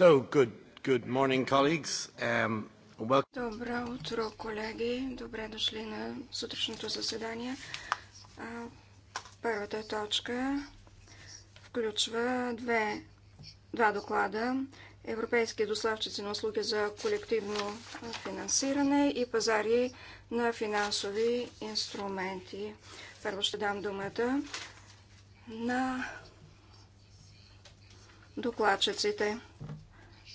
So, good, good morning, colleagues. Um, well... Добро утро, колеги. Добре дошли на сутрешното заседание. първата точка включва две, два доклада. Европейски доставчици на услуги за колективно финансиране и пазари на финансови инструменти. Първо ще дам думата на докладчиците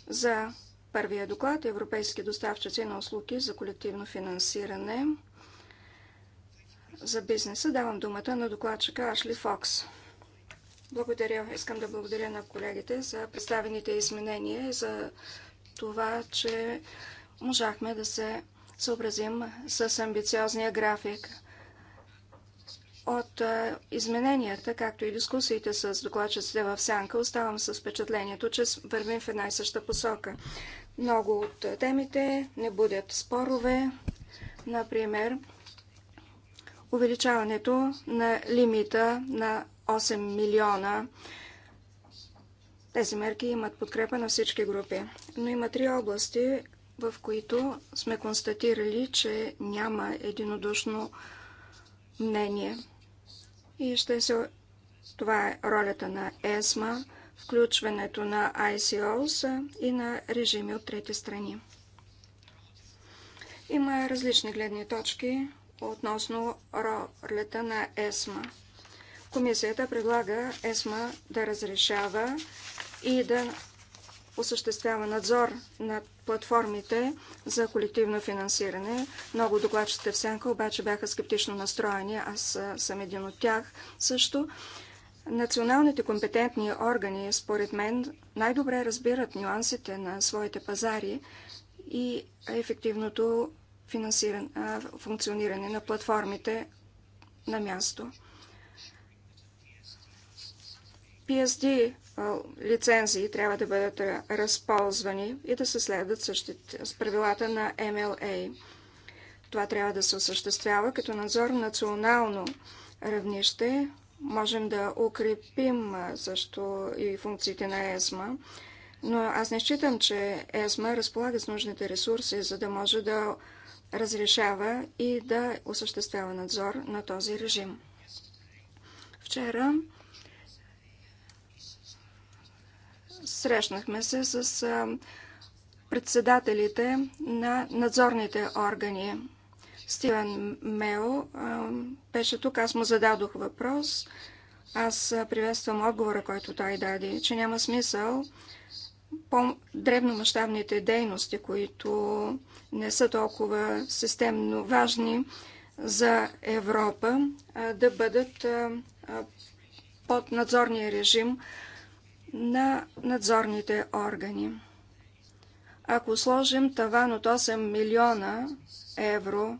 за първия доклад Европейски доставчици на услуги за колективно финансиране за бизнеса. Давам думата на докладчика Ашли Фокс. Благодаря. Искам да благодаря на колегите за представените изменения и за това, че можахме да се съобразим с амбициозния график от е, измененията, както и дискусиите с докладчиците в Сянка, оставам с впечатлението, че вървим в една и съща посока. Много от е, темите не будят спорове, например увеличаването на лимита на 8 милиона. Тези мерки имат подкрепа на всички групи. Но има три области, в които сме констатирали, че няма единодушно мнение и ще се... Това е ролята на ЕСМА, включването на ICOs и на режими от трети страни. Има различни гледни точки относно ролята на ЕСМА. Комисията предлага ЕСМА да разрешава и да осъществява надзор над платформите за колективно финансиране. Много докладчите в сенка обаче бяха скептично настроени. Аз съм един от тях също. Националните компетентни органи, според мен, най-добре разбират нюансите на своите пазари и ефективното функциониране на платформите на място. PSD лицензии трябва да бъдат разползвани и да се следват същите, с правилата на MLA. Това трябва да се осъществява като надзор национално равнище. Можем да укрепим също и функциите на ЕСМА, но аз не считам, че ЕСМА разполага с нужните ресурси, за да може да разрешава и да осъществява надзор на този режим. Вчера Срещнахме се с председателите на надзорните органи. Стивен Мео беше тук, аз му зададох въпрос. Аз приветствам отговора, който той даде, че няма смисъл по древномащабните дейности, които не са толкова системно важни за Европа, да бъдат под надзорния режим на надзорните органи. Ако сложим таван от 8 милиона евро,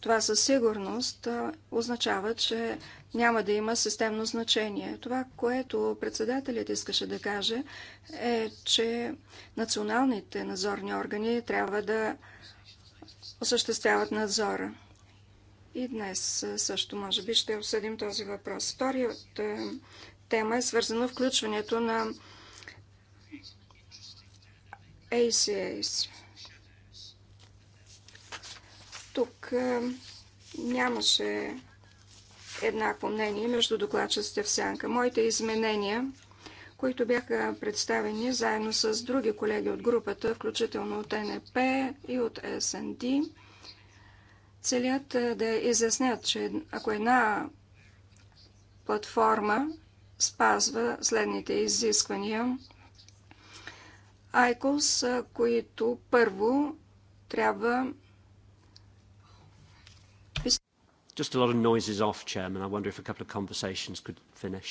това със сигурност означава, че няма да има системно значение. Това, което председателят искаше да каже, е, че националните надзорни органи трябва да осъществяват надзора. И днес също, може би, ще обсъдим този въпрос. Вторият тема е свързано включването на ACAs. Тук нямаше еднакво мнение между докладчиците в сянка. Моите изменения, които бяха представени заедно с други колеги от групата, включително от НП и от СНД, целят да изяснят, че ако една платформа спазва следните изисквания. Айкос, които първо трябва Just a lot of noise is off, Chairman. I wonder if a couple of conversations could finish.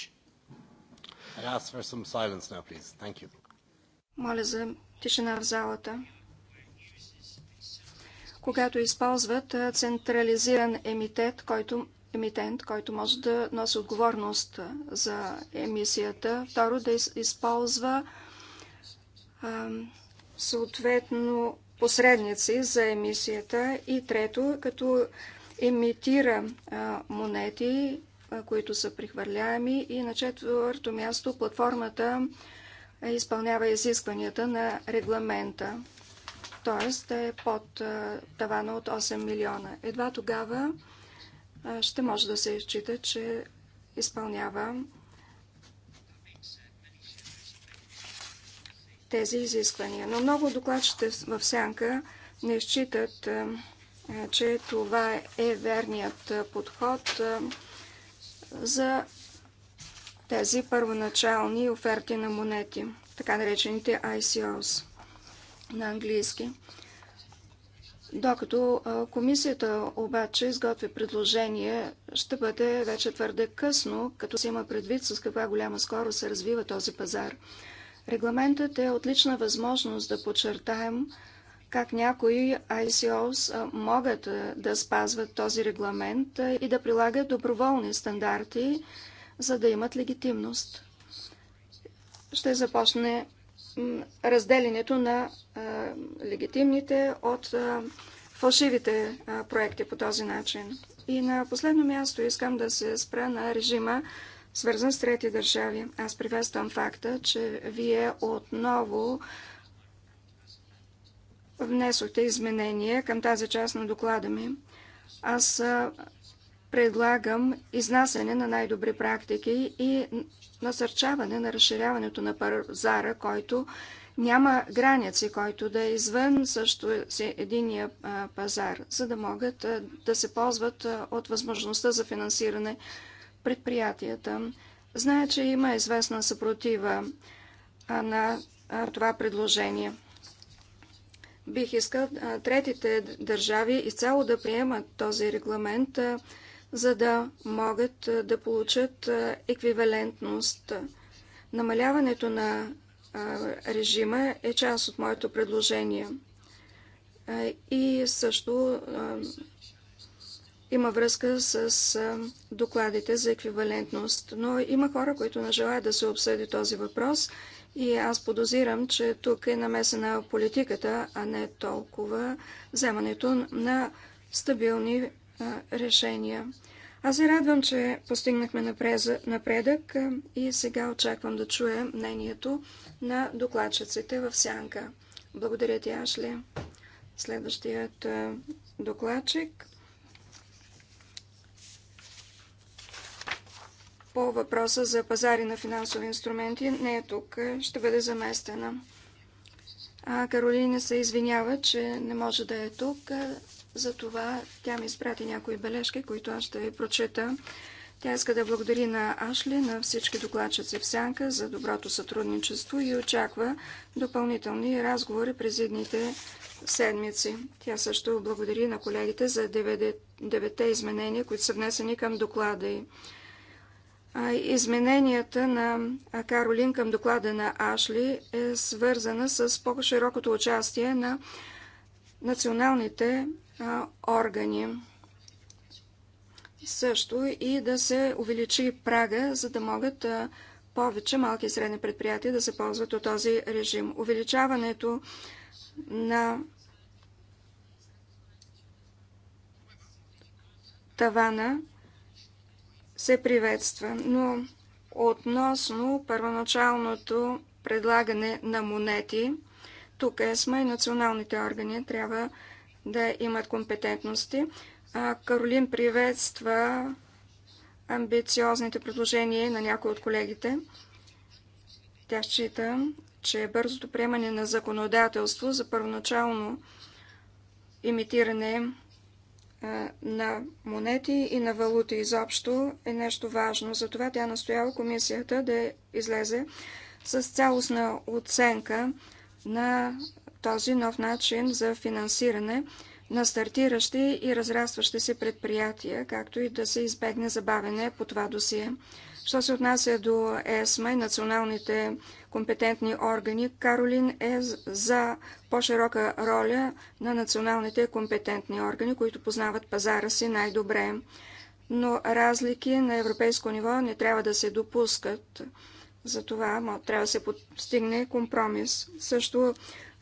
I'd ask for some silence now, please. Thank you. Моля за тишина в залата. Когато използват централизиран емитет, който емитент, който може да носи отговорност за емисията. Второ, да използва съответно посредници за емисията. И трето, като емитира монети, които са прихвърляеми. И на четвърто място, платформата изпълнява изискванията на регламента т.е. да е под тавана от 8 милиона. Едва тогава ще може да се изчита, че изпълнява тези изисквания. Но много докладчите в сянка не считат, че това е верният подход за тези първоначални оферти на монети, така наречените ICOs на английски. Докато комисията обаче изготви предложение, ще бъде вече твърде късно, като се има предвид с каква голяма скорост се развива този пазар. Регламентът е отлична възможност да подчертаем как някои ICOs могат да спазват този регламент и да прилагат доброволни стандарти, за да имат легитимност. Ще започне разделянето на легитимните от фалшивите проекти по този начин. И на последно място искам да се спра на режима, свързан с трети държави. Аз приветствам факта, че вие отново внесохте изменения към тази част на доклада ми. Аз предлагам изнасяне на най-добри практики и насърчаване на разширяването на пазара, който няма граници, който да е извън също единия пазар, за да могат да се ползват от възможността за финансиране предприятията. Зная, че има известна съпротива на това предложение. Бих искал третите държави изцяло да приемат този регламент, за да могат да получат еквивалентност. Намаляването на режима е част от моето предложение. И също има връзка с докладите за еквивалентност. Но има хора, които не желаят да се обсъди този въпрос и аз подозирам, че тук е намесена политиката, а не толкова вземането на стабилни решения. Аз се радвам, че постигнахме напредък и сега очаквам да чуя мнението на докладчиците в сянка. Благодаря ти, Ашли. Следващият докладчик по въпроса за пазари на финансови инструменти не е тук. Ще бъде заместена. А Каролина се извинява, че не може да е тук. Затова тя ми изпрати някои бележки, които аз ще ви прочета. Тя иска да благодари на Ашли, на всички докладчици в Сянка за доброто сътрудничество и очаква допълнителни разговори през едните седмици. Тя също благодари на колегите за девете изменения, които са внесени към доклада й. Измененията на Каролин към доклада на Ашли е свързана с по-широкото участие на националните а, органи. Също и да се увеличи прага, за да могат а, повече малки и средни предприятия да се ползват от този режим. Увеличаването на тавана се приветства, но относно първоначалното предлагане на монети – тук ЕСМА и националните органи трябва да имат компетентности. Каролин приветства амбициозните предложения на някои от колегите. Тя счита, че бързото приемане на законодателство за първоначално имитиране на монети и на валути изобщо е нещо важно. Затова тя настоява комисията да излезе с цялостна оценка на този нов начин за финансиране на стартиращи и разрастващи се предприятия, както и да се избегне забавене по това досие. Що се отнася до ЕСМА и националните компетентни органи, Каролин е за по-широка роля на националните компетентни органи, които познават пазара си най-добре. Но разлики на европейско ниво не трябва да се допускат. Затова трябва да се постигне компромис. Също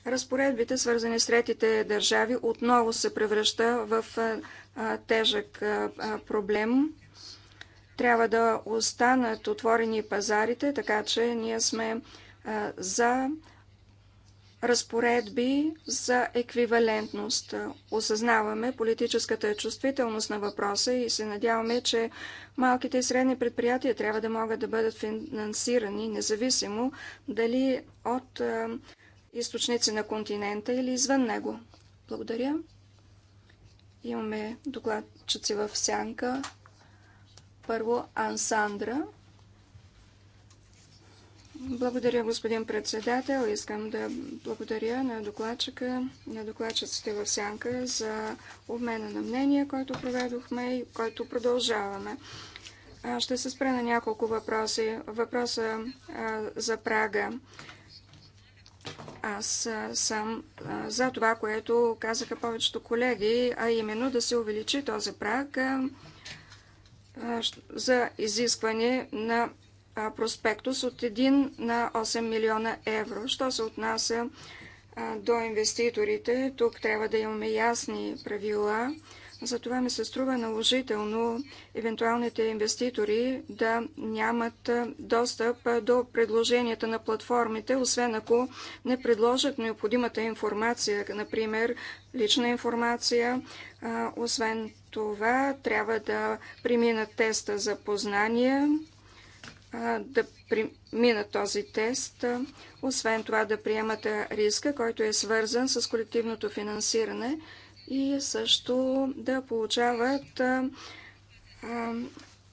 разпоредбите, свързани с третите държави, отново се превръща в тежък проблем. Трябва да останат отворени пазарите, така че ние сме за разпоредби за еквивалентност. Осъзнаваме политическата чувствителност на въпроса и се надяваме, че малките и средни предприятия трябва да могат да бъдат финансирани независимо дали от източници на континента или извън него. Благодаря. Имаме докладчици в сянка. Първо Ансандра. Благодаря, господин председател. Искам да благодаря на докладчика, на докладчиците в Сянка за обмена на мнения, който проведохме и който продължаваме. Ще се спра на няколко въпроси. Въпроса за прага. Аз съм за това, което казаха повечето колеги, а именно да се увеличи този праг за изискване на проспектус от 1 на 8 милиона евро. Що се отнася до инвеститорите, тук трябва да имаме ясни правила. Затова ми се струва наложително евентуалните инвеститори да нямат достъп до предложенията на платформите, освен ако не предложат необходимата информация, например лична информация. Освен това, трябва да преминат теста за познания да мина този тест. Освен това да приемат риска, който е свързан с колективното финансиране и също да получават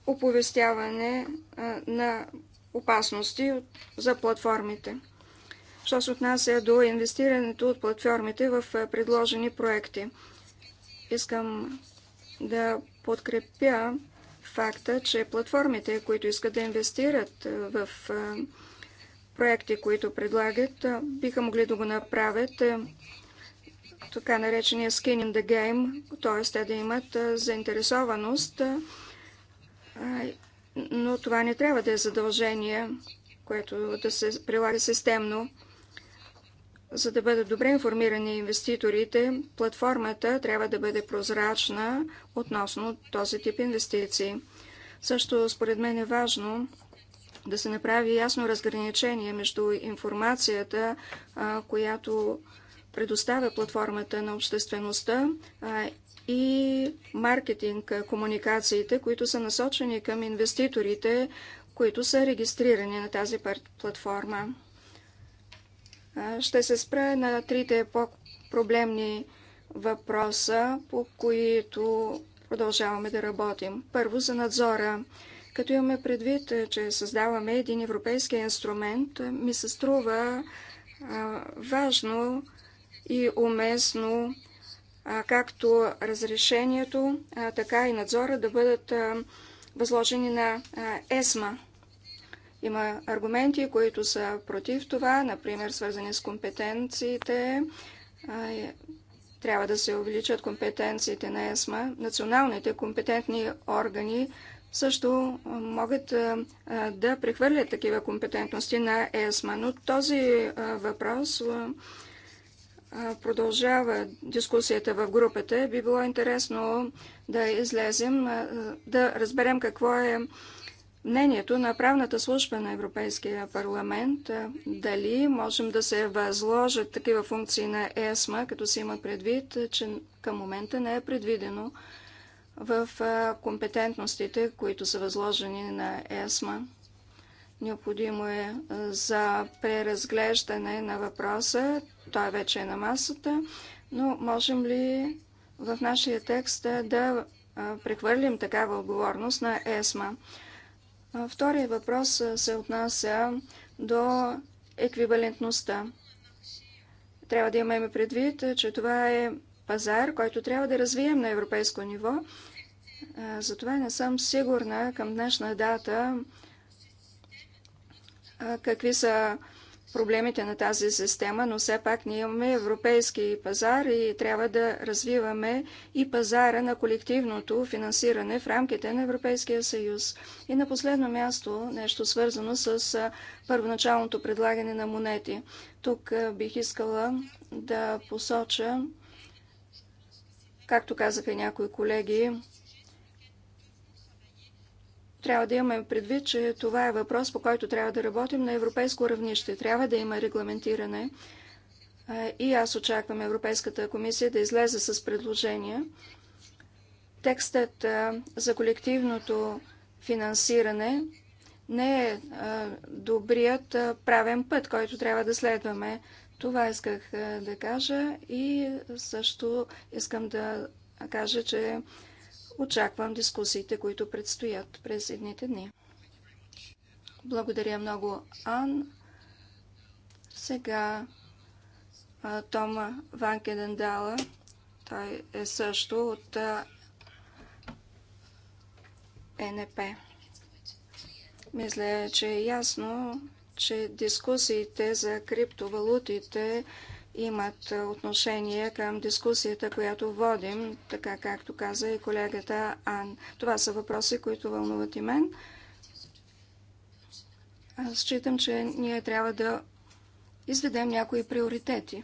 оповестяване на опасности за платформите. Що се отнася до инвестирането от платформите в предложени проекти. Искам да подкрепя факта, че платформите, които искат да инвестират в проекти, които предлагат, биха могли да го направят така наречения skin in the game, т.е. те да имат заинтересованост, но това не трябва да е задължение, което да се прилага системно. За да бъдат добре информирани инвеститорите, платформата трябва да бъде прозрачна относно този тип инвестиции. Също според мен е важно да се направи ясно разграничение между информацията, която предоставя платформата на обществеността и маркетинг, комуникациите, които са насочени към инвеститорите, които са регистрирани на тази платформа. Ще се спра на трите по-проблемни въпроса, по които продължаваме да работим. Първо за надзора. Като имаме предвид, че създаваме един европейски инструмент, ми се струва важно и уместно както разрешението, така и надзора да бъдат възложени на ЕСМА. Има аргументи, които са против това, например свързани с компетенциите. Е, трябва да се увеличат компетенциите на ЕСМА. Националните компетентни органи също могат да прехвърлят такива компетентности на ЕСМА. Но този въпрос продължава дискусията в групата. Би било интересно да излезем, да разберем какво е мнението на правната служба на Европейския парламент, е, дали можем да се възложат такива функции на ЕСМА, като се има предвид, е, че към момента не е предвидено в е, компетентностите, които са възложени на ЕСМА. Необходимо е за преразглеждане на въпроса, той вече е на масата, но можем ли в нашия текст да прехвърлим такава отговорност на ЕСМА? Втория въпрос се отнася до еквивалентността. Трябва да имаме предвид, че това е пазар, който трябва да развием на европейско ниво. Затова не съм сигурна към днешна дата какви са проблемите на тази система, но все пак ние имаме европейски пазар и трябва да развиваме и пазара на колективното финансиране в рамките на Европейския съюз. И на последно място нещо свързано с първоначалното предлагане на монети. Тук бих искала да посоча, както казаха някои колеги, трябва да имаме предвид, че това е въпрос, по който трябва да работим на европейско равнище. Трябва да има регламентиране и аз очаквам Европейската комисия да излезе с предложения. Текстът за колективното финансиране не е добрият правен път, който трябва да следваме. Това исках да кажа и също искам да кажа, че Очаквам дискусиите, които предстоят през едните дни. Благодаря много, Ан. Сега Тома Ванкедендала. Той е също от ЕНП. Мисля, че е ясно, че дискусиите за криптовалутите имат отношение към дискусията, която водим, така както каза и колегата Ан. Това са въпроси, които вълнуват и мен. Аз считам, че ние трябва да изведем някои приоритети.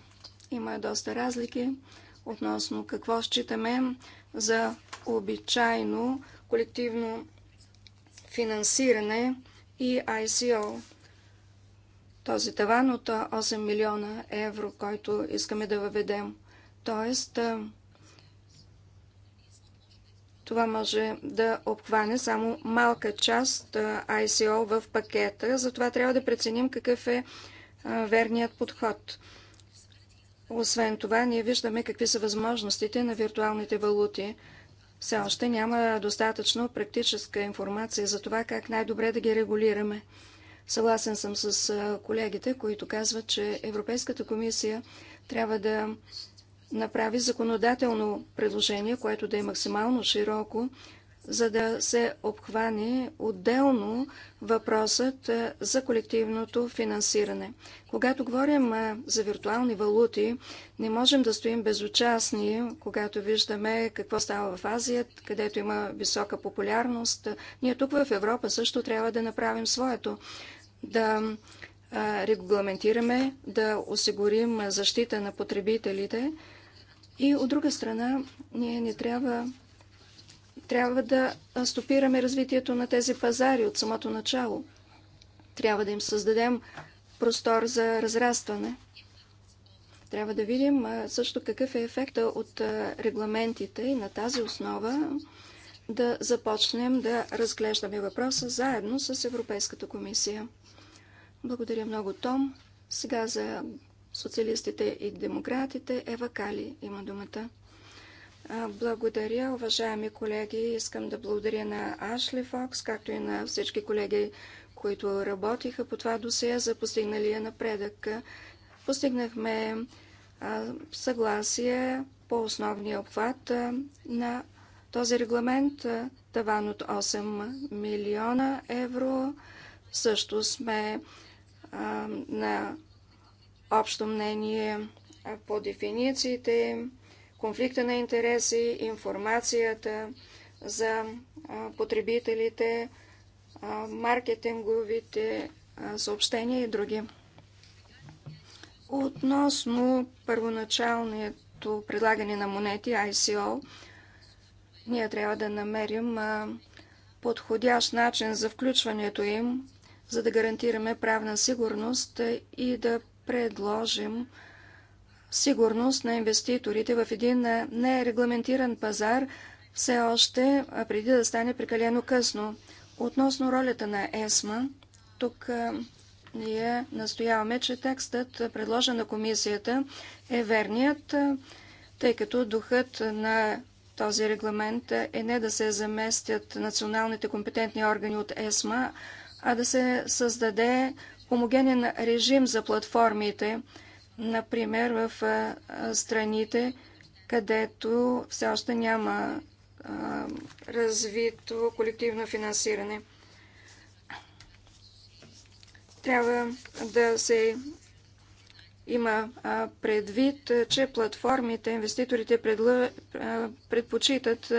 Има доста разлики относно какво считаме за обичайно колективно финансиране и ICO този таван от 8 милиона евро, който искаме да въведем. Тоест, това може да обхване само малка част ICO в пакета, затова трябва да преценим какъв е верният подход. Освен това, ние виждаме какви са възможностите на виртуалните валути. Все още няма достатъчно практическа информация за това как най-добре да ги регулираме. Съгласен съм с колегите, които казват, че Европейската комисия трябва да направи законодателно предложение, което да е максимално широко, за да се обхване отделно въпросът за колективното финансиране. Когато говорим за виртуални валути, не можем да стоим безучастни, когато виждаме какво става в Азия, където има висока популярност. Ние тук в Европа също трябва да направим своето да регламентираме, да осигурим защита на потребителите. И от друга страна, ние не трябва, трябва да стопираме развитието на тези пазари от самото начало. Трябва да им създадем простор за разрастване. Трябва да видим също какъв е ефекта от регламентите и на тази основа да започнем да разглеждаме въпроса заедно с Европейската комисия. Благодаря много, Том. Сега за социалистите и демократите Ева Кали има думата. Благодаря, уважаеми колеги. Искам да благодаря на Ашли Фокс, както и на всички колеги, които работиха по това досия за постигналия напредък. Постигнахме съгласие по основния обхват на този регламент, таван от 8 милиона евро. Също сме на общо мнение по дефинициите, конфликта на интереси, информацията за потребителите, маркетинговите съобщения и други. Относно първоначалното предлагане на монети ICO, ние трябва да намерим подходящ начин за включването им за да гарантираме правна сигурност и да предложим сигурност на инвеститорите в един нерегламентиран пазар, все още преди да стане прекалено късно. Относно ролята на ЕСМА, тук ние настояваме, че текстът, предложен на комисията, е верният, тъй като духът на този регламент е не да се заместят националните компетентни органи от ЕСМА, а да се създаде хомогенен режим за платформите, например в страните, където все още няма развито колективно финансиране. Трябва да се има предвид, че платформите, инвеститорите предпочитат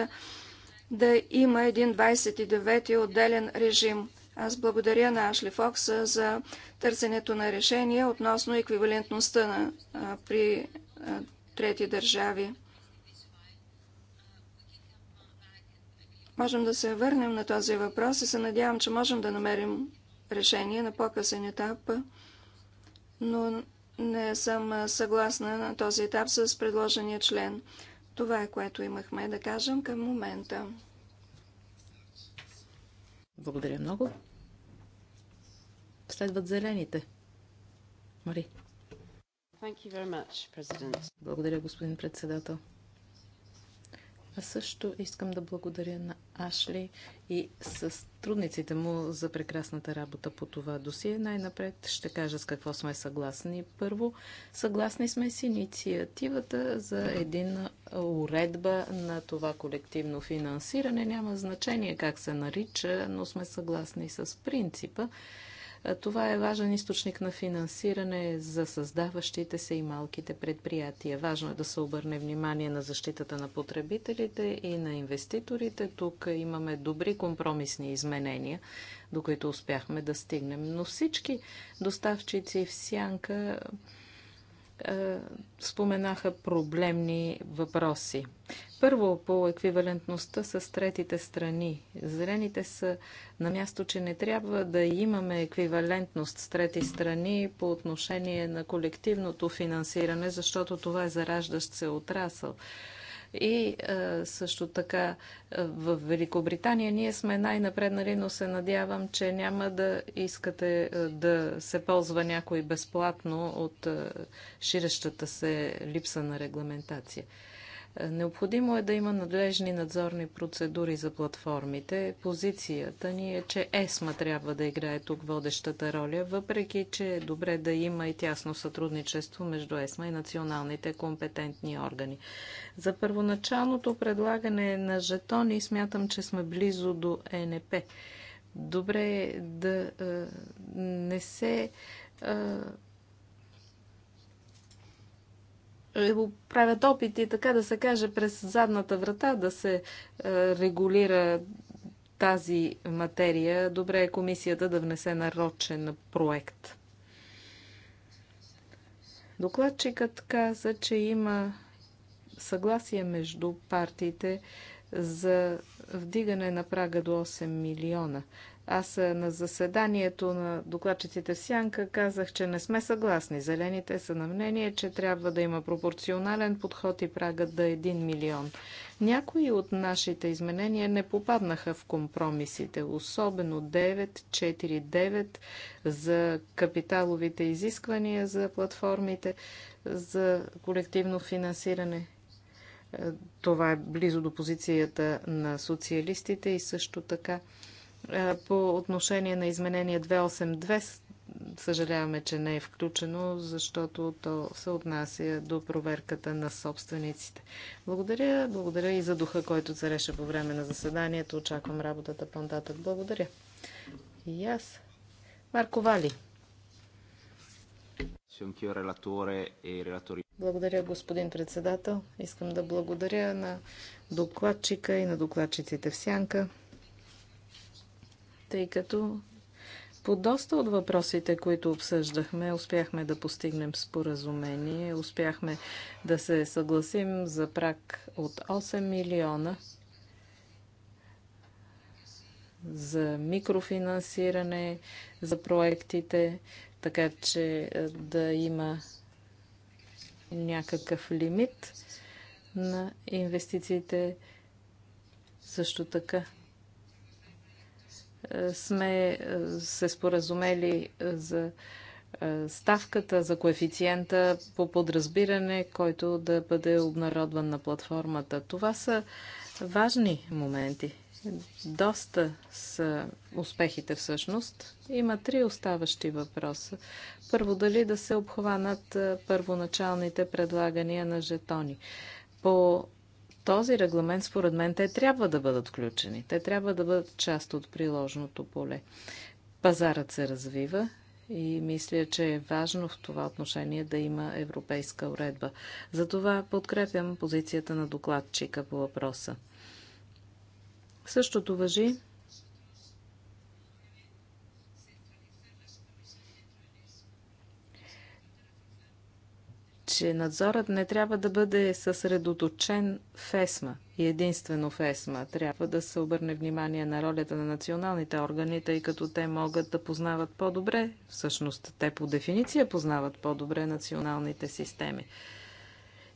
да има един 29-ти отделен режим. Аз благодаря на Ашли Фокс за търсенето на решение относно еквивалентността на, а, при а, трети държави. Можем да се върнем на този въпрос и се надявам, че можем да намерим решение на по-късен етап, но не съм съгласна на този етап с предложения член. Това е което имахме да кажем към момента. Благодаря много. Следват зелените. Мари. благодаря, господин председател. Аз също искам да благодаря на Ашли и с трудниците му за прекрасната работа по това досие. Най-напред ще кажа с какво сме съгласни. Първо, съгласни сме с инициативата за един уредба на това колективно финансиране. Няма значение как се нарича, но сме съгласни с принципа е, това е важен източник на финансиране за създаващите се и малките предприятия. Важно е да се обърне внимание на защитата на потребителите и на инвеститорите. Тук имаме добри компромисни изменения, до които успяхме да стигнем. Но всички доставчици в сянка е, споменаха проблемни въпроси. Първо, по еквивалентността с третите страни. Зелените са на място, че не трябва да имаме еквивалентност с трети страни по отношение на колективното финансиране, защото това е зараждащ се отрасъл. И също така в Великобритания ние сме най-напреднали, но се надявам, че няма да искате да се ползва някой безплатно от ширещата се липса на регламентация. Необходимо е да има надлежни надзорни процедури за платформите. Позицията ни е, че ЕСМА трябва да играе тук водещата роля, въпреки че е добре да има и тясно сътрудничество между ЕСМА и националните компетентни органи. За първоначалното предлагане на жетони смятам, че сме близо до ЕНП. Добре е да е, не се е, Е, правят опити, така да се каже, през задната врата да се е, регулира тази материя. Добре е комисията да внесе нарочен проект. Докладчикът каза, че има съгласие между партиите за вдигане на прага до 8 милиона. Аз е, на заседанието на докладчиците в Сянка казах, че не сме съгласни. Зелените са на мнение, че трябва да има пропорционален подход и прагът да е 1 милион. Някои от нашите изменения не попаднаха в компромисите, особено 949 за капиталовите изисквания за платформите за колективно финансиране е, това е близо до позицията на социалистите и също така е, по отношение на изменение 282, съжаляваме, че не е включено, защото то се отнася до проверката на собствениците. Благодаря, благодаря и за духа, който цареше по време на заседанието. Очаквам работата по-нататък. Благодаря. И аз. Марко Вали. Благодаря, господин председател. Искам да благодаря на докладчика и на докладчиците в Сянка тъй като по доста от въпросите, които обсъждахме, успяхме да постигнем споразумение, успяхме да се съгласим за прак от 8 милиона за микрофинансиране за проектите, така че е, да има някакъв лимит на инвестициите. Също така сме е, се споразумели е, за е, ставката за коефициента по подразбиране, който да бъде обнародван на платформата. Това са важни моменти. Доста са успехите всъщност. Има три оставащи въпроса. Първо, дали да се обхванат първоначалните предлагания на жетони. По този регламент, според мен, те трябва да бъдат включени. Те трябва да бъдат част от приложното поле. Пазарът се развива и мисля, че е важно в това отношение да има европейска уредба. Затова подкрепям позицията на докладчика по въпроса. Същото въжи че надзорът не трябва да бъде съсредоточен в ЕСМА и единствено в ЕСМА. Трябва да се обърне внимание на ролята на националните органи, тъй като те могат да познават по-добре, всъщност те по дефиниция познават по-добре националните системи.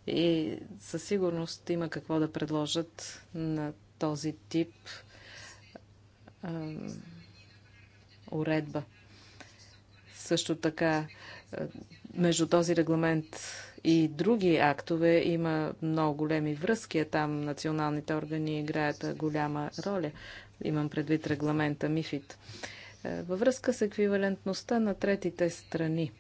И със сигурност има какво да предложат на този тип ам, уредба. Също така, между този регламент и други актове има много големи връзки, а там националните органи играят голяма роля. Имам предвид регламента Мифит. Е, във връзка с еквивалентността на третите страни.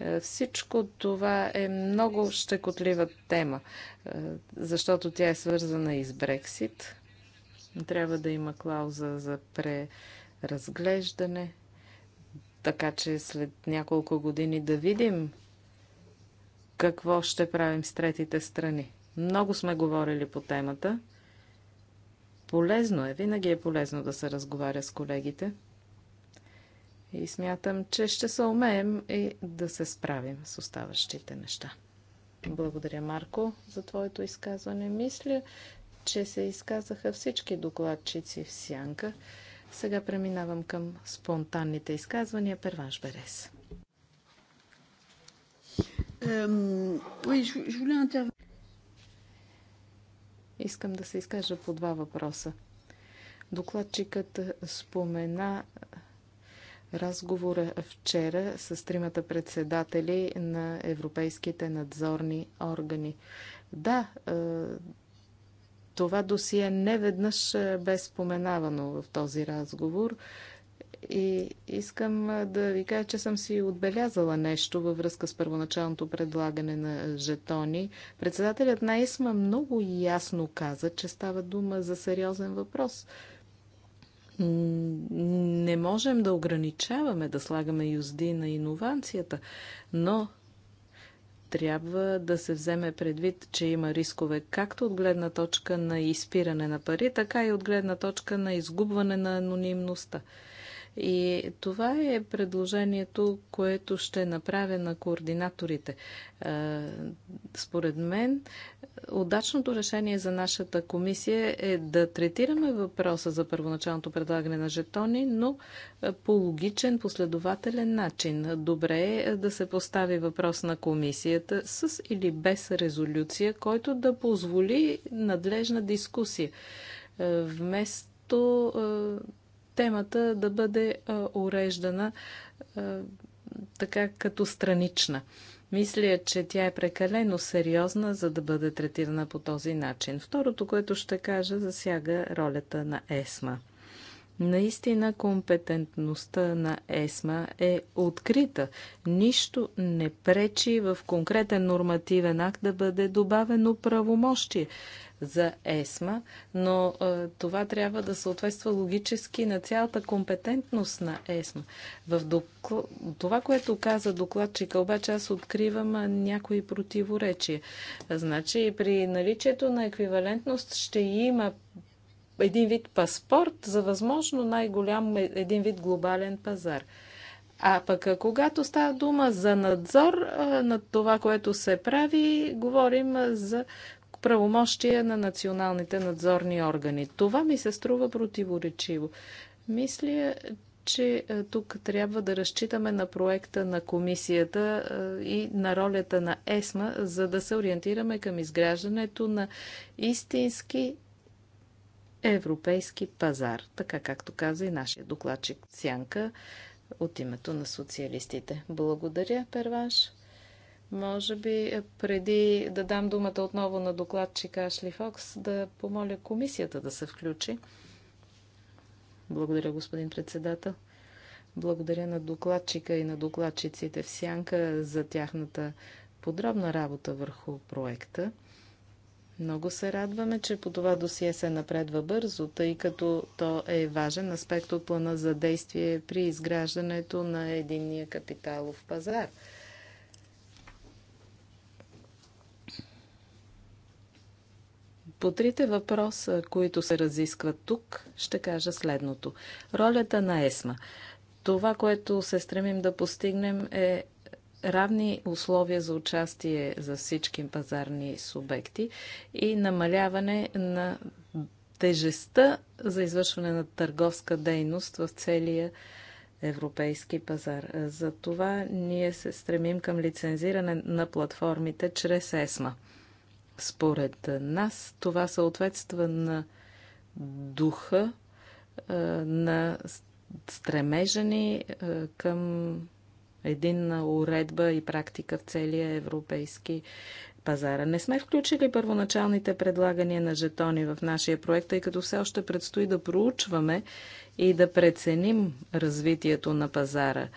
Е, всичко това е много щекотлива тема, е, защото тя е свързана и с Брексит. Трябва да има клауза за преразглеждане, така че след няколко години да видим какво ще правим с третите страни. Много сме говорили по темата. Полезно е, винаги е полезно да се разговаря с колегите. И смятам, че ще се умеем и да се справим с оставащите неща. Благодаря, Марко, за твоето изказване. Мисля, че се изказаха всички докладчици в сянка. Сега преминавам към спонтанните изказвания. Перваш Берес. Искам да се изкажа по два въпроса. Докладчикът спомена э, разговора вчера с тримата председатели на европейските надзорни органи. Да, э, това досие не веднъж э, бе споменавано в този разговор. И искам да ви кажа, че съм си отбелязала нещо във връзка с първоначалното предлагане на жетони. Председателят на ИСМА много ясно каза, че става дума за сериозен въпрос. Не можем да ограничаваме да слагаме юзди на иновацията, но трябва да се вземе предвид, че има рискове както от гледна точка на изпиране на пари, така и от гледна точка на изгубване на анонимността. И това е предложението, което ще направя на координаторите. Е, според мен, удачното решение за нашата комисия е да третираме въпроса за първоначалното предлагане на жетони, но е, по логичен, последователен начин. Добре е, е да се постави въпрос на комисията с или без резолюция, който да позволи надлежна дискусия. Вместо темата да бъде уреждана така като странична. Мисля, че тя е прекалено сериозна, за да бъде третирана по този начин. Второто, което ще кажа, засяга ролята на ЕСМА. Наистина компетентността на ЕСМА е открита. Нищо не пречи в конкретен нормативен акт да бъде добавено правомощие за ЕСМА, но е, това трябва да съответства логически на цялата компетентност на ЕСМА. В докл... това, което каза докладчика, обаче аз откривам някои противоречия. Значи при наличието на еквивалентност ще има един вид паспорт за възможно най-голям е един вид глобален пазар. А пък когато става дума за надзор над това, което се прави, говорим за правомощия на националните надзорни органи. Това ми се струва противоречиво. Мисля, че тук трябва да разчитаме на проекта на комисията и на ролята на ЕСМА, за да се ориентираме към изграждането на истински европейски пазар, така както каза и нашия докладчик Сянка от името на социалистите. Благодаря, Перваш. Може би е, преди да дам думата отново на докладчика Ашли Фокс, да помоля комисията да се включи. Благодаря, господин председател. Благодаря на докладчика и на докладчиците в Сянка за тяхната подробна работа върху проекта. Много се радваме, че по това досие се напредва бързо, тъй като то е важен аспект от плана за действие при изграждането на единния капиталов пазар. По трите въпроса, които се разискват тук, ще кажа следното. Ролята на ЕСМА. Това, което се стремим да постигнем е равни условия за участие за всички пазарни субекти и намаляване на тежестта за извършване на търговска дейност в целия европейски пазар. За това ние се стремим към лицензиране на платформите чрез ЕСМА. Според нас това съответства на духа на стремежа ни към единна уредба и практика в целия европейски пазара. Не сме включили първоначалните предлагания на жетони в нашия проект, тъй като все още предстои да проучваме и да преценим развитието на пазара,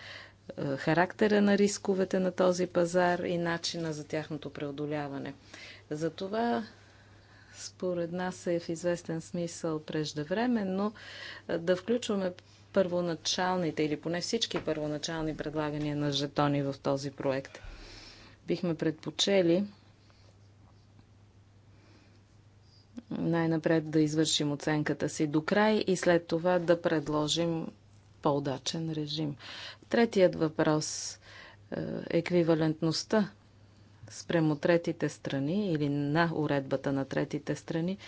характера на рисковете на този пазар и начина за тяхното преодоляване. Затова според нас е в известен смисъл преждевременно да включваме първоначалните или поне всички първоначални предлагания на жетони в този проект. Бихме предпочели най-напред да извършим оценката си до край и след това да предложим по-удачен режим. Третият въпрос е, еквивалентността спрямо третите страни или на уредбата на третите страни.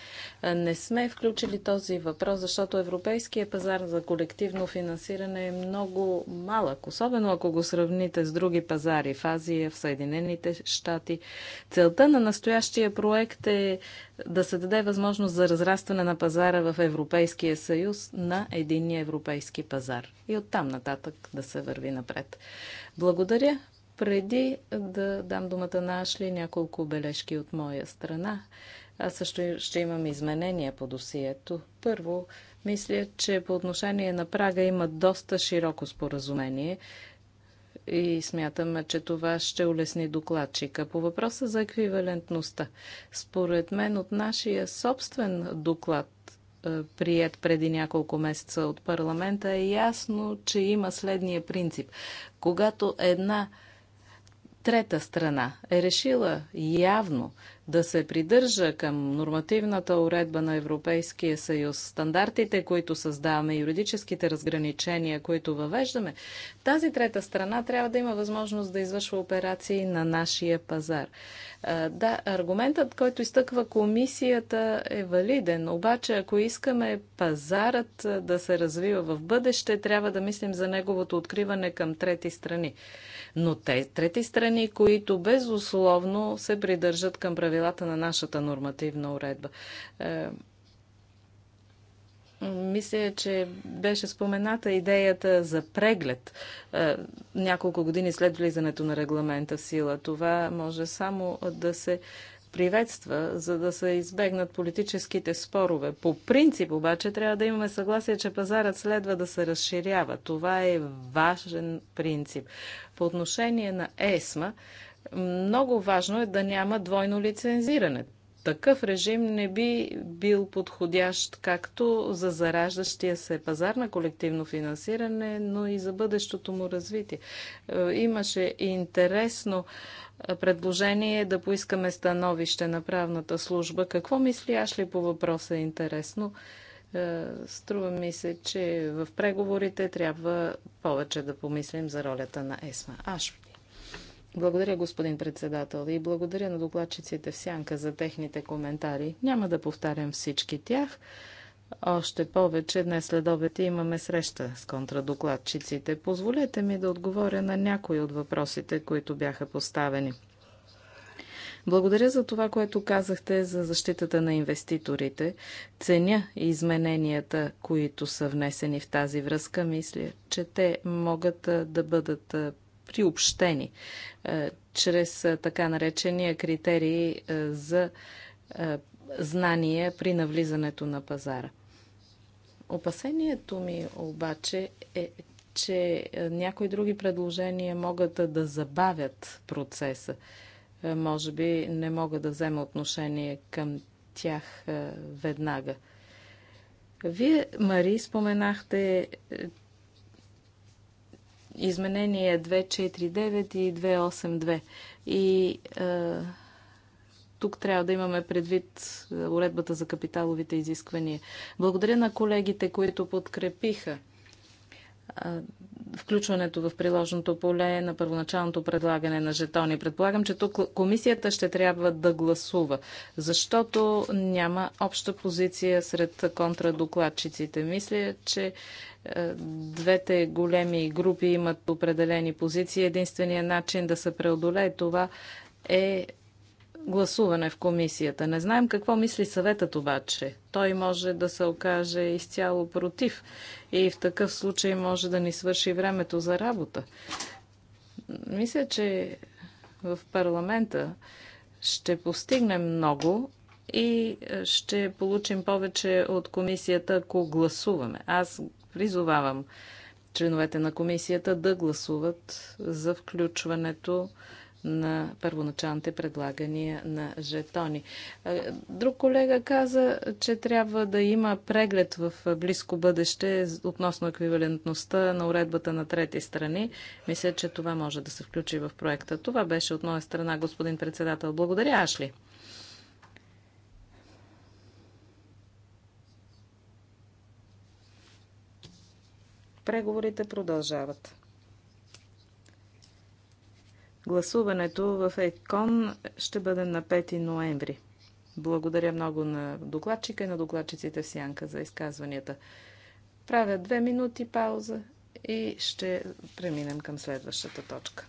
Не сме включили този въпрос, защото европейският пазар за колективно финансиране е много малък, особено ако го сравните с други пазари в Азия, в Съединените щати. Целта на настоящия проект е да се даде възможност за разрастване на пазара в Европейския съюз на единния европейски пазар и оттам нататък да се върви напред. Благодаря. Преди да дам думата на Ашли няколко бележки от моя страна, аз също ще имам изменения по досието. Първо, мисля, че по отношение на Прага има доста широко споразумение и смятаме, че това ще улесни докладчика. По въпроса за еквивалентността, според мен от нашия собствен доклад, е, прият преди няколко месеца от парламента, е ясно, че има следния принцип. Когато една трета страна е решила явно да се придържа към нормативната уредба на Европейския съюз, стандартите, които създаваме, юридическите разграничения, които въвеждаме, тази трета страна трябва да има възможност да извършва операции на нашия пазар. Да, аргументът, който изтъква комисията е валиден, обаче ако искаме пазарът да се развива в бъдеще, трябва да мислим за неговото откриване към трети страни. Но те, трети страни, които безусловно се придържат към правилата правилата на нашата нормативна уредба. Е, мисля, че беше спомената идеята за преглед е, няколко години след влизането на регламента в сила. Това може само да се приветства, за да се избегнат политическите спорове. По принцип обаче трябва да имаме съгласие, че пазарът следва да се разширява. Това е важен принцип. По отношение на ЕСМА, много важно е да няма двойно лицензиране. Такъв режим не би бил подходящ както за зараждащия се пазар на колективно финансиране, но и за бъдещото му развитие. Е, имаше и интересно е, предложение да поискаме становище на правната служба. Какво мисли ли по въпроса е интересно? Струва ми се, че в преговорите трябва повече да помислим за ролята на ЕСМА. Ашли. Благодаря, господин председател, и благодаря на докладчиците в Сянка за техните коментари. Няма да повтарям всички тях. Още повече днес след обед имаме среща с контрадокладчиците. Позволете ми да отговоря на някои от въпросите, които бяха поставени. Благодаря за това, което казахте за защитата на инвеститорите. Ценя измененията, които са внесени в тази връзка. Мисля, че те могат да бъдат приобщени е, чрез е, така наречения критерии е, за знания при навлизането на пазара. Опасението ми обаче е, че някои други предложения могат да забавят процеса. Може би не мога да взема отношение към тях веднага. Вие, Мари, споменахте, изменение 249 и 282. И е, тук трябва да имаме предвид е, уредбата за капиталовите изисквания. Благодаря на колегите, които подкрепиха включването в приложното поле на първоначалното предлагане на жетони. Предполагам, че тук комисията ще трябва да гласува, защото няма обща позиция сред контрадокладчиците. Мисля, че двете големи групи имат определени позиции. Единственият начин да се преодолее това е гласуване в комисията. Не знаем какво мисли съветът обаче. Той може да се окаже изцяло против и в такъв случай може да ни свърши времето за работа. Мисля, че в парламента ще постигнем много и е, ще получим повече от комисията, ако гласуваме. Аз призовавам членовете на комисията да гласуват за включването на първоначалните предлагания на жетони. Е, друг колега каза, че трябва да има преглед в близко бъдеще относно еквивалентността на уредбата на трети страни. Мисля, че това може да се включи в проекта. Това беше от моя страна, господин председател. Благодаря, Ашли. Преговорите продължават. Гласуването в ЕКОН ще бъде на 5 ноември. Благодаря много на докладчика и на докладчиците в Сянка за изказванията. Правя две минути пауза и ще преминем към следващата точка.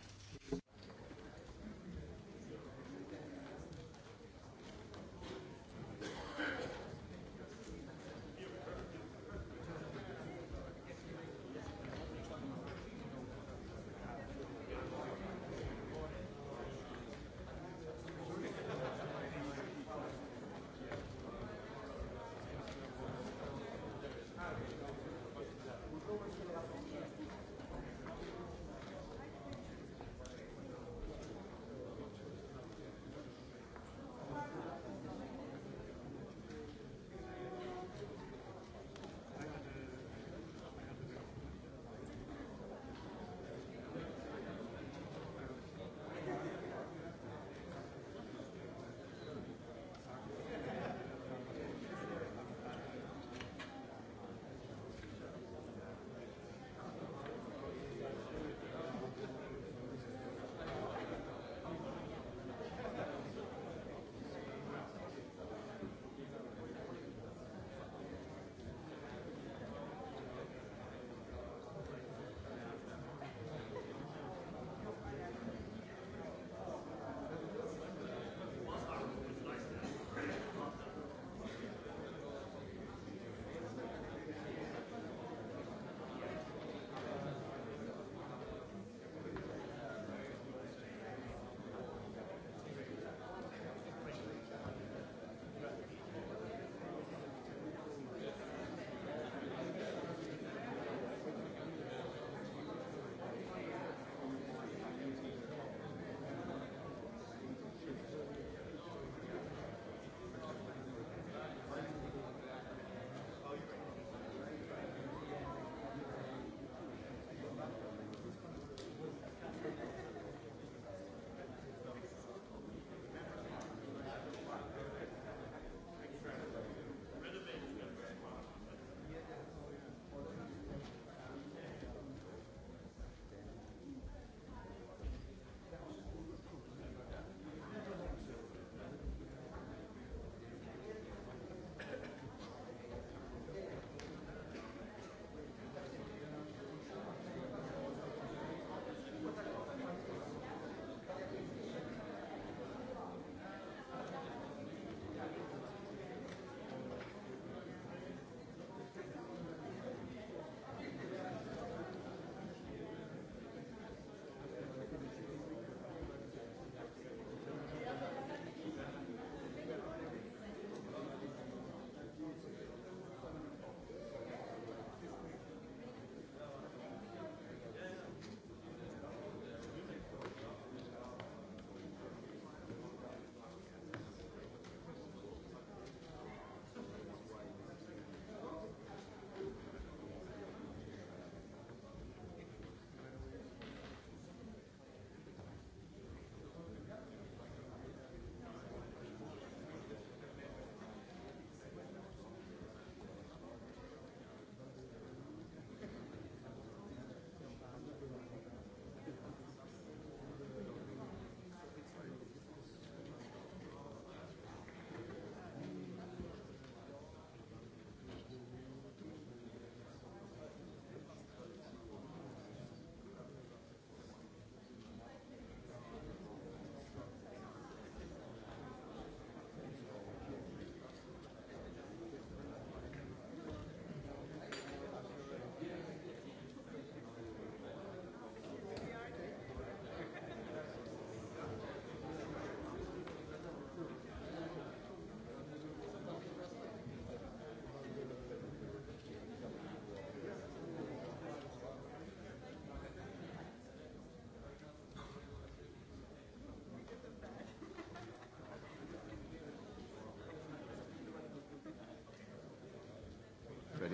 И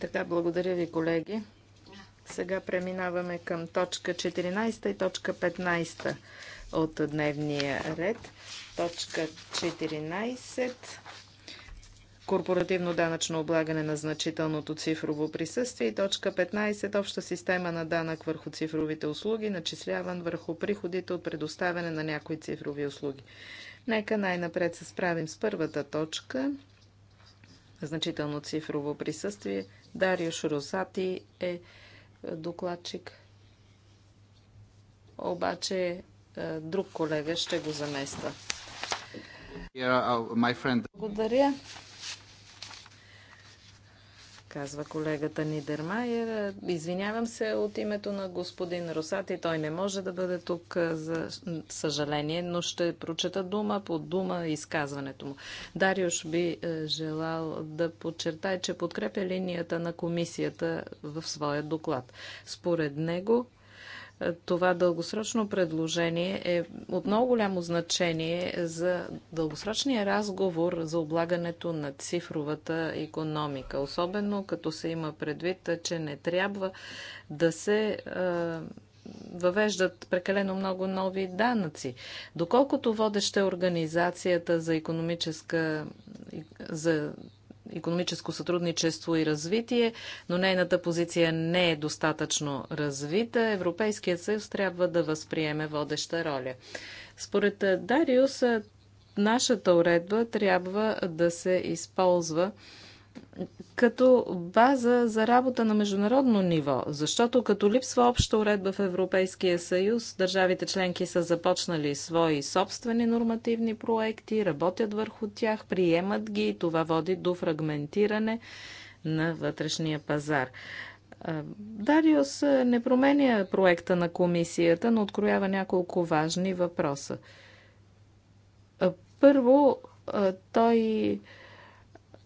така, благодаря ви, колеги. Сега преминаваме към точка 14 и точка 15 от дневния ред. Точка 14 корпоративно данъчно облагане на значителното цифрово присъствие и точка 15 обща система на данък върху цифровите услуги, начисляван върху приходите от предоставяне на някои цифрови услуги. Нека най-напред се справим с първата точка – значително цифрово присъствие. Дарио Росати е, е докладчик. Обаче е, друг колега ще го замества. Благодаря казва колегата Нидермайер. Извинявам се от името на господин Росати. Той не може да бъде тук, за съжаление, но ще прочета дума по дума изказването му. Дариош би е, желал да подчертай, че подкрепя линията на комисията в своя доклад. Според него, това дългосрочно предложение е от много голямо значение за дългосрочния разговор за облагането на цифровата економика, особено като се има предвид, че не трябва да се въвеждат прекалено много нови данъци. Доколкото водеща е Организацията за економическа за економическо сътрудничество и развитие, но нейната позиция не е достатъчно развита. Европейският съюз трябва да възприеме водеща роля. Според е, Дариус, е, нашата уредба трябва да се използва като база за работа на международно ниво, защото като липсва обща уредба в Европейския съюз, държавите членки са започнали свои собствени нормативни проекти, работят върху тях, приемат ги и това води до фрагментиране на вътрешния пазар. Дариус не променя проекта на комисията, но откроява няколко важни въпроса. Първо, той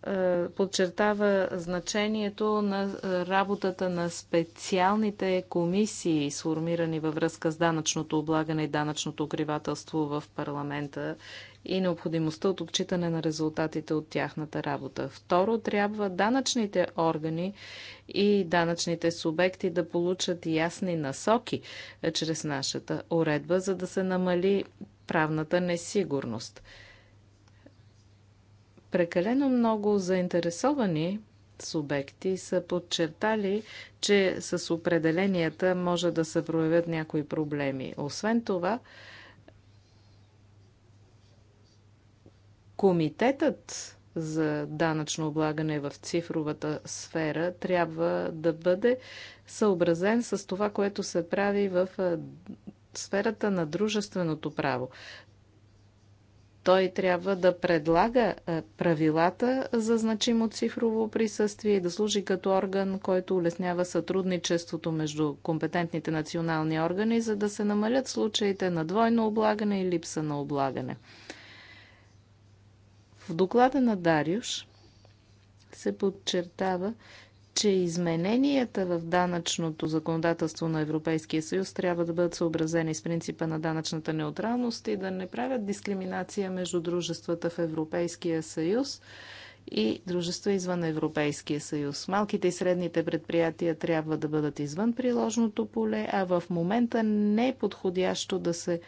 е, подчертава значението на работата на специалните комисии, сформирани във връзка с данъчното облагане и данъчното укривателство в парламента и необходимостта от отчитане на резултатите от тяхната работа. Второ, трябва данъчните органи и данъчните субекти да получат ясни насоки е, чрез нашата уредба, за да се намали правната несигурност. Прекалено много заинтересовани субекти са подчертали, че с определенията може да се проявят някои проблеми. Освен това, комитетът за данъчно облагане в цифровата сфера трябва да бъде съобразен с това, което се прави в сферата на дружественото право. Той трябва да предлага е, правилата за значимо цифрово присъствие и да служи като орган, който улеснява сътрудничеството между компетентните национални органи, за да се намалят случаите на двойно облагане и липса на облагане. В доклада на Дариуш се подчертава, че измененията в данъчното законодателство на Европейския съюз трябва да бъдат съобразени с принципа на данъчната неутралност и да не правят дискриминация между дружествата в Европейския съюз и дружества извън Европейския съюз. Малките и средните предприятия трябва да бъдат извън приложното поле, а в момента не е подходящо да се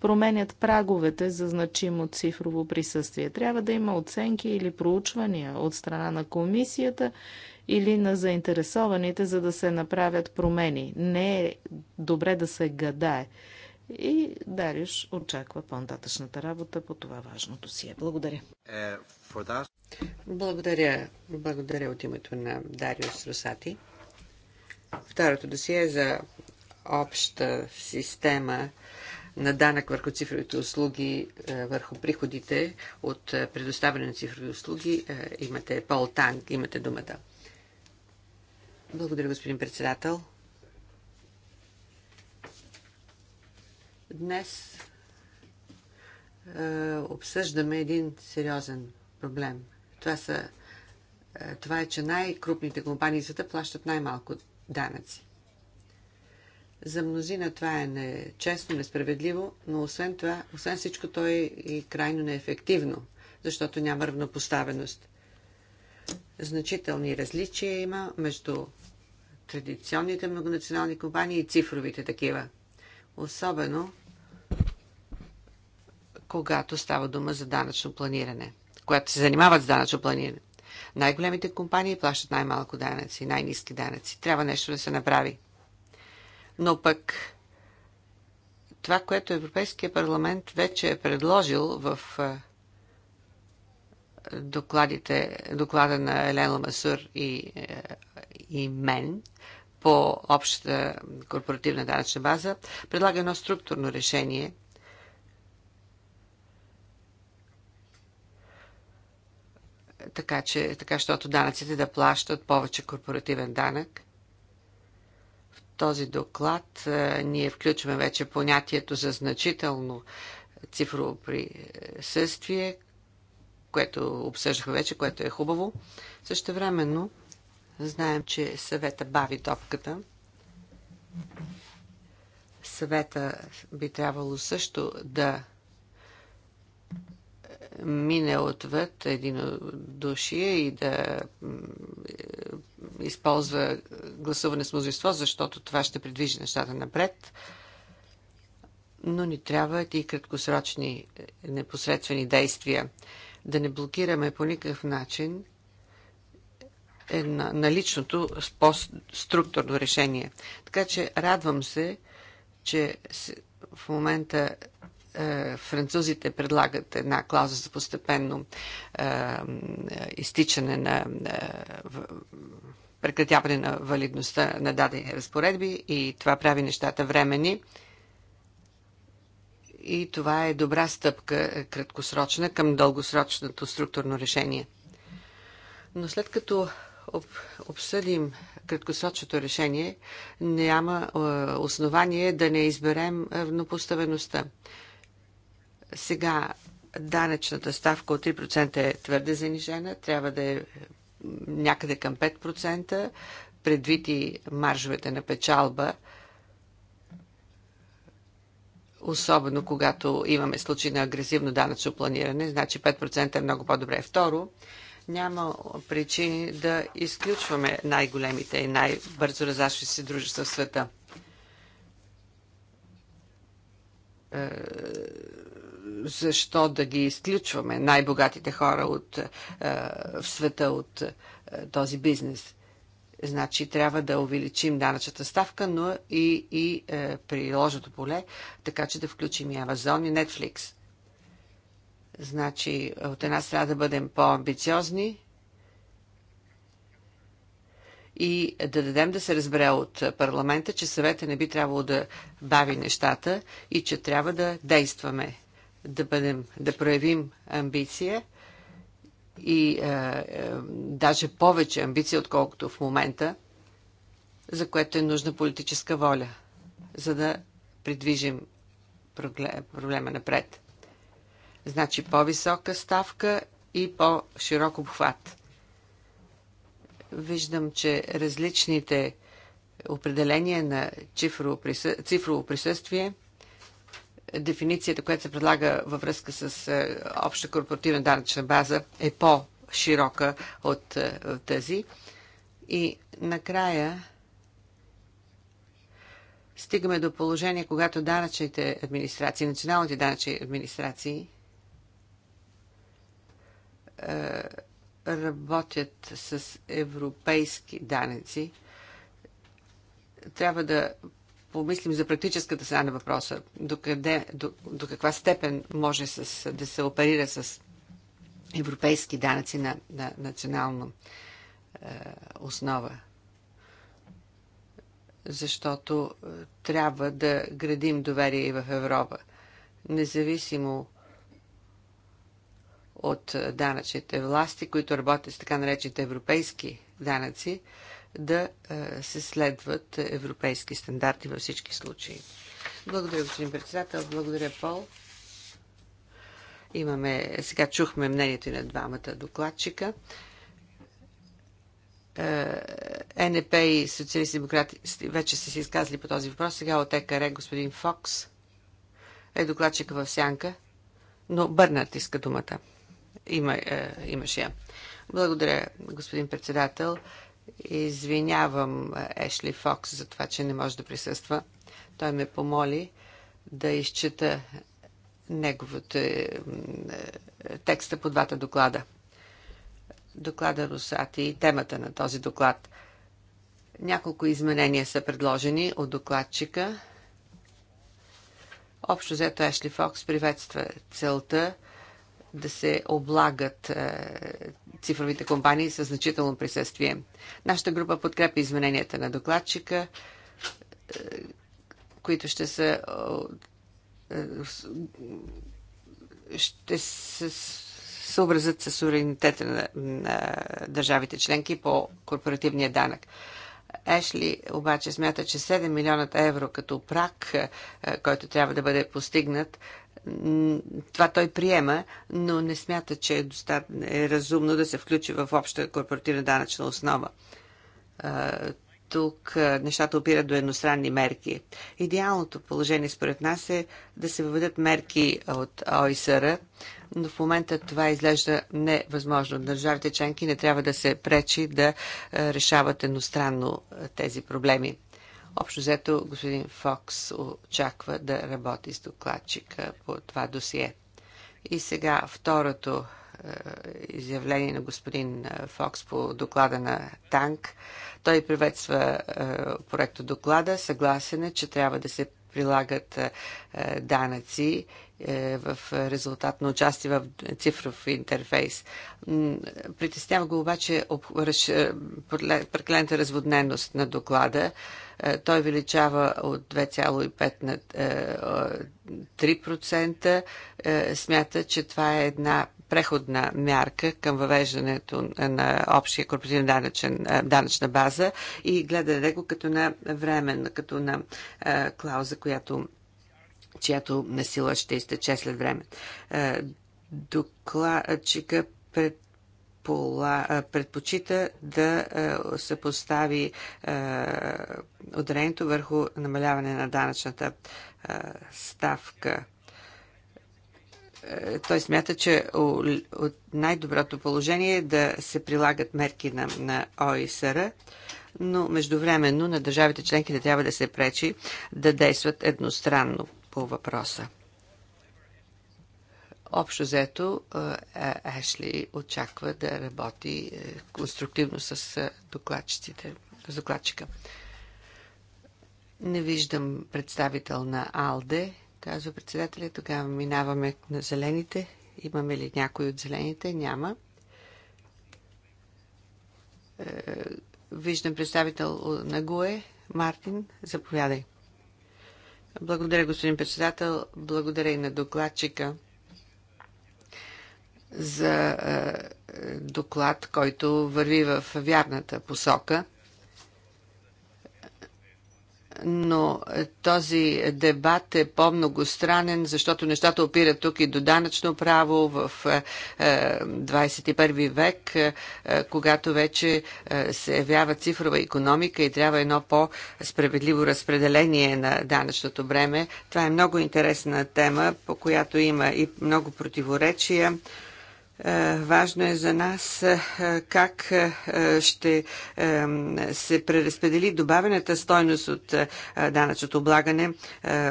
променят праговете за значимо цифрово присъствие. Трябва да има оценки или проучвания от страна на комисията или на заинтересованите, за да се направят промени. Не е добре да се гадае. И Дариш очаква по-нататъчната работа по това важното си. Е. Благодаря. Е, Благодаря. Благодаря от името на Дариус Русати. Второто досие е за обща система на данък върху цифровите услуги, е, върху приходите от предоставяне на цифрови услуги. Имате Пол Танк, имате думата. Благодаря, господин председател. Днес е, обсъждаме един сериозен проблем. Това, са, е, това е, че най-крупните компании за да плащат най-малко данъци. За мнозина това е нечестно, несправедливо, но освен това, освен всичко, то е и крайно неефективно, защото няма равнопоставеност. Значителни различия има между традиционните многонационални компании и цифровите такива. Особено когато става дума за данъчно планиране, когато се занимават с данъчно планиране. Най-големите компании плащат най-малко данъци, най-низки данъци. Трябва нещо да се направи. Но пък това, което Европейския парламент вече е предложил в докладите, доклада на Елена Масур и, е, и мен по общата корпоративна данъчна база, предлага едно структурно решение – така, че, така, щото данъците да плащат повече корпоративен данък. В този доклад е, ние включваме вече понятието за значително цифрово присъствие, което обсъждахме вече, което е хубаво. Също времено знаем, че съвета бави топката. Съвета би трябвало също да мине отвъд един от души и да използва гласуване с мнозинство, защото това ще придвижи нещата напред. Но ни трябват и краткосрочни непосредствени действия да не блокираме по никакъв начин е на, на личното структурно решение. Така че радвам се, че в момента е, французите предлагат една клауза за постепенно е, изтичане на. Е, прекратяване на валидността на дадени разпоредби и това прави нещата времени и това е добра стъпка, е, краткосрочна, към дългосрочното структурно решение. Но след като об, обсъдим краткосрочното решение, няма е, основание да не изберем е, равнопоставеността. Сега данъчната ставка от 3% е твърде занижена, трябва да е някъде към 5%, предвид и маржовете на печалба – особено когато имаме случай на агресивно данъчно планиране, значи 5% е много по-добре. Второ, няма причини да изключваме най-големите и най-бързо разрастващи се дружества в света. Е, защо да ги изключваме най-богатите хора от, е, в света от е, този бизнес? Значи трябва да увеличим данъчната ставка, но и, и е, приложното поле, така че да включим и Amazon и Netflix. Значи, от една страна да бъдем по-амбициозни и да дадем да се разбере от парламента, че съвета не би трябвало да бави нещата и че трябва да действаме, да, бъдем, да проявим амбиция и е, е, даже повече амбиция, отколкото в момента, за което е нужна политическа воля, за да придвижим проблема напред. Значи по-висока ставка и по-широк обхват. Виждам, че различните определения на цифрово присъствие дефиницията, която се предлага във връзка с е, обща корпоративна данъчна база, е по-широка е, от тази. И накрая стигаме до положение, когато данъчните администрации, националните данъчни администрации е, работят с европейски данъци, трябва да помислим за практическата страна на въпроса. До, къде, до, до каква степен може с, да се оперира с европейски данъци на, на национална е, основа? Защото е, трябва да градим доверие и в Европа. Независимо от е, данъчните власти, които работят с така наречените европейски данъци, да се следват европейски стандарти във всички случаи. Благодаря, господин председател. Благодаря, Пол. Имаме, сега чухме мнението и на двамата докладчика. НП и социалисти демократи вече са се изказали по този въпрос. Сега от ЕКР господин Фокс е докладчика в сянка, но Бърнат иска думата. Има, е, имаше я. Благодаря, господин председател. Извинявам Ешли Фокс за това, че не може да присъства. Той ме помоли да изчета неговото е, е, текста по двата доклада. Доклада Русати и темата на този доклад. Няколко изменения са предложени от докладчика. Общо взето Ешли Фокс приветства целта да се облагат е, цифровите компании със значително присъствие. Нашата група подкрепи измененията на докладчика, е, които ще са е, ще се съобразят с суверенитета на, на държавите членки по корпоративния данък. Ешли обаче смята, че 7 милиона евро като прак, е, който трябва да бъде постигнат, това той приема, но не смята, че е, достатъчно е разумно да се включи в обща корпоративна данъчна основа. Е, тук нещата опират до едностранни мерки. Идеалното положение според нас е да се въведат мерки от ОИСР, но в момента това изглежда невъзможно. Държавите членки не трябва да се пречи да решават едностранно тези проблеми. Общо взето господин Фокс очаква да работи с докладчика по това досие. И сега второто е, изявление на господин е, Фокс по доклада на Танк. Той приветства е, проекта доклада. Съгласен е, че трябва да се прилагат данъци в резултат на участие в цифров интерфейс. Притеснява го обаче преклената разводненост на доклада. Той величава от 2,5 на 3%. Смята, че това е една преходна мярка към въвеждането на общия корпоративна данъчна база и гледа го като на времен, като на клауза, която чиято насила ще изтече след време. Докладчика пред предпочита да се постави ударението върху намаляване на данъчната ставка е, той смята, че от най-доброто положение е да се прилагат мерки на, на ОИСР, но междувременно на държавите членки не трябва да се пречи да действат едностранно по въпроса. Общо взето, Ешли е, очаква да работи е, конструктивно с докладчиците, с докладчика. Не виждам представител на АЛДЕ казва председателя. Тогава минаваме на зелените. Имаме ли някой от зелените? Няма. Е, виждам представител на ГУЕ. Мартин, заповядай. Благодаря, господин председател. Благодаря и на докладчика за е, доклад, който върви в вярната посока но този дебат е по-многостранен, защото нещата опират тук и до данъчно право в 21 е, е, век, е, когато вече се явява цифрова економика и трябва едно по-справедливо разпределение на данъчното бреме. Това е много интересна тема, по която има и много противоречия. Е, важно е за нас е, е, как ще се преразпредели добавената стойност от данъчното облагане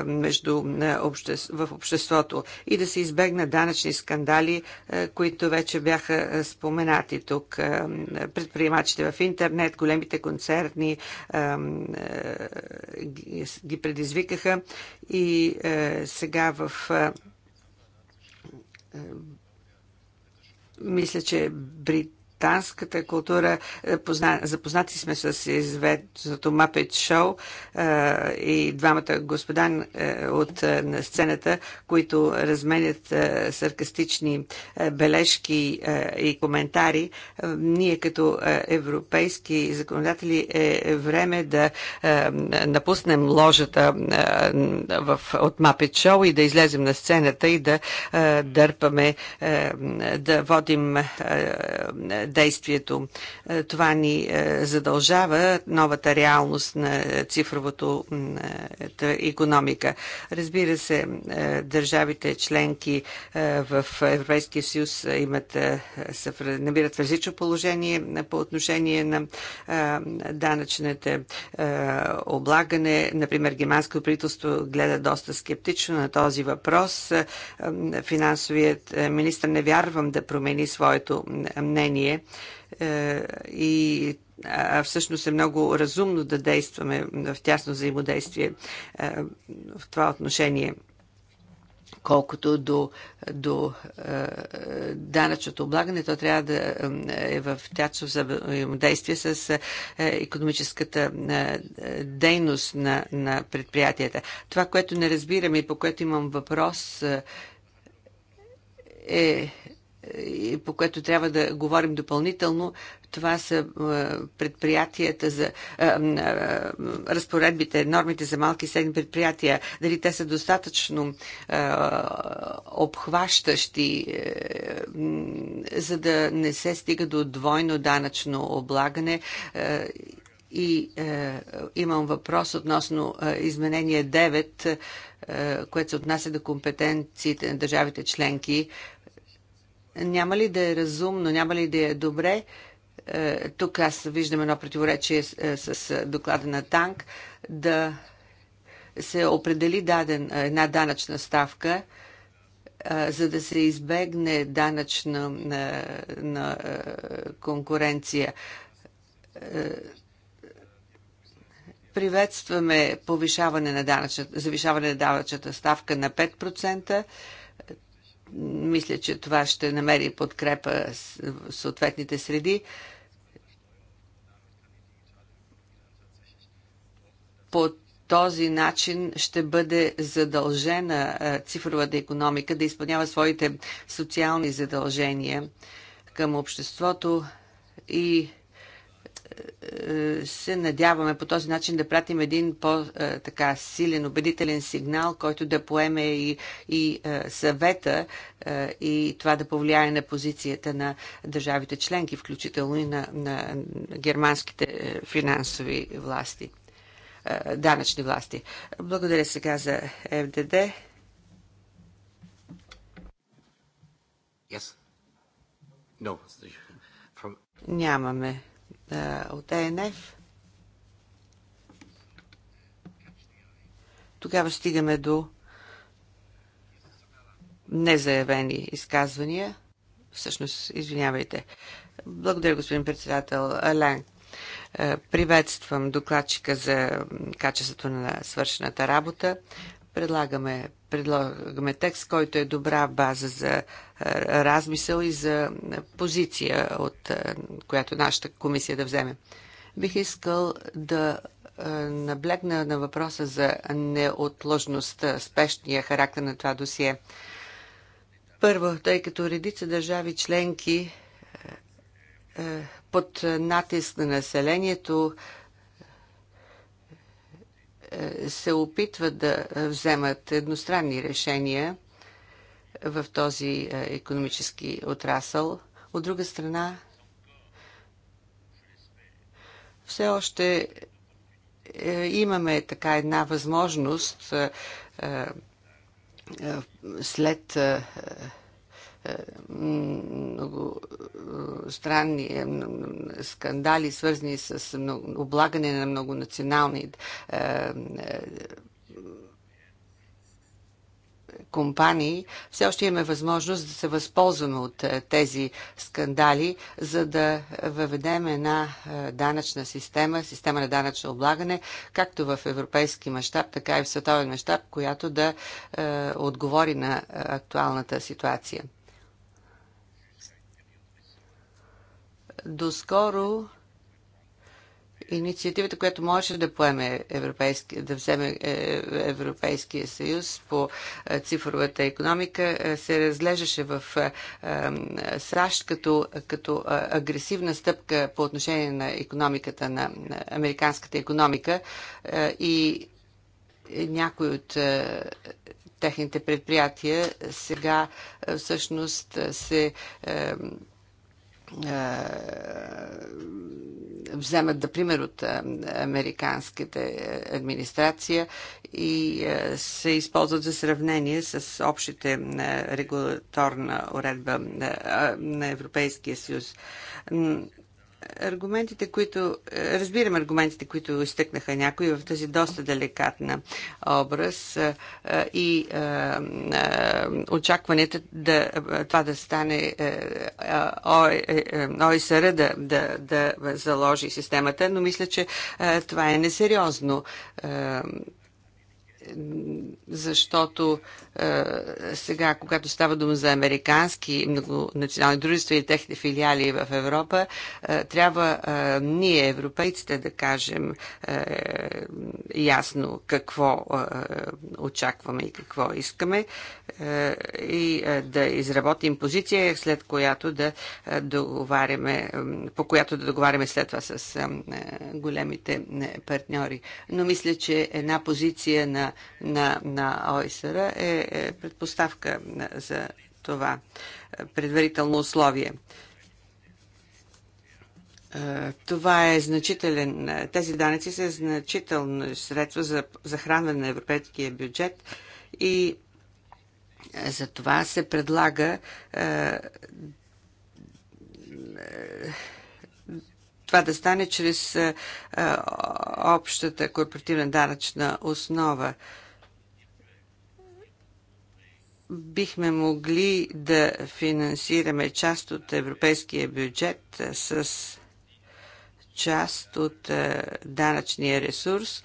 между, в обществото и да се избегнат данъчни скандали, които вече бяха споменати тук. Предприемачите в интернет, големите концерни ги предизвикаха и сега в мисля, че Брит британската култура. Е, позна... Запознати сме с известното Мапет Шоу и двамата господа е, от е, на сцената, които разменят саркастични бележки и коментари. Ние като европейски законодатели е време да напуснем ложата в, от Мапет Шоу и да излезем на сцената и да дърпаме, да водим действието. Е, това ни е, задължава новата реалност на цифровото економика. Разбира се, е, държавите членки в Европейския съюз имат, намират различно положение по отношение на данъчните облагане. Например, германското правителство гледа доста скептично на този въпрос. Финансовият министр не вярвам да промени своето мнение е, и а всъщност е много разумно да действаме в тясно взаимодействие е, в това отношение колкото до, до е, данъчното облагане, то трябва да е, е в тясно взаимодействие с е, економическата е, дейност на, на предприятията. Това, което не разбираме и по което имам въпрос е по което трябва да говорим допълнително, това са е, предприятията за е, е, разпоредбите, нормите за малки и средни предприятия. Дали те са достатъчно обхващащи, за да не се стига до двойно данъчно облагане и имам въпрос относно изменение 9, което се отнася до компетенциите на държавите членки. Няма ли да е разумно, няма ли да е добре? Е, тук аз виждам едно противоречие с е, е, доклада на Танк да се определи даден, една данъчна ставка, за да се избегне данъчна на, на конкуренция. Приветстваме повишаване на данъчната, завишаване на данъчната ставка на 5%. Мисля, че това ще намери подкрепа в съответните среди. По този начин ще бъде задължена цифровата економика да изпълнява своите социални задължения към обществото и се надяваме по този начин да пратим един по-така силен, убедителен сигнал, който да поеме и, и е, съвета е, и това да повлияе на позицията на държавите членки, включително и на, на германските е, финансови власти, данъчни власти. Благодаря сега за ФДД. Yes. No. From... Нямаме е, от ЕНФ. Тогава стигаме до незаявени изказвания. Всъщност, извинявайте. Благодаря, господин председател. Ален, е, приветствам докладчика за качеството на свършената работа. Предлагаме, предлагаме текст, който е добра база за е, размисъл и за позиция, от е, която нашата комисия да вземе. Бих искал да е, наблегна на въпроса за неотложността, спешния характер на това досие. Първо, тъй като редица държави членки под натиск на населението се опитват да вземат едностранни решения в този е, економически отрасъл. От друга страна, все още е, имаме така една възможност е, след много е, странни е, е, скандали, свързани с облагане на многонационални компании, все още имаме възможност да се възползваме от тези скандали, за да въведем една данъчна система, система на данъчно облагане, както в европейски мащаб, така и в световен мащаб, която да отговори на актуалната ситуация. доскоро инициативата, която можеше да поеме европейски, да вземе е, Европейския съюз по е, цифровата економика, е, се разглеждаше в САЩ като, като агресивна стъпка по отношение на економиката, на американската економика и някои от техните предприятия сега всъщност се вземат да пример от американската администрация и се използват за сравнение с общите регулаторна уредба на Европейския съюз аргументите, които, е, разбирам аргументите, които изтъкнаха някои в тази доста деликатна образ е, е, и очакването да, това да стане ОСР да, да, да заложи системата, но мисля, че това е несериозно защото е, сега, когато става дума за американски многонационални дружества и техните филиали в Европа, е, трябва е, ние, европейците, да кажем е, ясно какво е, очакваме и какво искаме е, и е, да изработим позиция, след която да е, договаряме, е, по която да договаряме след това с е, големите е, партньори. Но мисля, че една позиция на на, на, ОИСР е, е предпоставка за това е, предварително условие. Е, това е значителен. Е, тези данъци са значително средство за захранване на европейския бюджет и за това се предлага това да стане чрез общата корпоративна данъчна основа бихме могли да финансираме част от европейския бюджет с част от данъчния ресурс,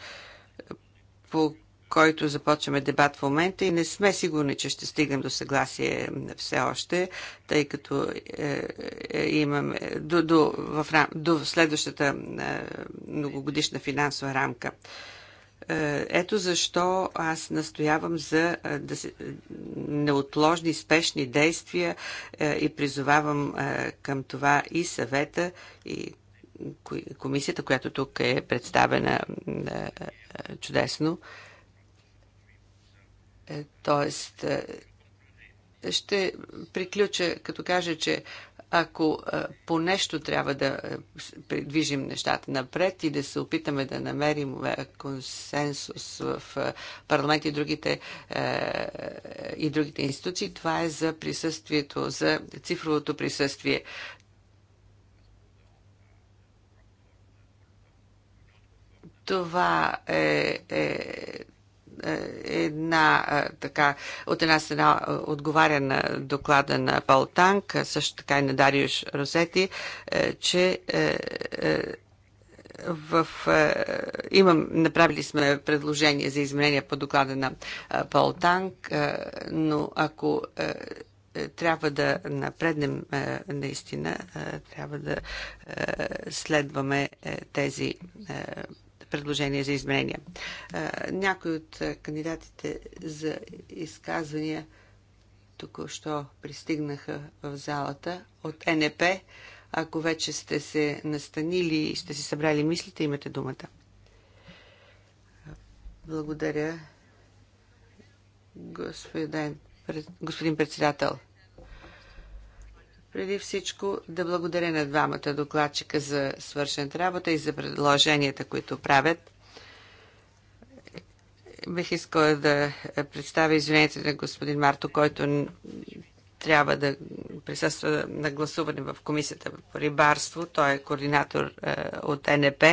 по който започваме дебат в момента и не сме сигурни, че ще стигнем до съгласие все още, тъй като е, е, имаме до, до, в, до следващата е, многогодишна финансова рамка. Е, ето защо аз настоявам за е, да се, неотложни, спешни действия е, и призовавам към това и съвета, и комисията, която тук е представена чудесно. Т.е. Е, ще приключа, като кажа, че ако е, по нещо трябва да е, придвижим нещата напред и да се опитаме да намерим консенсус в парламент и другите, и другите институции, това е за присъствието, за цифровото присъствие. Това е, е е, една е, така, от една страна е, отговаря на доклада на Пол Танк, също така и на Дариуш Розети, че в, имам, направили сме предложение за изменения по доклада на Пол Танк, но ако трябва да напреднем наистина, трябва да следваме тези предложения за изменения. Някои от кандидатите за изказвания току-що пристигнаха в залата от НП. Ако вече сте се настанили и сте си събрали мислите, имате думата. Благодаря, господин, господин председател. Преди всичко да благодаря на двамата докладчика за свършената работа и за предложенията, които правят. Бих искала да представя извинението на господин Марто, който трябва да присъства на гласуване в Комисията по рибарство. Той е координатор е, от НП.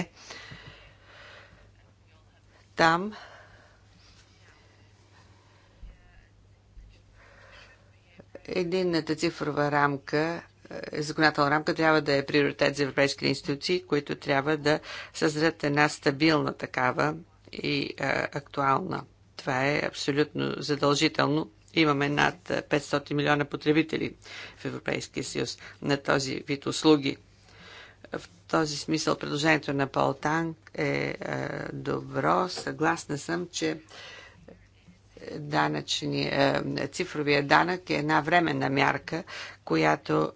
Там Единната цифрова рамка, е, законодателна рамка трябва да е приоритет за европейските институции, които трябва да създадат една стабилна такава и а, актуална. Това е абсолютно задължително. Имаме над 500 милиона потребители в Европейския съюз на този вид услуги. В този смисъл предложението на Палтанг е, е добро. Съгласна съм, че данъчни, е, цифровия данък е една временна мярка, която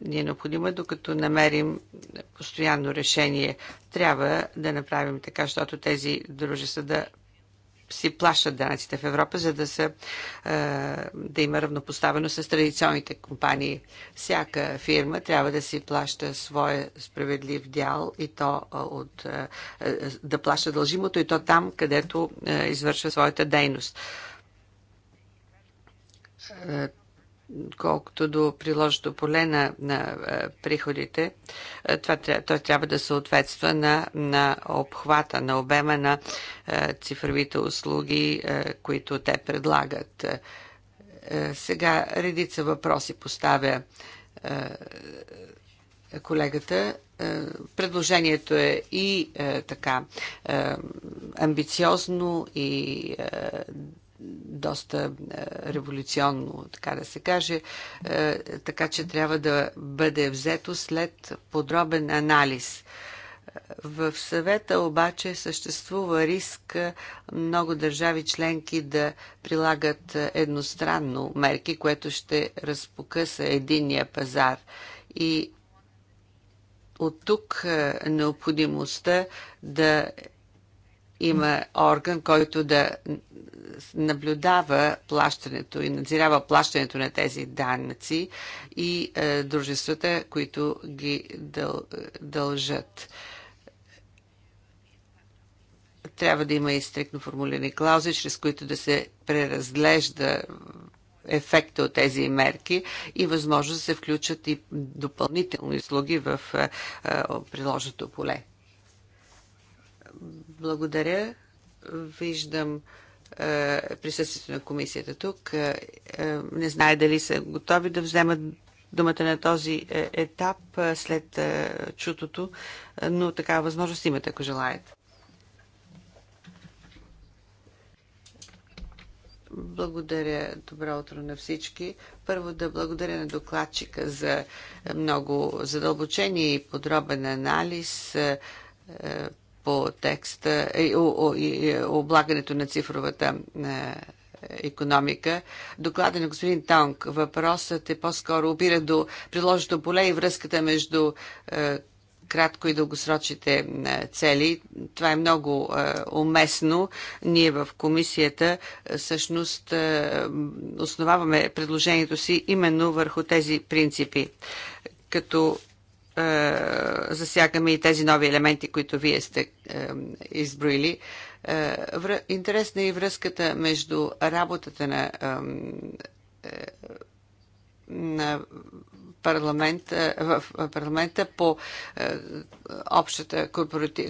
ни е необходима, докато намерим постоянно решение. Трябва да направим така, защото тези дружества да си плащат данъците в Европа, за да, са, да има равнопоставено с традиционните компании. Всяка фирма трябва да си плаща своя справедлив дял и то от, да плаща дължимото и то там, където извършва своята дейност колкото до приложното поле на, на е, приходите, е, това, това трябва да съответства на, на обхвата, на обема на е, цифровите услуги, които те предлагат. Сега редица въпроси поставя колегата. Предложението е и така амбициозно и доста е, революционно, така да се каже, е, така че трябва да бъде взето след подробен анализ. В съвета обаче съществува риск е, много държави членки да прилагат едностранно мерки, което ще разпокъса единния пазар. И от тук необходимостта да има орган, който да наблюдава плащането и надзирава плащането на тези данъци и е, дружествата, които ги дъл, дължат. Трябва да има и стрикно формулирани клаузи, чрез които да се преразглежда ефекта от тези мерки и възможност да се включат и допълнителни услуги в е, е, приложното поле. Благодаря. Виждам е, присъствието на комисията тук. Е, е, не знае дали са готови да вземат думата на този етап след чутото, но такава възможност имате, ако желаете. Благодаря. Добро утро на всички. Първо да благодаря на докладчика за много задълбочение и подробен анализ по текст и облагането на цифровата економика. Доклада на господин Танк въпросът е по-скоро обира до приложното поле и връзката между е, кратко и дългосрочните е, цели. Това е много е, уместно. Ние в комисията е, всъщност е, основаваме предложението си именно върху тези принципи. Като е, засягаме и тези нови елементи, които вие сте е, изброили. Е, интересна е и връзката между работата на на парламент, в парламента по е, общата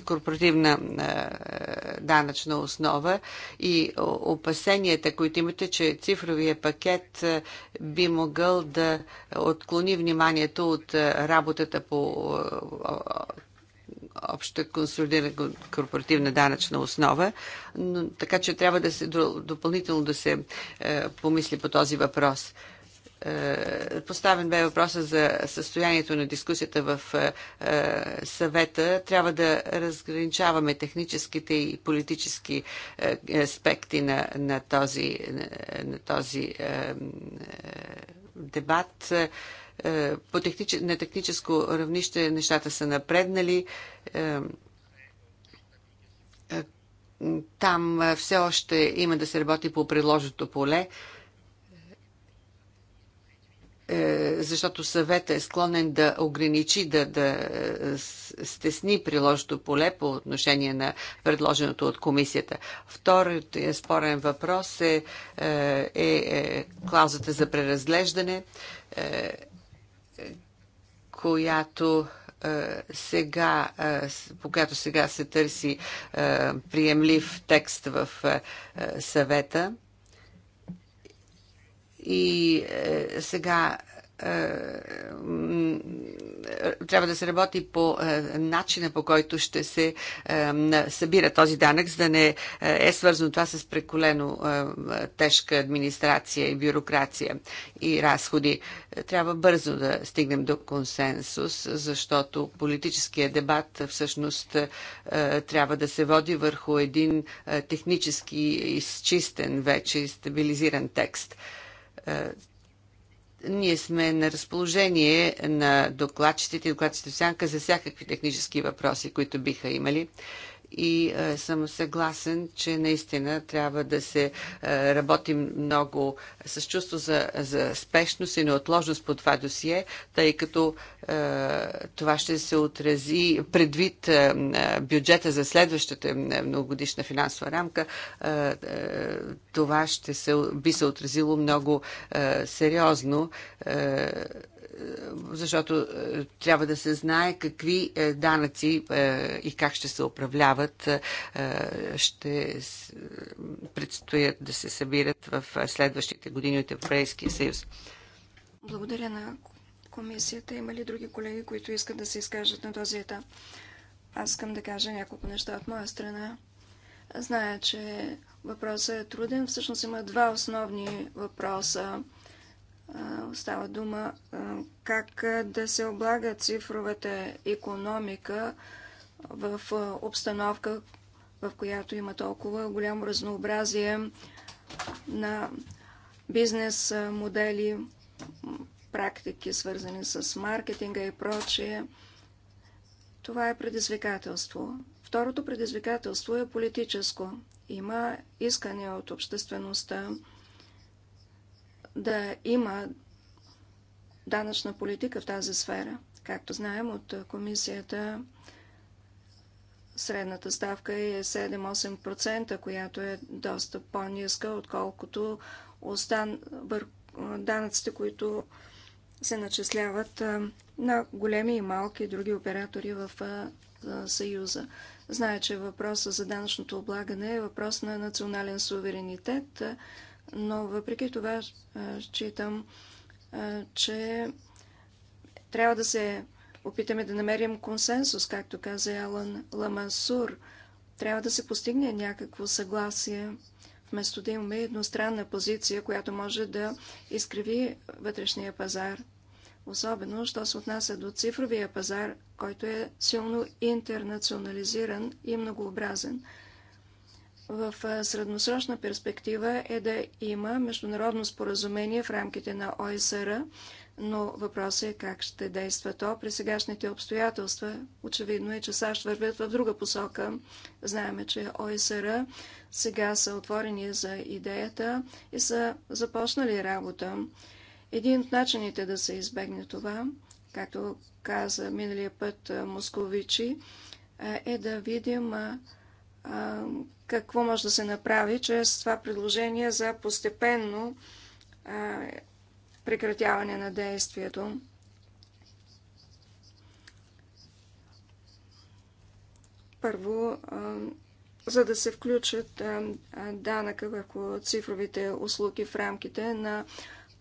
корпоративна е, данъчна основа и опасенията, които имате, че цифровия пакет е, би могъл да отклони вниманието от работата по обща консолидирана корпоративна данъчна основа, но, така че трябва да се допълнително да се е, помисли по този въпрос. Е, поставен бе въпроса за състоянието на дискусията в е, е, съвета. Трябва да разграничаваме техническите и политически аспекти на, на този, на този дебат. По технич... На техническо равнище нещата са напреднали. Там все още има да се работи по предложното поле. Е, защото съвета е склонен да ограничи, да, да е, стесни приложното поле по отношение на предложеното от комисията. Вторият е спорен въпрос е, е, е, е клаузата за преразглеждане, е, която сега, по която сега се търси приемлив текст в съвета. И е, сега е, е, трябва да се работи по е, начина по който ще се събира този данък, за да не е свързано това с преколено тежка администрация и бюрокрация и разходи. Трябва бързо да стигнем до консенсус, защото политическия дебат всъщност трябва да се води върху един технически изчистен, вече стабилизиран текст. Е, ние сме на разположение на докладчетите и докладчетите в сянка за всякакви технически въпроси, които биха имали и е, съм съгласен, че наистина трябва да се е, работи работим много с чувство за, за спешност и неотложност по това досие, тъй като е, това ще се отрази предвид бюджета за следващата многогодишна финансова рамка. това ще се, би се отразило много сериозно защото е, трябва да се знае какви е, данъци е, и как ще се управляват, ще предстоят да се събират в следващите години от Европейския съюз. Благодаря на комисията. Има ли други колеги, които искат да се изкажат на този етап? Аз искам да кажа няколко неща от моя страна. Зная, че въпросът е труден. Всъщност има два основни въпроса Става дума как да се облага цифровата економика в обстановка, в която има толкова голямо разнообразие на бизнес модели, практики, свързани с маркетинга и прочее. Това е предизвикателство. Второто предизвикателство е политическо. Има искане от обществеността да има данъчна политика в тази сфера. Както знаем от комисията, средната ставка е 7-8%, която е доста по-ниска, отколкото остан... данъците, които се начисляват на големи и малки други оператори в Съюза. Знае, че въпросът за данъчното облагане е въпрос на национален суверенитет но въпреки това считам, че трябва да се опитаме да намерим консенсус, както каза Алан Ламасур. Трябва да се постигне някакво съгласие, вместо да имаме едностранна позиция, която може да изкриви вътрешния пазар. Особено, що се отнася до цифровия пазар, който е силно интернационализиран и многообразен в средносрочна перспектива е да има международно споразумение в рамките на ОСР, но въпросът е как ще действа то при сегашните обстоятелства. Очевидно е, че САЩ вървят в друга посока. Знаеме, че ОСР сега са отворени за идеята и са започнали работа. Един от начините да се избегне това, както каза миналия път Московичи, е да видим какво може да се направи чрез това предложение за постепенно прекратяване на действието. Първо, за да се включат данъка върху цифровите услуги в рамките на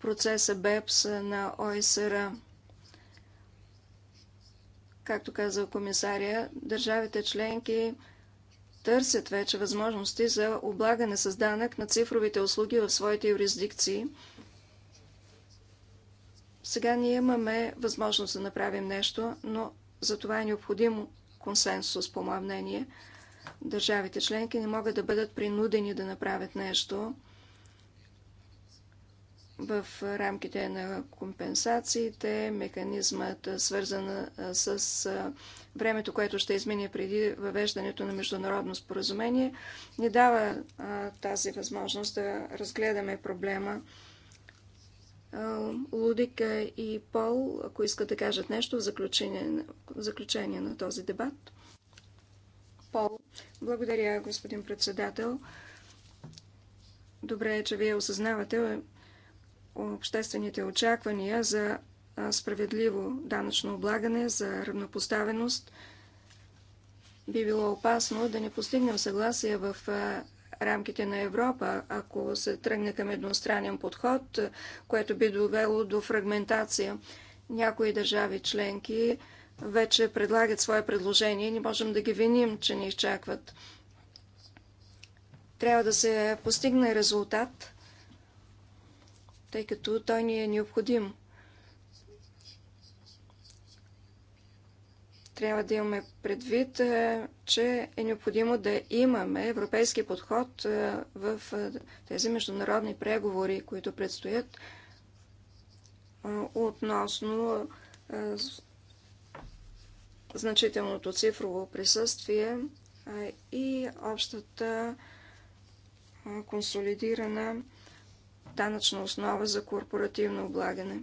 процеса БЕПС на ОСР. Както каза комисария, държавите членки търсят вече възможности за облагане с данък на цифровите услуги в своите юрисдикции. Сега ние имаме възможност да направим нещо, но за това е необходимо консенсус, по мое мнение. Държавите членки не могат да бъдат принудени да направят нещо в рамките на компенсациите, механизмът свързан с времето, което ще измине преди въвеждането на международно споразумение, ни дава тази възможност да разгледаме проблема. Лудика и Пол, ако искат да кажат нещо в заключение, в заключение на този дебат. Пол, благодаря, господин председател. Добре е, че вие осъзнавате обществените очаквания за справедливо данъчно облагане, за равнопоставеност. Би било опасно да не постигнем съгласие в рамките на Европа, ако се тръгне към едностранен подход, което би довело до фрагментация. Някои държави членки вече предлагат свое предложение и не можем да ги виним, че не изчакват. Трябва да се постигне резултат, тъй като той ни е необходим. Трябва да имаме предвид, е, че е необходимо да имаме европейски подход е, в е, тези международни преговори, които предстоят относно значителното цифрово присъствие и общата консолидирана данъчна основа за корпоративно облагане.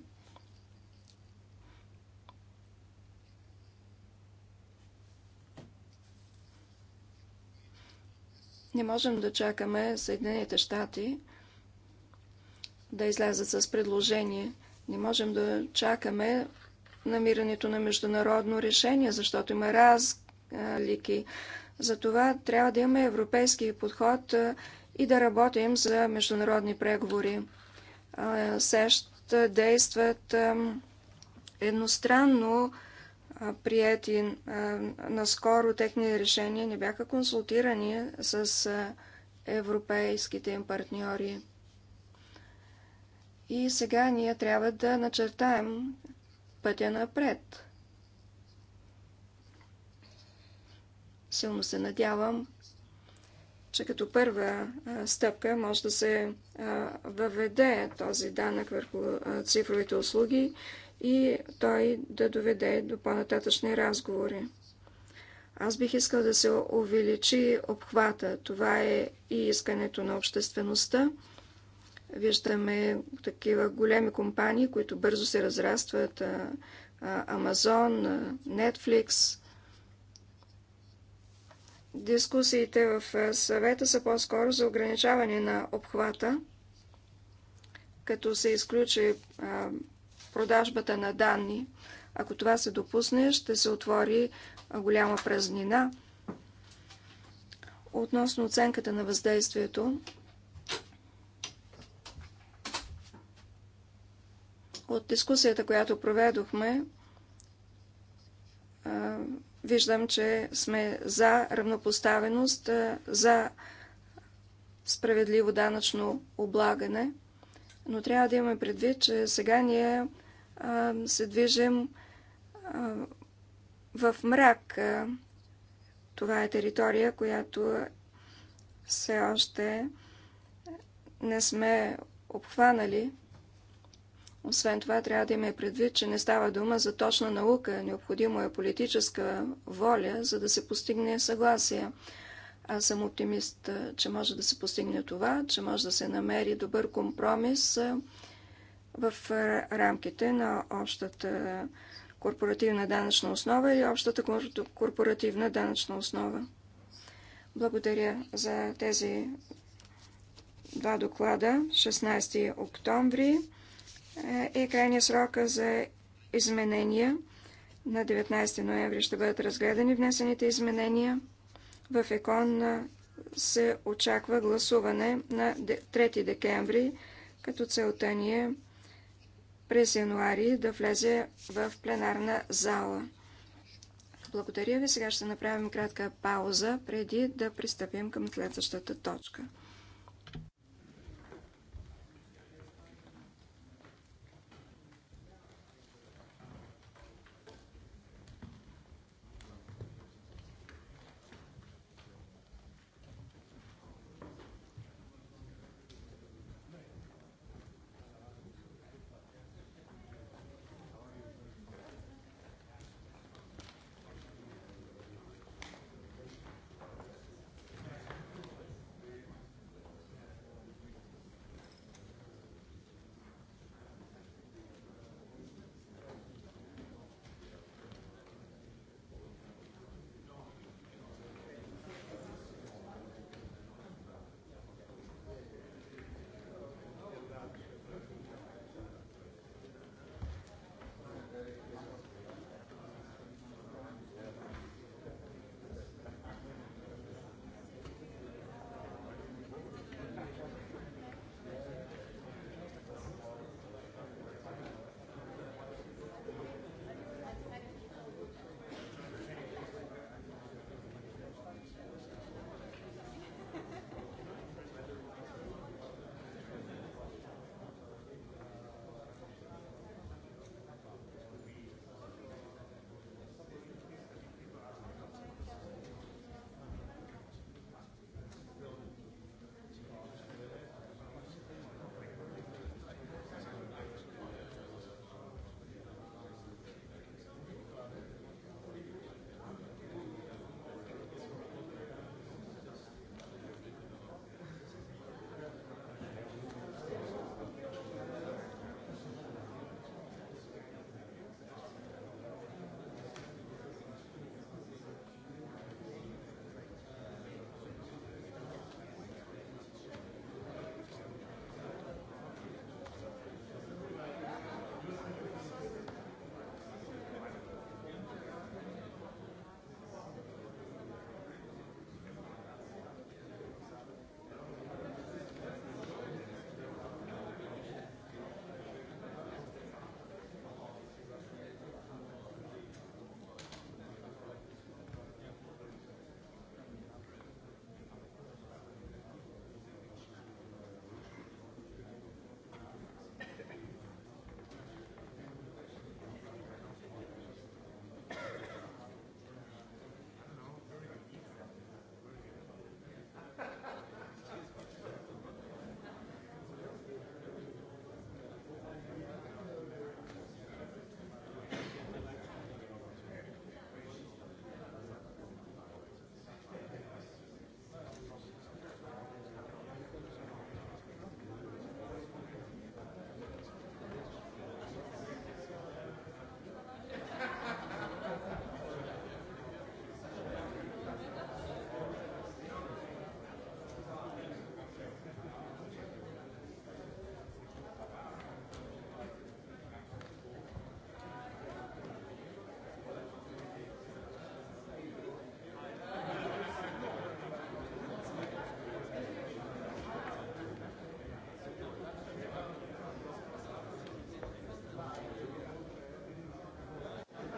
Не можем да чакаме Съединените щати да излязат с предложение. Не можем да чакаме намирането на международно решение, защото има разлики. Затова трябва да имаме европейски подход и да работим за международни преговори. Сещ действат едностранно прияти наскоро техни решения не бяха консултирани с европейските им партньори. И сега ние трябва да начертаем пътя напред. Силно се надявам, че като първа стъпка може да се въведе този данък върху цифровите услуги и той да доведе до по-нататъчни разговори. Аз бих искал да се увеличи обхвата. Това е и искането на обществеността. Виждаме такива големи компании, които бързо се разрастват. Амазон, Netflix, Дискусиите в съвета са по-скоро за ограничаване на обхвата, като се изключи продажбата на данни. Ако това се допусне, ще се отвори голяма празнина. Относно оценката на въздействието, от дискусията, която проведохме, Виждам, че сме за равнопоставеност, е, за справедливо данъчно облагане, но трябва да имаме предвид, че сега ние се движим в мрак. Е, това е територия, която все още не сме обхванали. Освен това, трябва да има предвид, че не става дума за точна наука. Необходимо е политическа воля, за да се постигне съгласие. Аз съм оптимист, че може да се постигне това, че може да се намери добър компромис в рамките на общата корпоративна данъчна основа и общата корпоративна данъчна основа. Благодаря за тези два доклада. 16 октомври е крайния срок за изменения. На 19 ноември ще бъдат разгледани внесените изменения. В ЕКОН се очаква гласуване на 3 декември, като целта ни е през януари да влезе в пленарна зала. Благодаря ви. Сега ще направим кратка пауза, преди да пристъпим към следващата точка.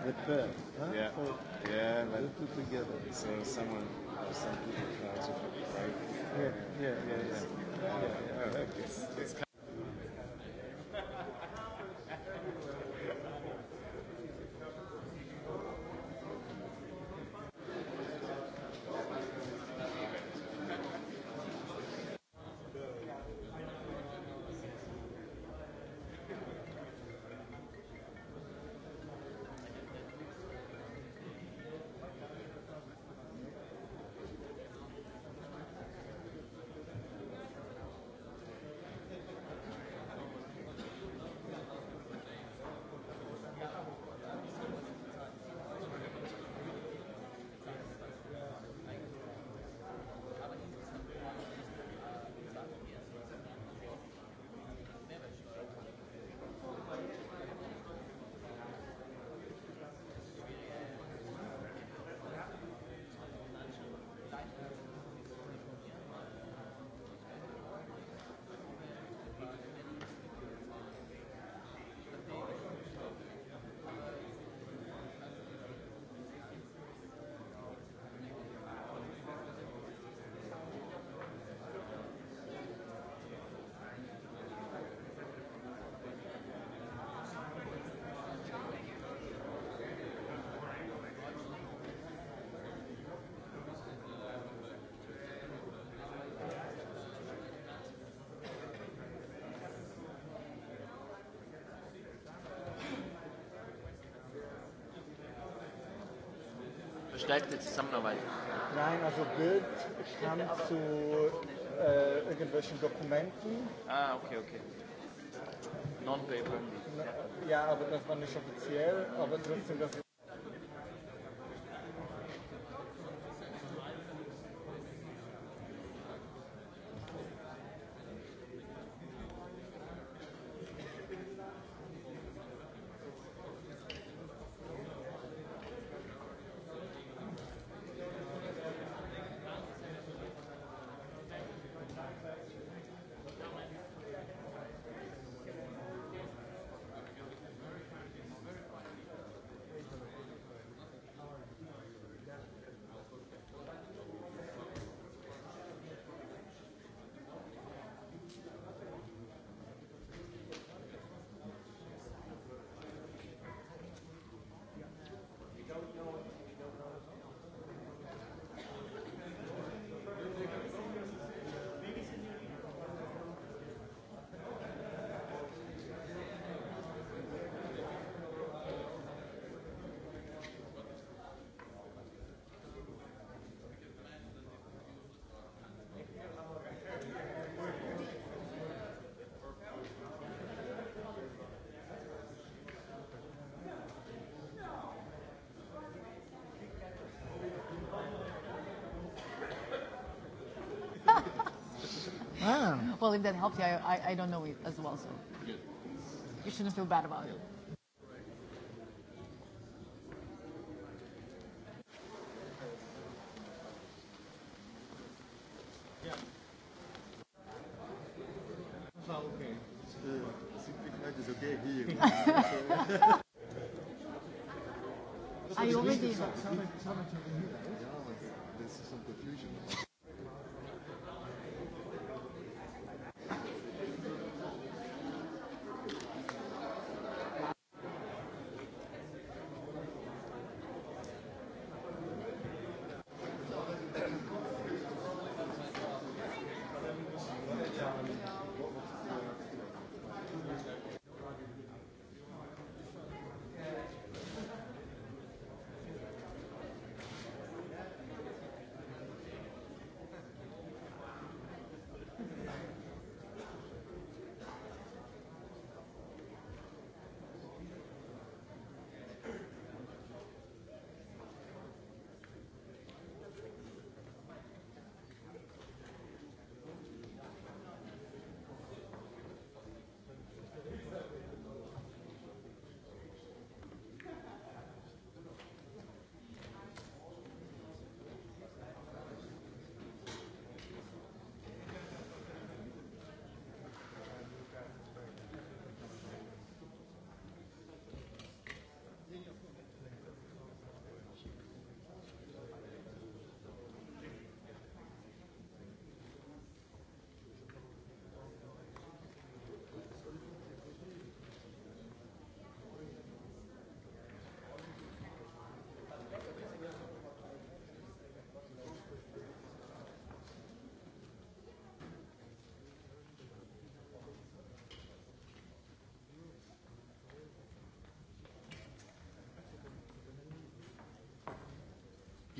The pair. Huh? Yeah. Or yeah. But the put together. So someone, or some people try to break. Yeah. Yeah. Yeah. yeah. yeah. yeah. yeah. yeah. yeah. yeah. yeah. gestaltet die Zusammenarbeit? Nein, also Bild stand zu äh, irgendwelchen Dokumenten. Ah, okay, okay. Non-paper. Ja, aber das war nicht offiziell, aber trotzdem, das Ah. Well, if that helps you, I, I don't know it as well, so you shouldn't feel bad about it. I already. Sound yeah, like there's some confusion.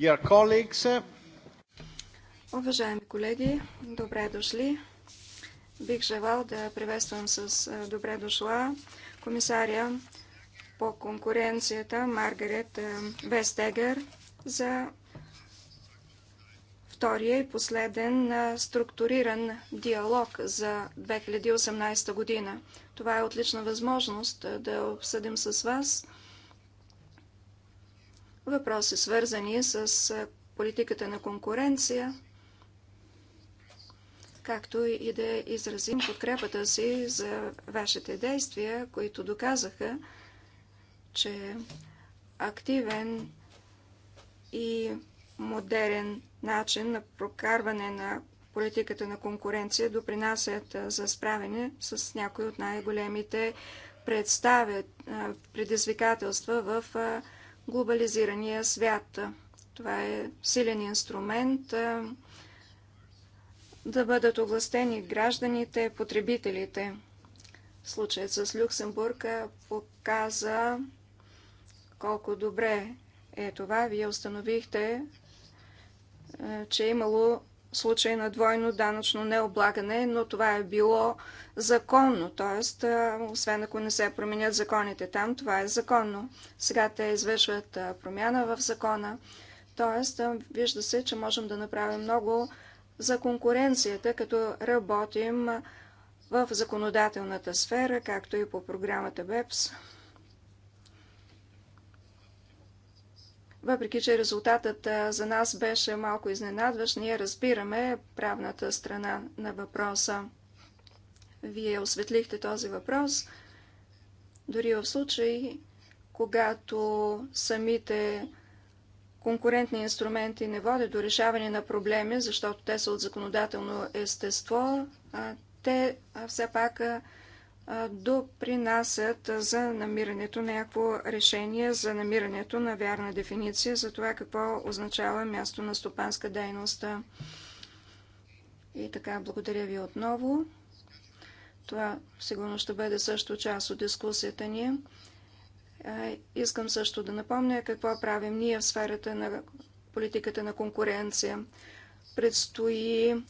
Dear colleagues, Уважаеми колеги, добре дошли. Бих желал да приветствам с добре дошла комисаря по конкуренцията Маргарет Вестегер за втория и последен структуриран диалог за 2018 година. Това е отлична възможност да обсъдим с вас въпроси, свързани с политиката на конкуренция, както и да изразим подкрепата си за вашите действия, които доказаха, че активен и модерен начин на прокарване на политиката на конкуренция допринасят за справяне с някои от най-големите предизвикателства в глобализирания свят. Това е силен инструмент да бъдат областени гражданите, потребителите. Случаят с Люксембург показа колко добре е това. Вие установихте, че е имало случай на двойно данъчно необлагане, но това е било законно, т.е. освен ако не се променят законите там, това е законно. Сега те извършват промяна в закона, Тоест, вижда се, че можем да направим много за конкуренцията, като работим в законодателната сфера, както и по програмата БЕПС. Въпреки, че резултатът за нас беше малко изненадващ, ние разбираме правната страна на въпроса. Вие осветлихте този въпрос, дори в случай, когато самите конкурентни инструменти не водят до решаване на проблеми, защото те са от законодателно естество, те все пак допринасят за намирането на някакво решение, за намирането на вярна дефиниция за това какво означава място на стопанска дейност. И така, благодаря ви отново. Това сигурно ще бъде също част от дискусията ни. Искам също да напомня какво правим ние в сферата на политиката на конкуренция. Предстои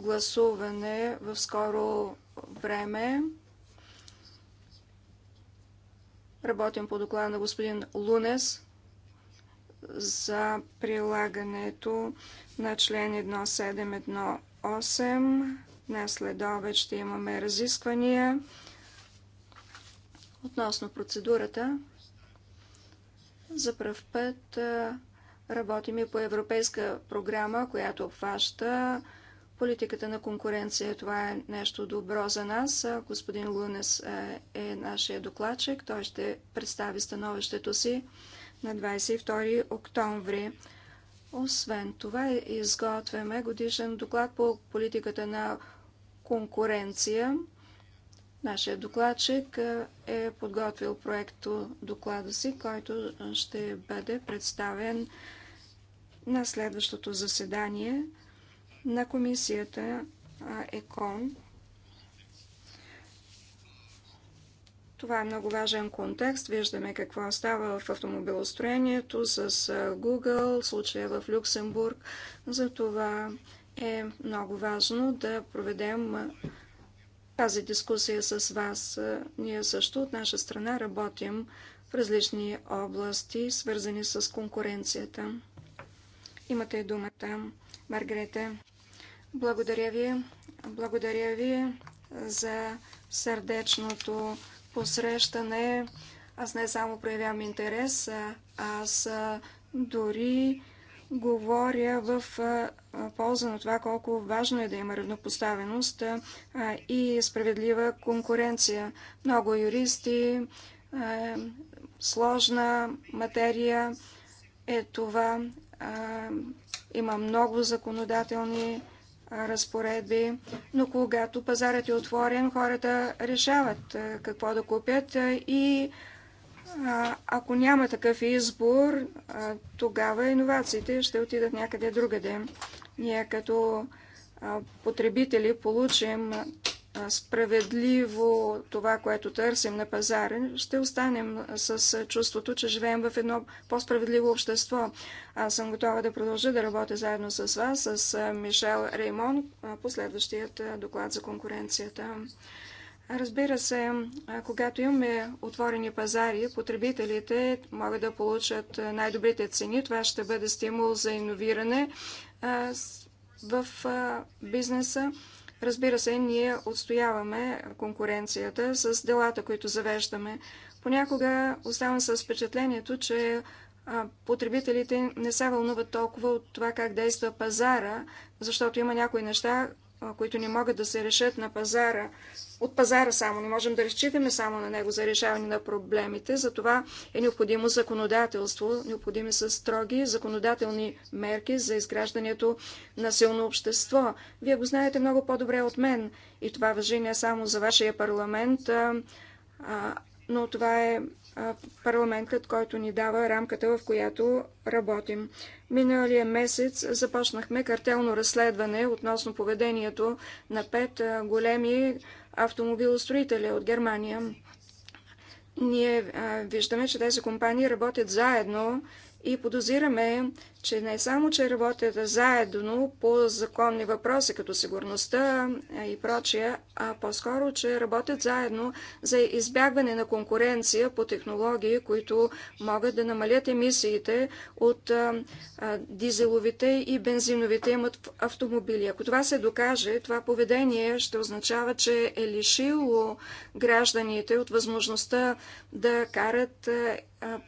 гласуване в скоро време Работим по доклада на господин Лунес за прилагането на член 1718. Днес след обед ще имаме разисквания относно процедурата. За пръв път работим и по европейска програма, която обхваща Политиката на конкуренция, това е нещо добро за нас. Господин Лунес е нашия докладчик. Той ще представи становището си на 22 октомври. Освен това, изготвяме годишен доклад по политиката на конкуренция. Нашия докладчик е подготвил проекто доклада си, който ще бъде представен на следващото заседание на комисията ЕКОН. Това е много важен контекст. Виждаме какво става в автомобилостроението с Google, случая в Люксембург. Затова е много важно да проведем тази дискусия с вас. Ние също от наша страна работим в различни области, свързани с конкуренцията. Имате думата, Маргарете. Благодаря ви. Благодаря ви за сърдечното посрещане. Аз не само проявявам интерес, аз дори говоря в полза на това колко важно е да има равнопоставеност и справедлива конкуренция. Много юристи, сложна материя е това. Има много законодателни разпоредби, но когато пазарът е отворен, хората решават какво да купят и ако няма такъв избор, тогава иновациите ще отидат някъде другаде. Ние като потребители получим справедливо това, което търсим на пазара, ще останем с чувството, че живеем в едно по-справедливо общество. Аз съм готова да продължа да работя заедно с вас, с Мишел Реймон, последващият доклад за конкуренцията. Разбира се, когато имаме отворени пазари, потребителите могат да получат най-добрите цени. Това ще бъде стимул за иновиране в бизнеса Разбира се, ние отстояваме конкуренцията с делата, които завеждаме. Понякога оставам с впечатлението, че потребителите не се вълнуват толкова от това как действа пазара, защото има някои неща, които не могат да се решат на пазара, от пазара само. Не можем да разчитаме само на него за решаване на проблемите. Затова е необходимо законодателство, необходими са строги законодателни мерки за изграждането на силно общество. Вие го знаете много по-добре от мен и това въжи не само за вашия парламент, а, а, но това е парламентът, който ни дава рамката, в която работим. Миналия месец започнахме картелно разследване относно поведението на пет големи автомобилостроители от Германия. Ние виждаме, че тези компании работят заедно и подозираме, че не само, че работят заедно по законни въпроси, като сигурността и прочия, а по-скоро, че работят заедно за избягване на конкуренция по технологии, които могат да намалят емисиите от а, а, дизеловите и бензиновите имат автомобили. Ако това се докаже, това поведение ще означава, че е лишило гражданите от възможността да карат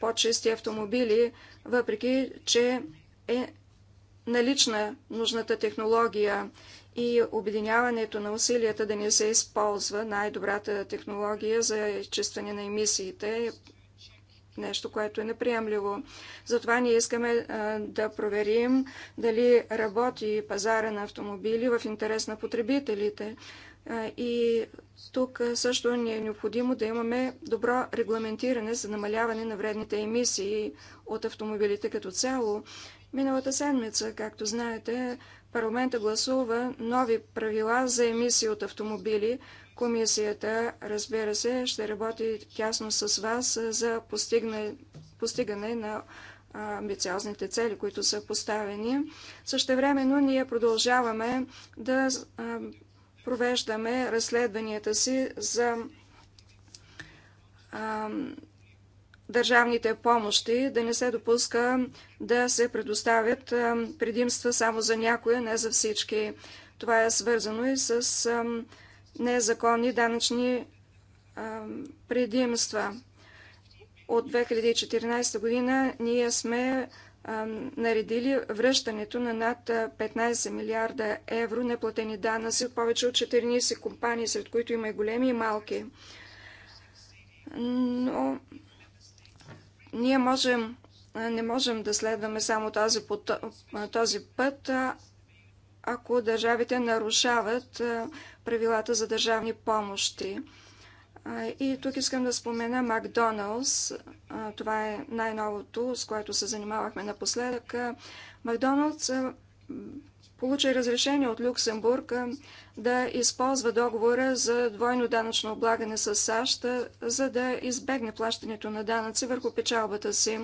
по-чисти автомобили, въпреки че е налична нужната технология и обединяването на усилията да не се използва най-добрата технология за изчистване на емисиите е нещо, което е неприемливо. Затова ние искаме а, да проверим дали работи пазара на автомобили в интерес на потребителите. А, и тук също ни е необходимо да имаме добро регламентиране за намаляване на вредните емисии от автомобилите като цяло. Миналата седмица, както знаете, парламента гласува нови правила за емисии от автомобили. Комисията, разбира се, ще работи тясно с вас за постигне, постигане на амбициозните цели, които са поставени. Същевременно ние продължаваме да провеждаме разследванията си за държавните помощи да не се допуска да се предоставят предимства само за някоя, не за всички. Това е свързано и с незаконни данъчни предимства. От 2014 година ние сме наредили връщането на над 15 милиарда евро неплатени данъци от повече от 14 компании, сред които има и големи и малки. Но ние можем, не можем да следваме само този, този път, ако държавите нарушават правилата за държавни помощи. И тук искам да спомена Макдоналдс. Това е най-новото, с което се занимавахме напоследък. Макдоналдс получи разрешение от Люксембург да използва договора за двойно данъчно облагане с САЩ, за да избегне плащането на данъци върху печалбата си.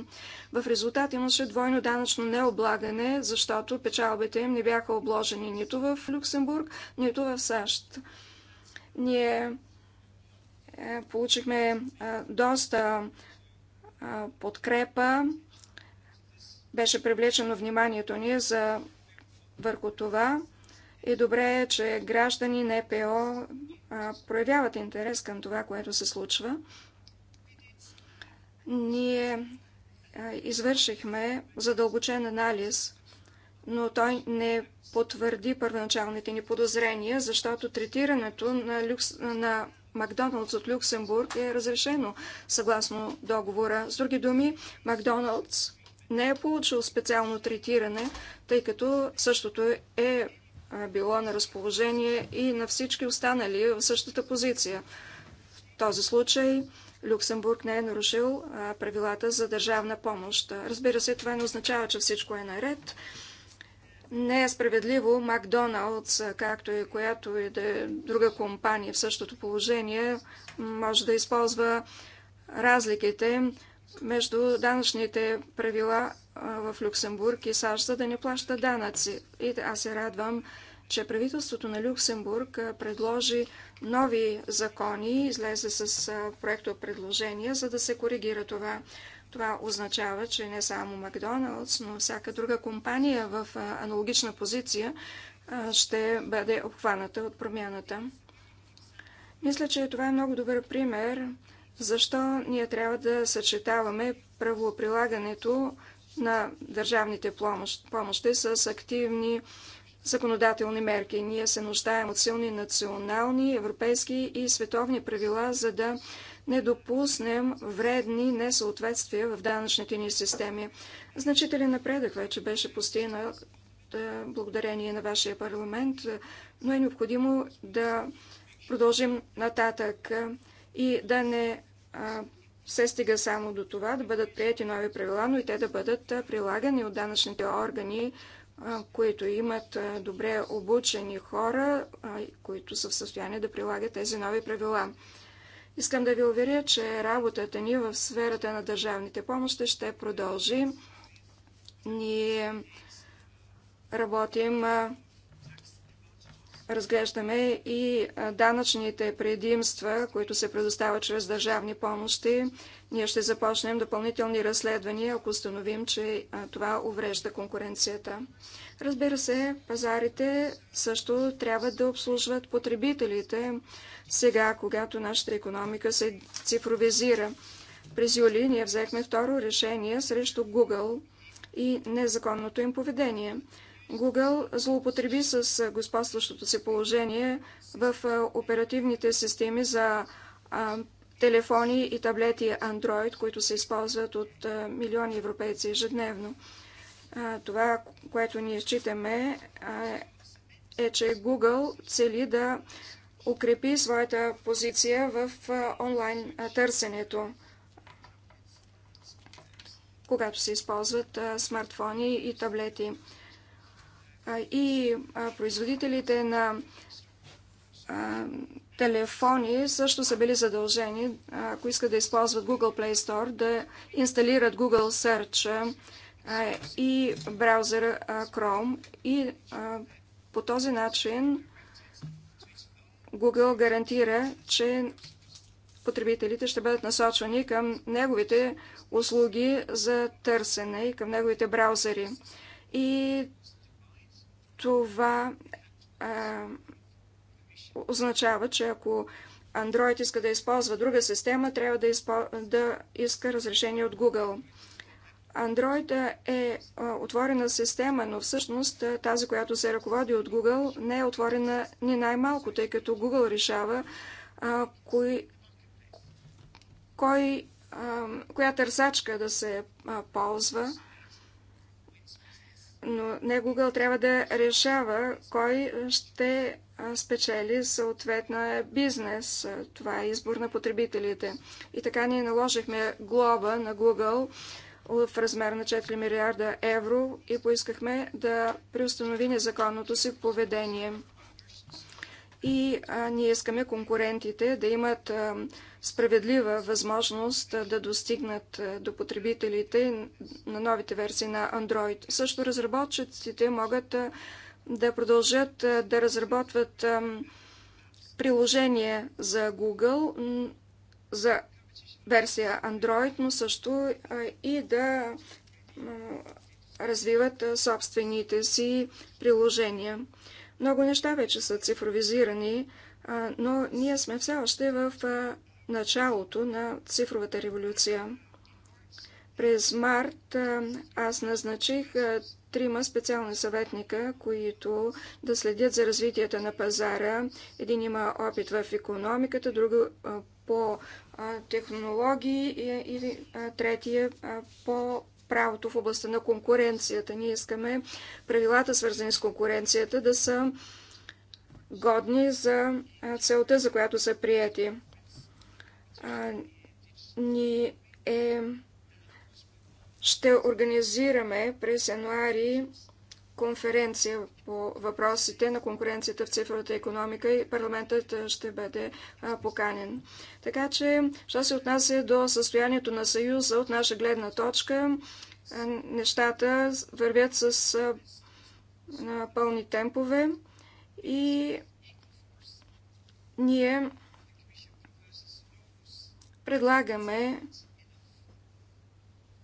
В резултат имаше двойно данъчно необлагане, защото печалбите им не бяха обложени нито в Люксембург, нито в САЩ. Ние е, получихме е, доста е, подкрепа. Беше привлечено вниманието ни за върху това. И добре е, че граждани на ЕПО проявяват интерес към това, което се случва. Ние извършихме задълбочен анализ, но той не потвърди първоначалните ни подозрения, защото третирането на, люкс, на Макдоналдс от Люксембург е разрешено съгласно договора. С други думи, Макдоналдс не е получил специално третиране, тъй като същото е, е било на разположение и на всички останали в същата позиция. В този случай Люксембург не е нарушил правилата за държавна помощ. Разбира се, това не означава, че всичко е наред. Не е справедливо Макдоналдс, както и която и да е друга компания в същото положение, може да използва разликите между данъчните правила в Люксембург и САЩ, за да не плащат данъци. И аз се радвам, че правителството на Люксембург предложи нови закони, излезе с проекто предложения, за да се коригира това. Това означава, че не само Макдоналдс, но всяка друга компания в аналогична позиция ще бъде обхваната от промяната. Мисля, че това е много добър пример защо ние трябва да съчетаваме правоприлагането на държавните помощи с активни законодателни мерки. Ние се нуждаем от силни национални, европейски и световни правила, за да не допуснем вредни несъответствия в данъчните ни системи. Значителен напредък вече беше постигнат е, благодарение на вашия парламент, но е необходимо да продължим нататък и да не а, се стига само до това да бъдат прияти нови правила, но и те да бъдат прилагани от данъчните органи, които имат добре обучени хора, които са в състояние да прилагат тези нови правила. Искам да ви уверя, че работата ни в сферата на държавните помощи ще продължи. Ние работим разглеждаме и данъчните предимства, които се предоставят чрез държавни помощи. Ние ще започнем допълнителни разследвания, ако установим, че това уврежда конкуренцията. Разбира се, пазарите също трябва да обслужват потребителите сега, когато нашата економика се цифровизира. През юли ние взехме второ решение срещу Google и незаконното им поведение – Google злоупотреби с господстващото си положение в оперативните системи за телефони и таблети Android, които се използват от милиони европейци ежедневно. Това, което ние считаме, е, че Google цели да укрепи своята позиция в онлайн търсенето, когато се използват смартфони и таблети и производителите на телефони също са били задължени, ако искат да използват Google Play Store, да инсталират Google Search и браузър Chrome и по този начин Google гарантира, че потребителите ще бъдат насочвани към неговите услуги за търсене и към неговите браузъри. И това а, означава, че ако Android иска да използва друга система, трябва да, изпо... да иска разрешение от Google. Android е отворена система, но всъщност тази, която се ръководи от Google, не е отворена ни най-малко, тъй като Google решава а, кой, кой, а, коя търсачка да се а, ползва но не Google трябва да решава кой ще спечели съответна бизнес. Това е избор на потребителите. И така ние наложихме глоба на Google в размер на 4 милиарда евро и поискахме да преустанови незаконното си поведение. И а, ние искаме конкурентите да имат а, справедлива възможност да достигнат до потребителите на новите версии на Android. Също разработчиците могат да продължат да разработват приложение за Google за версия Android, но също и да развиват собствените си приложения. Много неща вече са цифровизирани, но ние сме все още в началото на цифровата революция. През март аз назначих трима специални съветника, които да следят за развитието на пазара. Един има опит в економиката, друг по технологии и, третия по правото в областта на конкуренцията. Ние искаме правилата, свързани с конкуренцията, да са годни за целта, за която са приети ни е... Ще организираме през януари конференция по въпросите на конкуренцията в цифровата економика и парламентът ще бъде поканен. Така че, що се отнася до състоянието на Съюза от наша гледна точка, нещата вървят с пълни темпове и ние предлагаме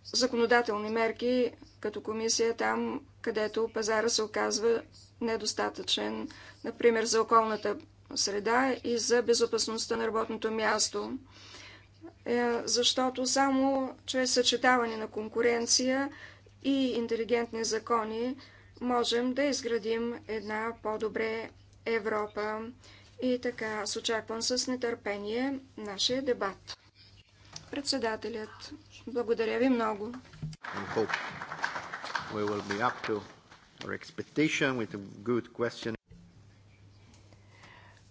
законодателни мерки като комисия там, където пазара се оказва недостатъчен, например за околната среда и за безопасността на работното място. Е, защото само чрез съчетаване на конкуренция и интелигентни закони можем да изградим една по-добре Европа. И така, аз очаквам с нетърпение нашия дебат. Председателят, благодаря ви много.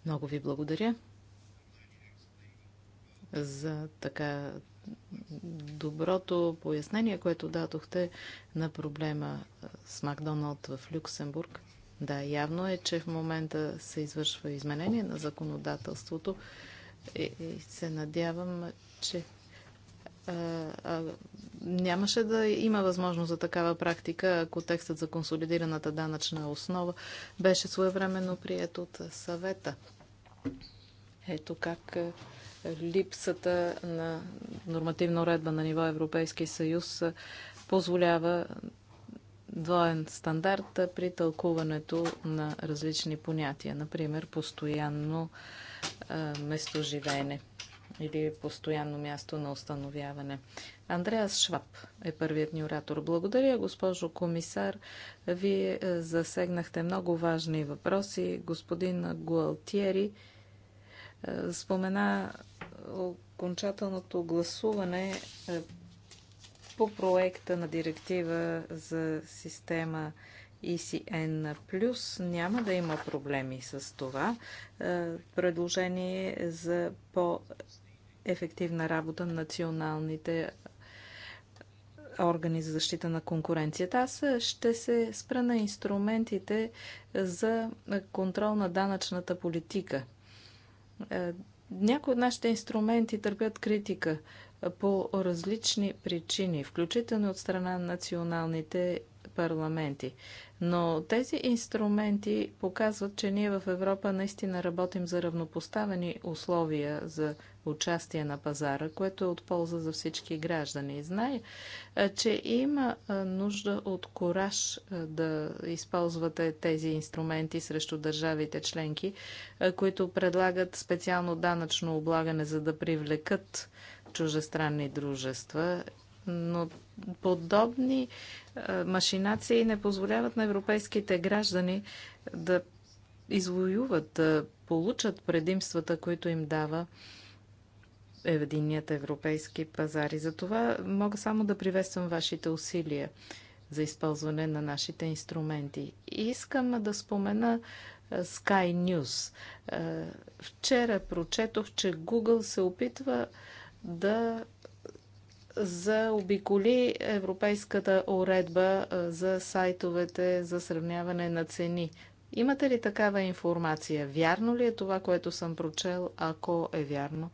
Много ви благодаря за така доброто пояснение, което дадохте на проблема с Макдоналд в Люксембург. Да, явно е, че в момента се извършва изменение на законодателството и се надявам, че е, нямаше да има възможност за такава практика, ако текстът за консолидираната данъчна основа беше своевременно прият от съвета. Ето как е, липсата на нормативна уредба на ниво Европейски съюз е, позволява двоен стандарт при тълкуването на различни понятия, например постоянно местоживеене или постоянно място на установяване. Андреас Шваб е първият ни оратор. Благодаря, госпожо комисар. Вие е, засегнахте много важни въпроси. Господин Гуалтиери е, спомена окончателното гласуване е, по проекта на директива за система ECN+. Няма да има проблеми с това предложение за по ефективна работа на националните органи за защита на конкуренцията. Аз ще се спра на инструментите за контрол на данъчната политика. Е, някои от нашите инструменти търпят критика по различни причини, включително от страна на националните парламенти. Но тези инструменти показват, че ние в Европа наистина работим за равнопоставени условия за участие на пазара, което е от полза за всички граждани. Знае, че има нужда от кораж да използвате тези инструменти срещу държавите членки, които предлагат специално данъчно облагане, за да привлекат чужестранни дружества но подобни е, машинации не позволяват на европейските граждани да извоюват, да получат предимствата, които им дава единият европейски пазар. И за това мога само да приветствам вашите усилия за използване на нашите инструменти. И искам да спомена е, Sky News. Е, вчера прочетох, че Google се опитва да заобиколи европейската уредба за сайтовете за сравняване на цени. Имате ли такава информация? Вярно ли е това, което съм прочел? Ако е вярно,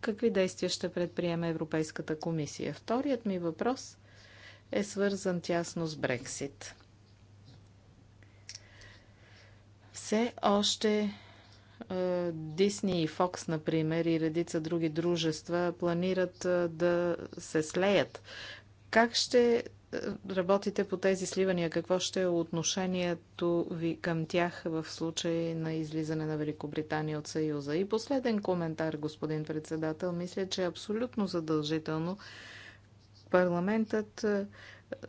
какви действия ще предприеме Европейската комисия? Вторият ми въпрос е свързан тясно с Брексит. Все още Дисни е, и Фокс, например, и редица други дружества планират е, да се слеят. Как ще е, работите по тези сливания? Какво ще е отношението ви към тях в случай на излизане на Великобритания от Съюза? И последен коментар, господин председател. Мисля, че е абсолютно задължително парламентът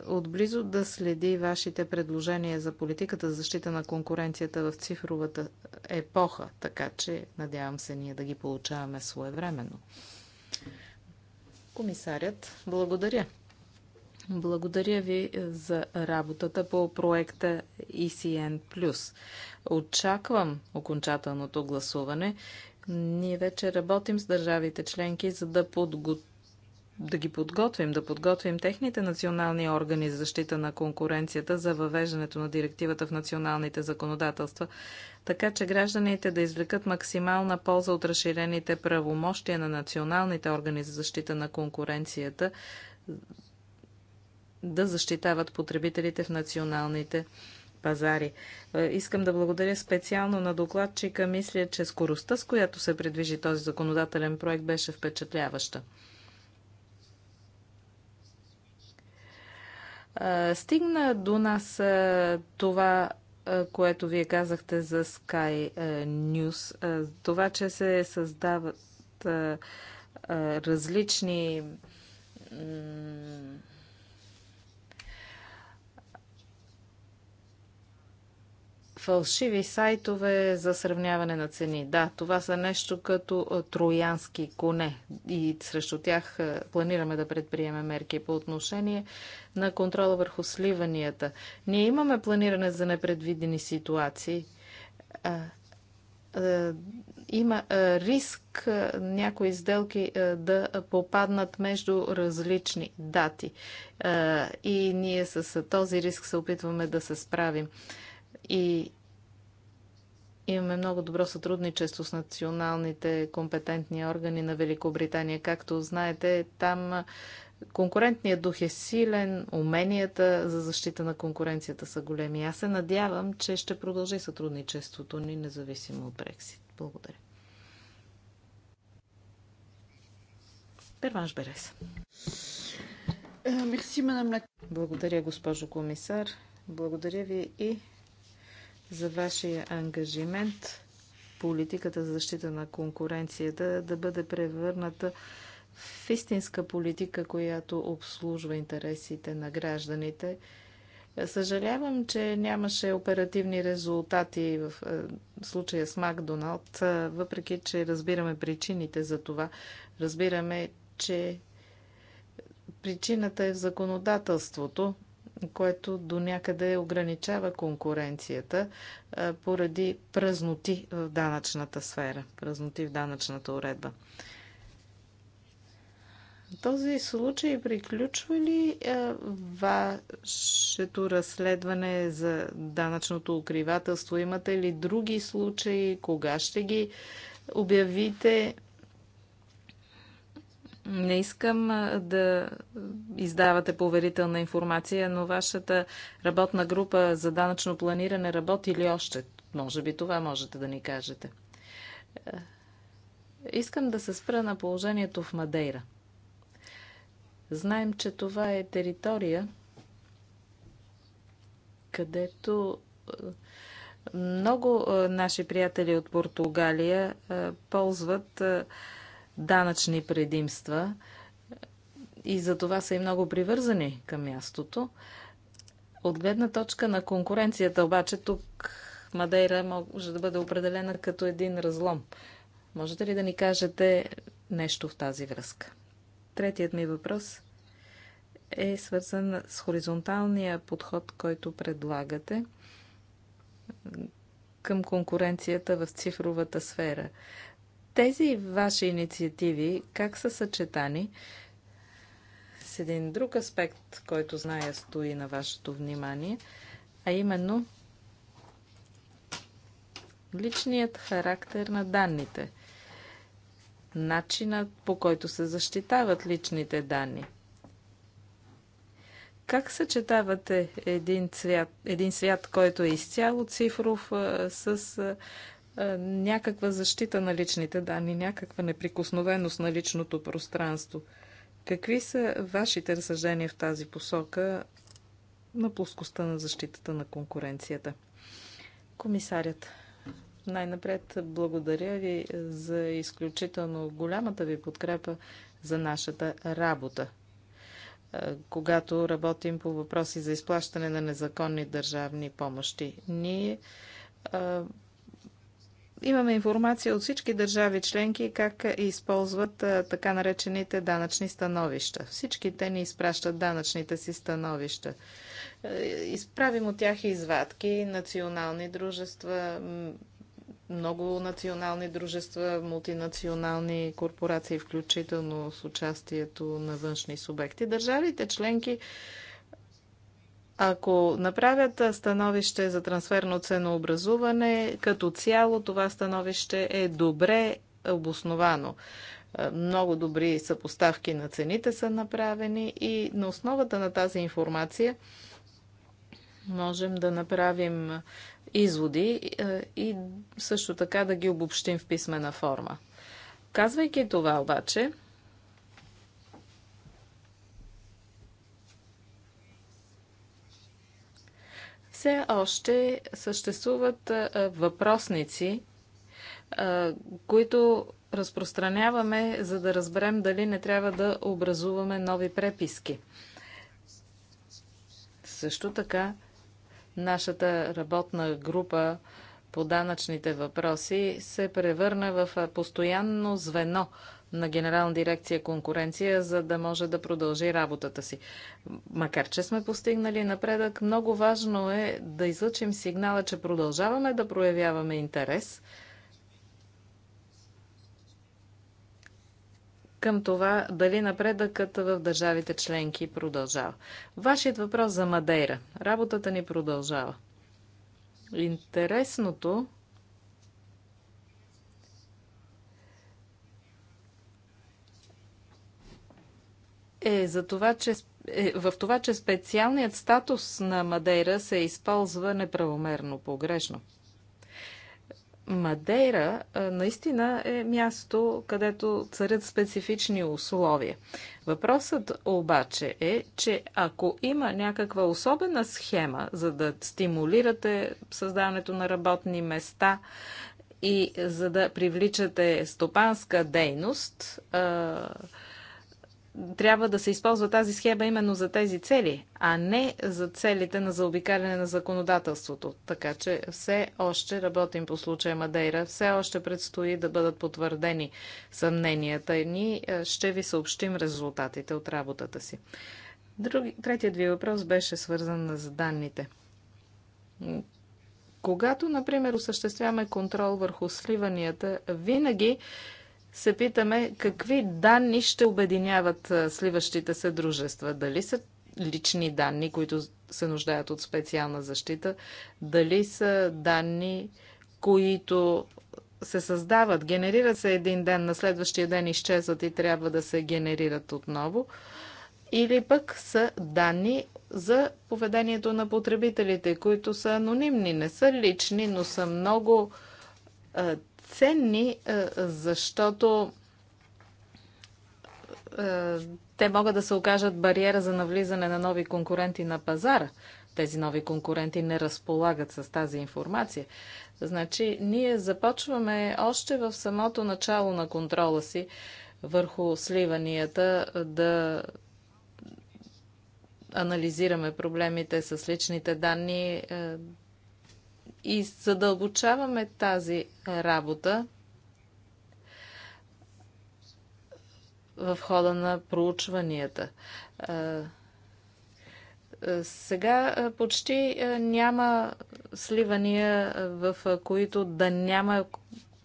отблизо да следи вашите предложения за политиката за защита на конкуренцията в цифровата епоха, така че надявам се ние да ги получаваме своевременно. Комисарят, благодаря. Благодаря ви за работата по проекта ECN+. Очаквам окончателното гласуване. Ние вече работим с държавите членки, за да подготвим да ги подготвим, да подготвим техните национални органи за защита на конкуренцията за въвеждането на директивата в националните законодателства, така че гражданите да извлекат максимална полза от разширените правомощия на националните органи за защита на конкуренцията, да защитават потребителите в националните пазари. Е, искам да благодаря специално на докладчика. Мисля, че скоростта, с която се предвижи този законодателен проект, беше впечатляваща. Стигна до нас това, което вие казахте за Sky News. Това, че се създават различни фалшиви сайтове за сравняване на цени. Да, това са нещо като троянски коне и срещу тях планираме да предприемем мерки по отношение на контрола върху сливанията. Ние имаме планиране за непредвидени ситуации. Има риск някои сделки да попаднат между различни дати. И ние с този риск се опитваме да се справим. И Имаме много добро сътрудничество с националните компетентни органи на Великобритания. Както знаете, там конкурентният дух е силен, уменията за защита на конкуренцията са големи. Аз се надявам, че ще продължи сътрудничеството ни, независимо от Брексит. Благодаря. Перванш Берес. Е, Благодаря, госпожо комисар. Благодаря ви и за вашия ангажимент политиката за защита на конкуренцията да бъде превърната в истинска политика, която обслужва интересите на гражданите. Съжалявам, че нямаше оперативни резултати в е, случая с Макдоналд, е, въпреки че разбираме причините за това. Разбираме, че причината е в законодателството, което до някъде ограничава конкуренцията поради празноти в данъчната сфера, празноти в данъчната уредба. Този случай приключва ли вашето разследване за данъчното укривателство? Имате ли други случаи? Кога ще ги обявите? Не искам да издавате поверителна информация, но вашата работна група за данъчно планиране работи ли още? Може би това можете да ни кажете. Искам да се спра на положението в Мадейра. Знаем, че това е територия, където много наши приятели от Португалия ползват данъчни предимства и за това са и много привързани към мястото. От гледна точка на конкуренцията обаче тук Мадейра може да бъде определена като един разлом. Можете ли да ни кажете нещо в тази връзка? Третият ми въпрос е свързан с хоризонталния подход, който предлагате към конкуренцията в цифровата сфера. Тези ваши инициативи как са съчетани с един друг аспект, който зная стои на вашето внимание, а именно личният характер на данните, начинът по който се защитават личните данни. Как съчетавате един, свят, един свят, който е изцяло цифров, с е, някаква защита на личните данни, някаква неприкосновеност на личното пространство. Какви са вашите разсъждения в тази посока на плоскостта на защитата на конкуренцията? Комисарят, най-напред благодаря ви за изключително голямата ви подкрепа за нашата работа е, когато работим по въпроси за изплащане на незаконни държавни помощи. Ние е, Имаме информация от всички държави членки как използват така наречените данъчни становища. Всички те ни изпращат данъчните си становища. Е, изправим от тях извадки, национални дружества, много национални дружества, мултинационални корпорации, включително с участието на външни субекти. Държавите членки ако направят становище за трансферно ценообразуване, като цяло това становище е добре обосновано. Много добри съпоставки на цените са направени и на основата на тази информация можем да направим изводи и също така да ги обобщим в писмена форма. Казвайки това обаче, все още съществуват въпросници, които разпространяваме, за да разберем дали не трябва да образуваме нови преписки. Също така, нашата работна група по данъчните въпроси се превърна в постоянно звено на Генерална дирекция конкуренция, за да може да продължи работата си. Макар, че сме постигнали напредък, много важно е да излъчим сигнала, че продължаваме да проявяваме интерес към това дали напредъкът в държавите членки продължава. Вашият въпрос за Мадейра. Работата ни продължава. Интересното е за това, че е, в това, че специалният статус на Мадейра се използва неправомерно, погрешно. Мадейра наистина е място, където царят специфични условия. Въпросът обаче е, че ако има някаква особена схема, за да стимулирате създаването на работни места и за да привличате стопанска дейност, трябва да се използва тази схема именно за тези цели, а не за целите на заобикаляне на законодателството. Така че все още работим по случая Мадейра, все още предстои да бъдат потвърдени съмненията ни. Ще ви съобщим резултатите от работата си. Други, третият ви въпрос беше свързан с данните. Когато, например, осъществяваме контрол върху сливанията, винаги се питаме какви данни ще обединяват сливащите се дружества. Дали са лични данни, които се нуждаят от специална защита, дали са данни, които се създават, генерират се един ден, на следващия ден изчезват и трябва да се генерират отново, или пък са данни за поведението на потребителите, които са анонимни, не са лични, но са много ценни, е, защото е, те могат да се окажат бариера за навлизане на нови конкуренти на пазара. Тези нови конкуренти не разполагат с тази информация. Значи, ние започваме още в самото начало на контрола си върху сливанията да анализираме проблемите с личните данни, е, и задълбочаваме тази работа в хода на проучванията. Сега почти няма сливания, в които да няма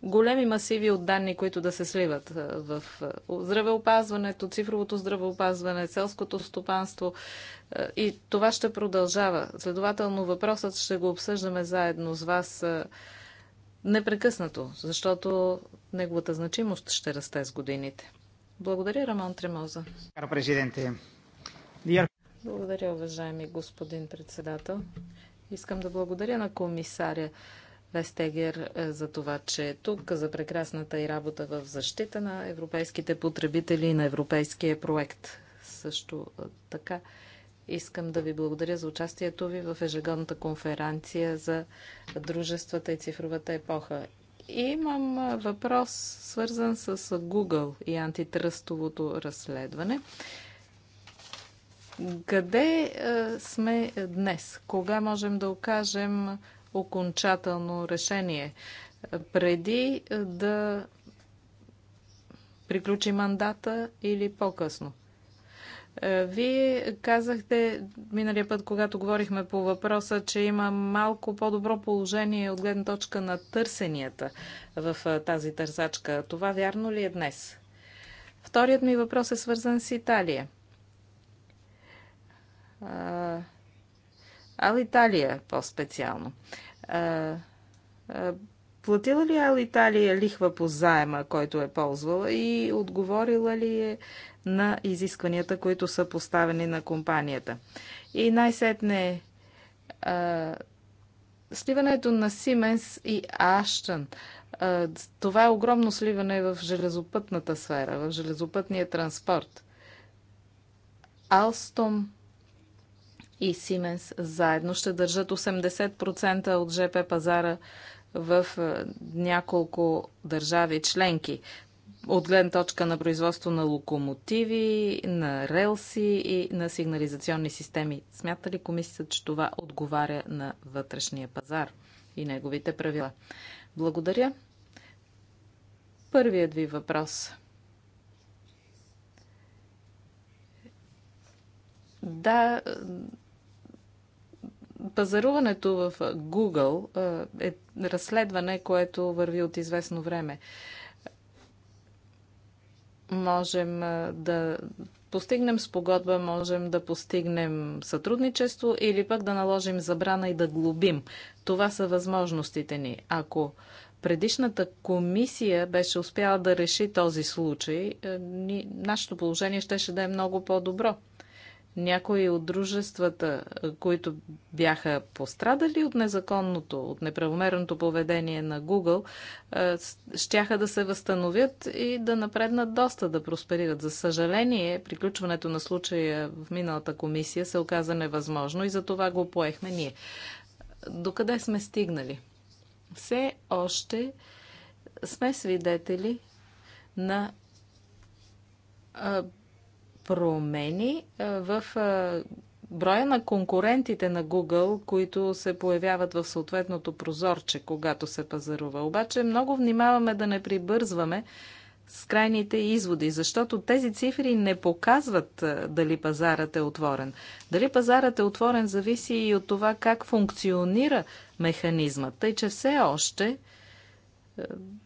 големи масиви от данни, които да се сливат в здравеопазването, цифровото здравеопазване, селското стопанство. И това ще продължава. Следователно въпросът ще го обсъждаме заедно с вас непрекъснато, защото неговата значимост ще расте с годините. Благодаря, Рамон Тремоза. Благодаря, уважаеми господин председател. Искам да благодаря на комисаря Вестегер е, за това, че е тук, за прекрасната и работа в защита на европейските потребители и на европейския проект. Също е, така искам да ви благодаря за участието ви в ежегодната конференция за дружествата и цифровата епоха. Имам е, въпрос, свързан с Google и антитръстовото разследване. Къде сме днес? Кога можем да окажем окончателно решение. Преди е, да приключи мандата или по-късно? Е, вие казахте миналия път, когато говорихме по въпроса, че има малко по-добро положение от гледна точка на търсенията в е, тази търсачка. Това вярно ли е днес? Вторият ми въпрос е свързан с Италия. Алиталия по-специално. Платила ли Алиталия лихва по заема, който е ползвала и отговорила ли е на изискванията, които са поставени на компанията? И най-сетне сливането на Сименс и Аштън. Това е огромно сливане в железопътната сфера, в железопътния транспорт. Алстом и Сименс заедно ще държат 80% от ЖП пазара в е, няколко държави членки. От гледна точка на производство на локомотиви, на релси и на сигнализационни системи. Смята ли комисията, че това отговаря на вътрешния пазар и неговите правила? Благодаря. Първият ви въпрос. Да, Пазаруването в Google е, е разследване, което върви от известно време. Можем е, да постигнем спогодба, можем да постигнем сътрудничество или пък да наложим забрана и да глобим. Това са възможностите ни. Ако предишната комисия беше успяла да реши този случай, е, нашето положение щеше да е много по-добро. Някои от дружествата, които бяха пострадали от незаконното, от неправомерното поведение на Google, щяха да се възстановят и да напреднат доста, да просперират. За съжаление, приключването на случая в миналата комисия се оказа невъзможно и за това го поехме ние. Докъде сме стигнали? Все още сме свидетели на промени е, в е, броя на конкурентите на Google, които се появяват в съответното прозорче, когато се пазарува. Обаче много внимаваме да не прибързваме с крайните изводи, защото тези цифри не показват е, дали пазарът е отворен. Дали пазарът е отворен зависи и от това как функционира механизмът. Тъй, че все още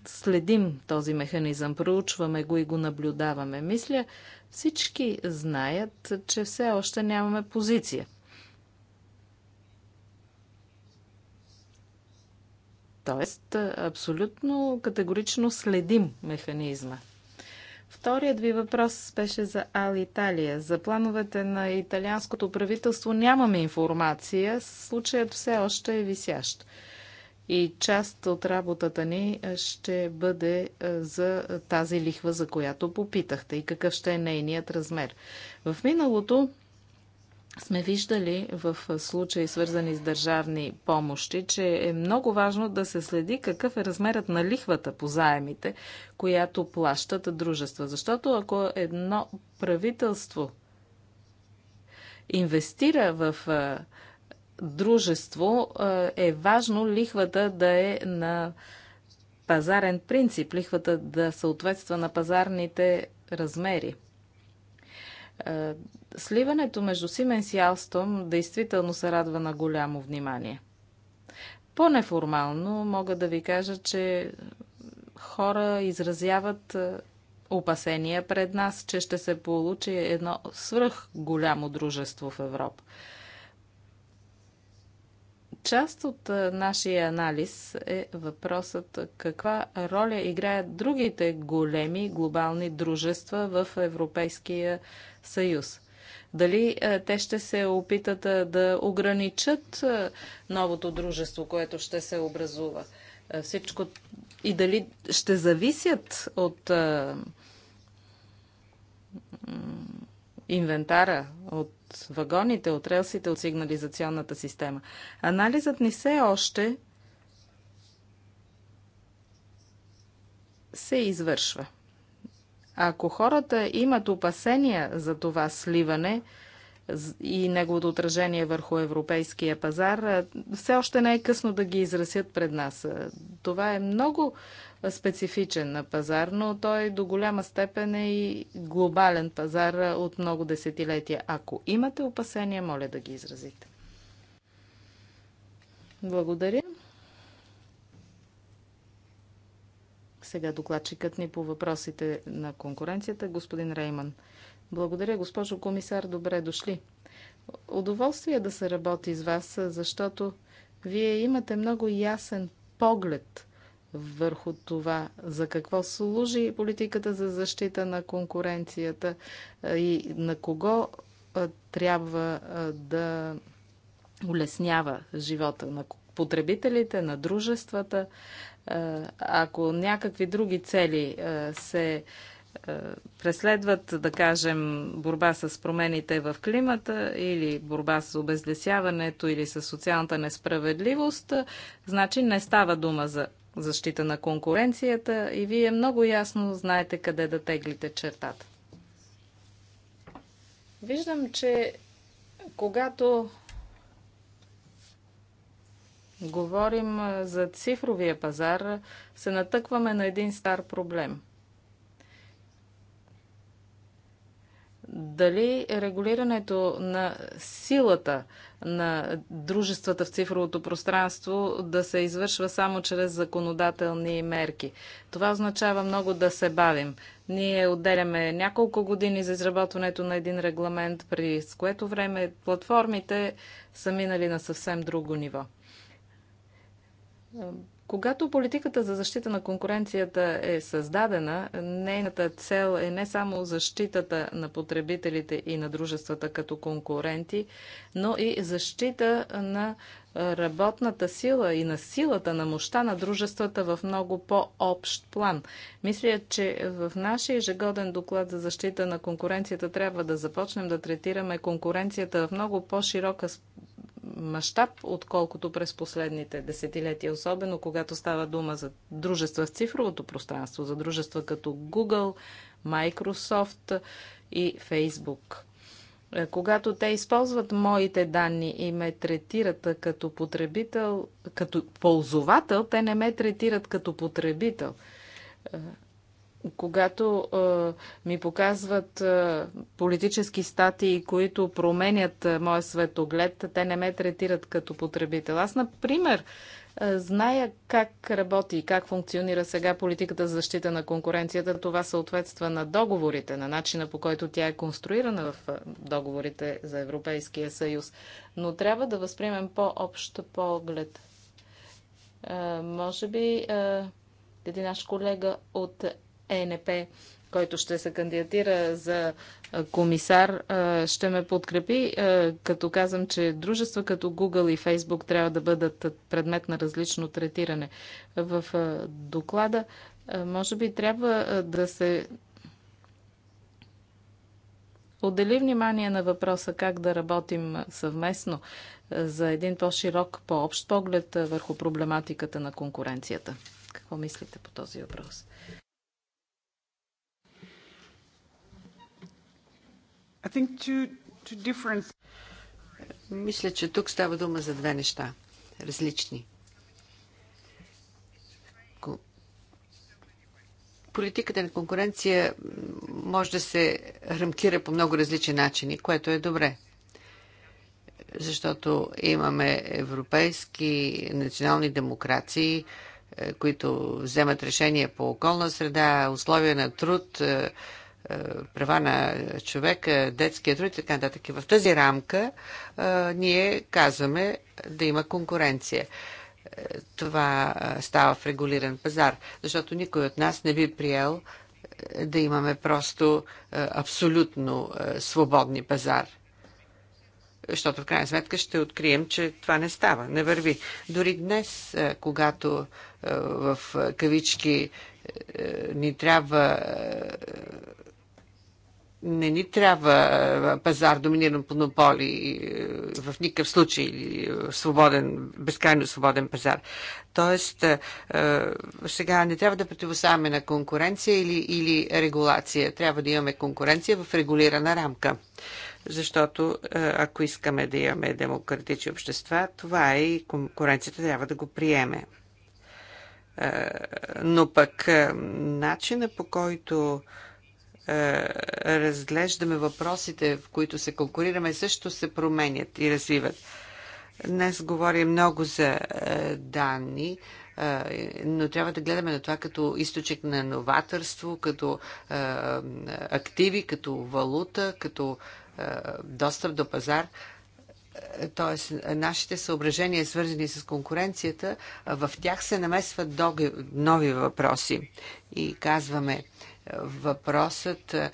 следим този механизъм, проучваме го и го наблюдаваме. Мисля, всички знаят, че все още нямаме позиция. Тоест, абсолютно категорично следим механизма. Вторият ви въпрос беше за Ал Италия. За плановете на италианското правителство нямаме информация. Случаят все още е висящ и част от работата ни ще бъде за тази лихва, за която попитахте и какъв ще е нейният размер. В миналото сме виждали в случаи свързани с държавни помощи, че е много важно да се следи какъв е размерът на лихвата по заемите, която плащат дружества. Защото ако едно правителство инвестира в дружество е важно лихвата да е на пазарен принцип, лихвата да съответства на пазарните размери. Сливането между Сименс и Алстом действително се радва на голямо внимание. По-неформално мога да ви кажа, че хора изразяват опасения пред нас, че ще се получи едно свръх голямо дружество в Европа. Част от нашия анализ е въпросът каква роля играят другите големи глобални дружества в Европейския съюз. Дали те ще се опитат да ограничат новото дружество, което ще се образува? Всичко и дали ще зависят от инвентара от вагоните, от релсите, от сигнализационната система. Анализът ни все още се извършва. Ако хората имат опасения за това сливане, и неговото отражение върху европейския пазар, все още не е късно да ги изразят пред нас. Това е много специфичен на пазар, но той до голяма степен е и глобален пазар от много десетилетия. Ако имате опасения, моля да ги изразите. Благодаря. Сега докладчикът ни по въпросите на конкуренцията, господин Рейман. Благодаря, госпожо комисар, добре дошли. Удоволствие да се работи с вас, защото вие имате много ясен поглед върху това, за какво служи политиката за защита на конкуренцията и на кого трябва да улеснява живота на потребителите, на дружествата. Ако някакви други цели се преследват, да кажем, борба с промените в климата или борба с обезлесяването или с социалната несправедливост, значи не става дума за защита на конкуренцията и вие много ясно знаете къде да теглите чертата. Виждам, че когато говорим за цифровия пазар, се натъкваме на един стар проблем – дали регулирането на силата на дружествата в цифровото пространство да се извършва само чрез законодателни мерки. Това означава много да се бавим. Ние отделяме няколко години за изработването на един регламент, при с което време платформите са минали на съвсем друго ниво. Когато политиката за защита на конкуренцията е създадена, нейната цел е не само защитата на потребителите и на дружествата като конкуренти, но и защита на работната сила и на силата на мощта на дружествата в много по-общ план. Мисля, че в нашия ежегоден доклад за защита на конкуренцията трябва да започнем да третираме конкуренцията в много по-широка мащаб, отколкото през последните десетилетия, особено когато става дума за дружества в цифровото пространство, за дружества като Google, Microsoft и Facebook. Е, когато те използват моите данни и ме третират като потребител, като ползовател, те не ме третират като потребител. Е, когато а, ми показват а, политически статии, които променят а, моя светоглед, те не ме третират като потребител. Аз, например, а, зная как работи и как функционира сега политиката за защита на конкуренцията. Това съответства на договорите, на начина по който тя е конструирана в договорите за Европейския съюз. Но трябва да възприемем по-общ поглед. А, може би. А, един наш колега от ЕНП, който ще се кандидатира за комисар, ще ме подкрепи, като казвам, че дружества като Google и Facebook трябва да бъдат предмет на различно третиране. В доклада може би трябва да се отдели внимание на въпроса как да работим съвместно за един по-широк, по-общ поглед върху проблематиката на конкуренцията. Какво мислите по този въпрос? Мисля, че тук става дума за две неща. Различни. Политиката на конкуренция може да се рамкира по много различни начини, което е добре защото имаме европейски национални демокрации, е, които вземат решения по околна среда, условия на труд, е, е, права на човека, детския труд и така нататък. В тази рамка е, ние казваме да има конкуренция. Е, това става в регулиран пазар, защото никой от нас не би приел да имаме просто абсолютно свободни пазар. Защото в крайна сметка ще открием, че това не става, не върви. Дори днес, когато в кавички ни трябва не ни трябва пазар доминиран по монополи е, в никакъв случай е, свободен, безкрайно свободен пазар. Тоест, е, сега не трябва да противоставяме на конкуренция или, или регулация. Трябва да имаме конкуренция в регулирана рамка. Защото ако искаме да имаме демократични общества, това е и конкуренцията трябва да го приеме. Но пък начина по който е, разглеждаме въпросите, в които се конкурираме, също се променят и развиват. Днес говорим много за е, данни, е, но трябва да гледаме на това като източник на новаторство, като активи, като валута, като достъп до пазар. Тоест, нашите съображения, свързани с конкуренцията, в тях се намесват нови въпроси. И казваме, въпросът е,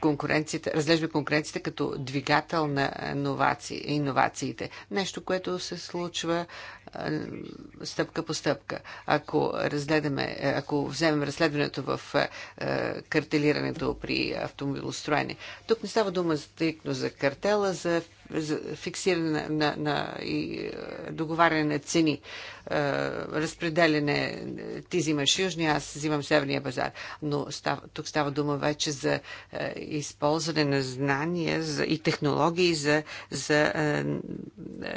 конкуренцията, разглежда конкуренцията като двигател на иновациите. Нещо, което се случва е, стъпка по стъпка. Ако разгледаме, е, ако вземем разследването в картелирането при автомобилостроение, тук не става дума стрикно за картела, за фиксиране на, на и е, договаряне на цени, е, разпределяне, ти взимаш южния, аз взимам северния пазар. Но став, тук става дума вече за е, използване на знания за, и технологии за, за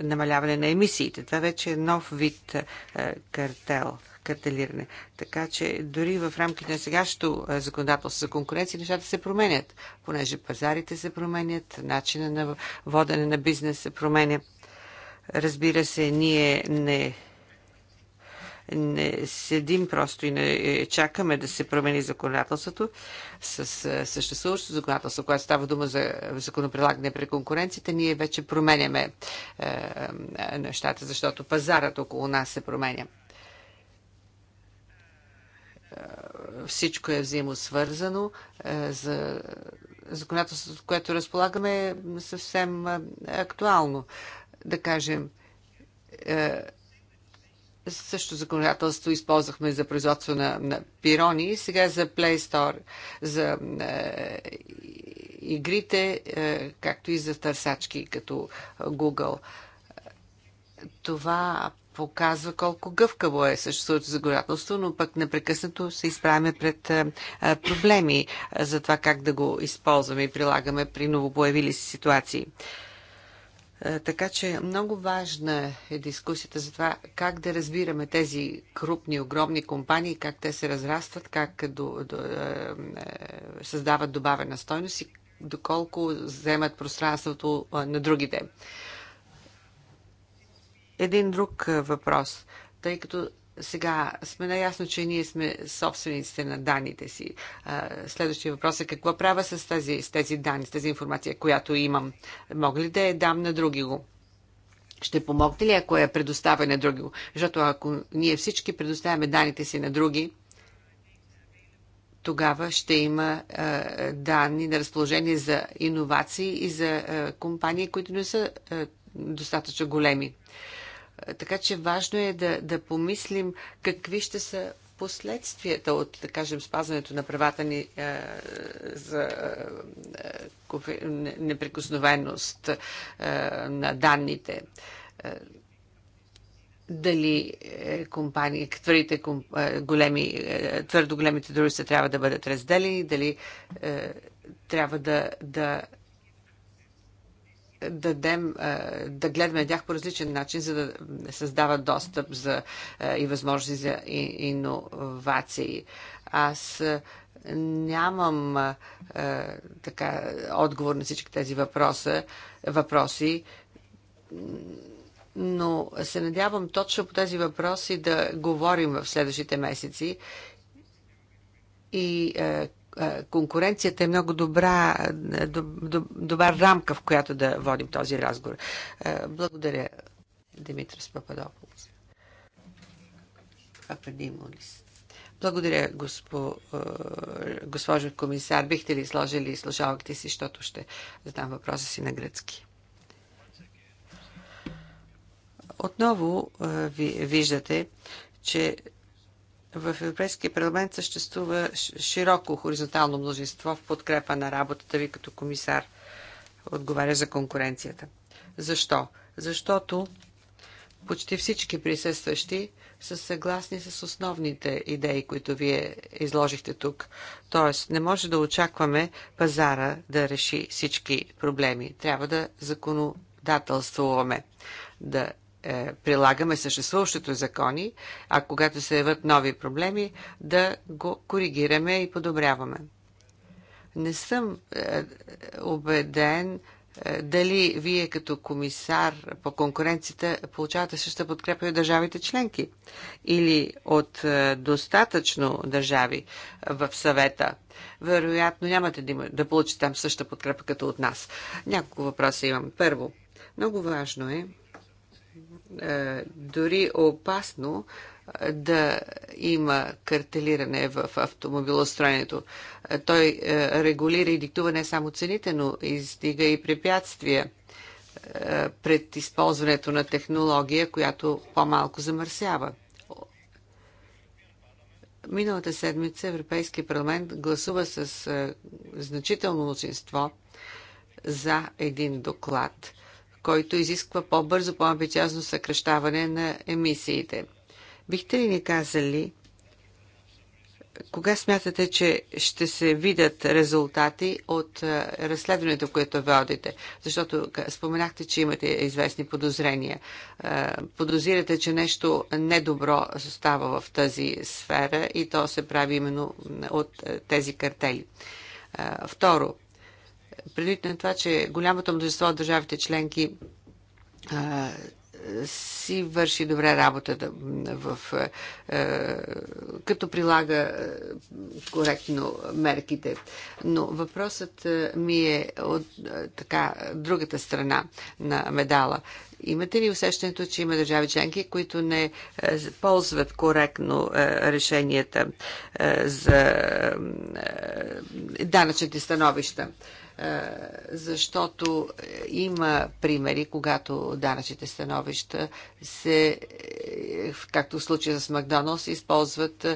намаляване на емисиите. Това вече е нов вид картел картелиране. Така че дори в рамките на сегашното законодателство за конкуренция нещата се променят, понеже пазарите се променят, начина на водене на бизнес се променя. Разбира се, ние не не седим просто и не е, чакаме да се промени законодателството с е, съществуващото законодателство, което става дума за законоприлагане при конкуренцията, ние вече променяме е, е нещата, защото пазарът около нас се променя всичко е взаимосвързано. Е, за законодателството, което разполагаме, е съвсем е, актуално. Да кажем, е, също законодателство използвахме за производство на, на пирони. Сега за Play Store, за е, игрите, е, както и за търсачки, като Google. Това показва колко гъвкаво е съществуващото законодателство, но пък непрекъснато се изправяме пред проблеми за това как да го използваме и прилагаме при новопоявили се си ситуации. Така че много важна е дискусията за това как да разбираме тези крупни, огромни компании, как те се разрастват, как до, до, създават добавена стойност и доколко вземат пространството на другите един друг въпрос, тъй като сега сме наясно, че ние сме собствениците на данните си. Следващия въпрос е какво правя с тези, с тези данни, с тази информация, която имам? Мога ли да я дам на други го? Ще помогне ли, ако я предоставя на други го? Защото ако ние всички предоставяме данните си на други, тогава ще има а, данни на разположение за иновации и за а, компании, които не са а, достатъчно големи. Така че важно е да, да помислим какви ще са последствията от, да кажем, спазването на правата ни а, е, за а, е, неприкосновеност а, е, на данните. А, дали компании, твърдите, големи, твърдо големите дружества трябва да бъдат разделени, дали а, трябва да, да дадем, е, да гледаме тях по различен начин, за да създава достъп за, е, и възможности за иновации. Аз е, нямам така отговор на всички тези въпроса, въпроси, но се надявам точно по тези въпроси да говорим в следващите месеци и е, конкуренцията е много добра, е, добра рамка, в която да водим този разговор. Е, благодаря, Димитрис Пападополос. се. Благодаря, госпо, госпожо комисар. Бихте ли сложили слушалките си, защото ще задам въпроса си на гръцки. Отново ви, виждате, че в Европейския парламент съществува широко хоризонтално мнозинство в подкрепа на работата ви като комисар, отговаря за конкуренцията. Защо? Защото почти всички присъстващи са съгласни с основните идеи, които вие изложихте тук. Тоест, не може да очакваме пазара да реши всички проблеми. Трябва да законодателствуваме, да е, прилагаме съществуващото закони, а когато се явят нови проблеми, да го коригираме и подобряваме. Не съм е, убеден е, дали вие като комисар по конкуренцията получавате същата подкрепа и от държавите членки или от достатъчно държави в съвета. Вероятно нямате да, да получите там същата подкрепа като от нас. Няколко въпроса имам. Първо, много важно е е, дори е опасно е, да има картелиране в автомобилостроенето. Той регулира и диктува не само цените, но издига и препятствия пред използването на технология, която по-малко замърсява. Миналата седмица Европейския парламент гласува с значително мнозинство за един доклад – който изисква по-бързо, по-амбициозно съкрещаване на емисиите. Бихте ли ни казали кога смятате, че ще се видят резултати от е, разследването, което водите? Защото споменахте, че имате известни подозрения. Е, подозирате, че нещо недобро става в тази сфера и то се прави именно от е, тези картели. Второ, предвид на това, че голямото множество от държавите членки а, си върши добре работата в, а, като прилага коректно мерките. Но въпросът ми е от така, другата страна на медала. Имате ли усещането, че има държави членки, които не е, ползват коректно е, решенията е, за данъчните становища? защото има примери, когато данъчните становища се, както в случая с Макдоналдс, използват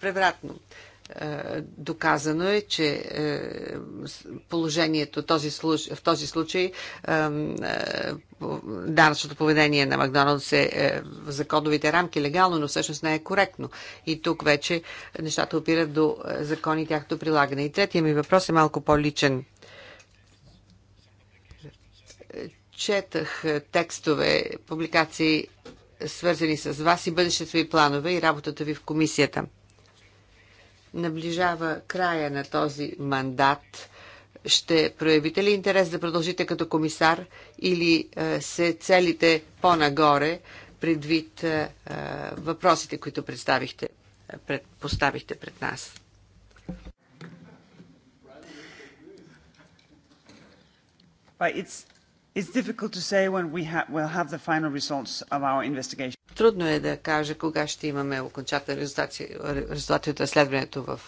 превратно. Е, доказано е, че е, положението този в този случай е, данъчното поведение на Макдоналдс е в законовите рамки легално, но всъщност не е коректно. И тук вече нещата опират до закони и тяхното прилагане. И третия ми въпрос е малко по-личен. Четах текстове, публикации свързани с вас и бъдещето ви планове и работата ви в комисията – наближава края на този мандат. Ще проявите ли интерес да продължите като комисар или е, се целите по-нагоре предвид е, е, въпросите, които представихте, пред, поставихте пред нас? But it's It's difficult to say when we ha- will have the final results of our investigation. Трудно е да кажа кога ще имаме окончателни резултати, резултати от разследването в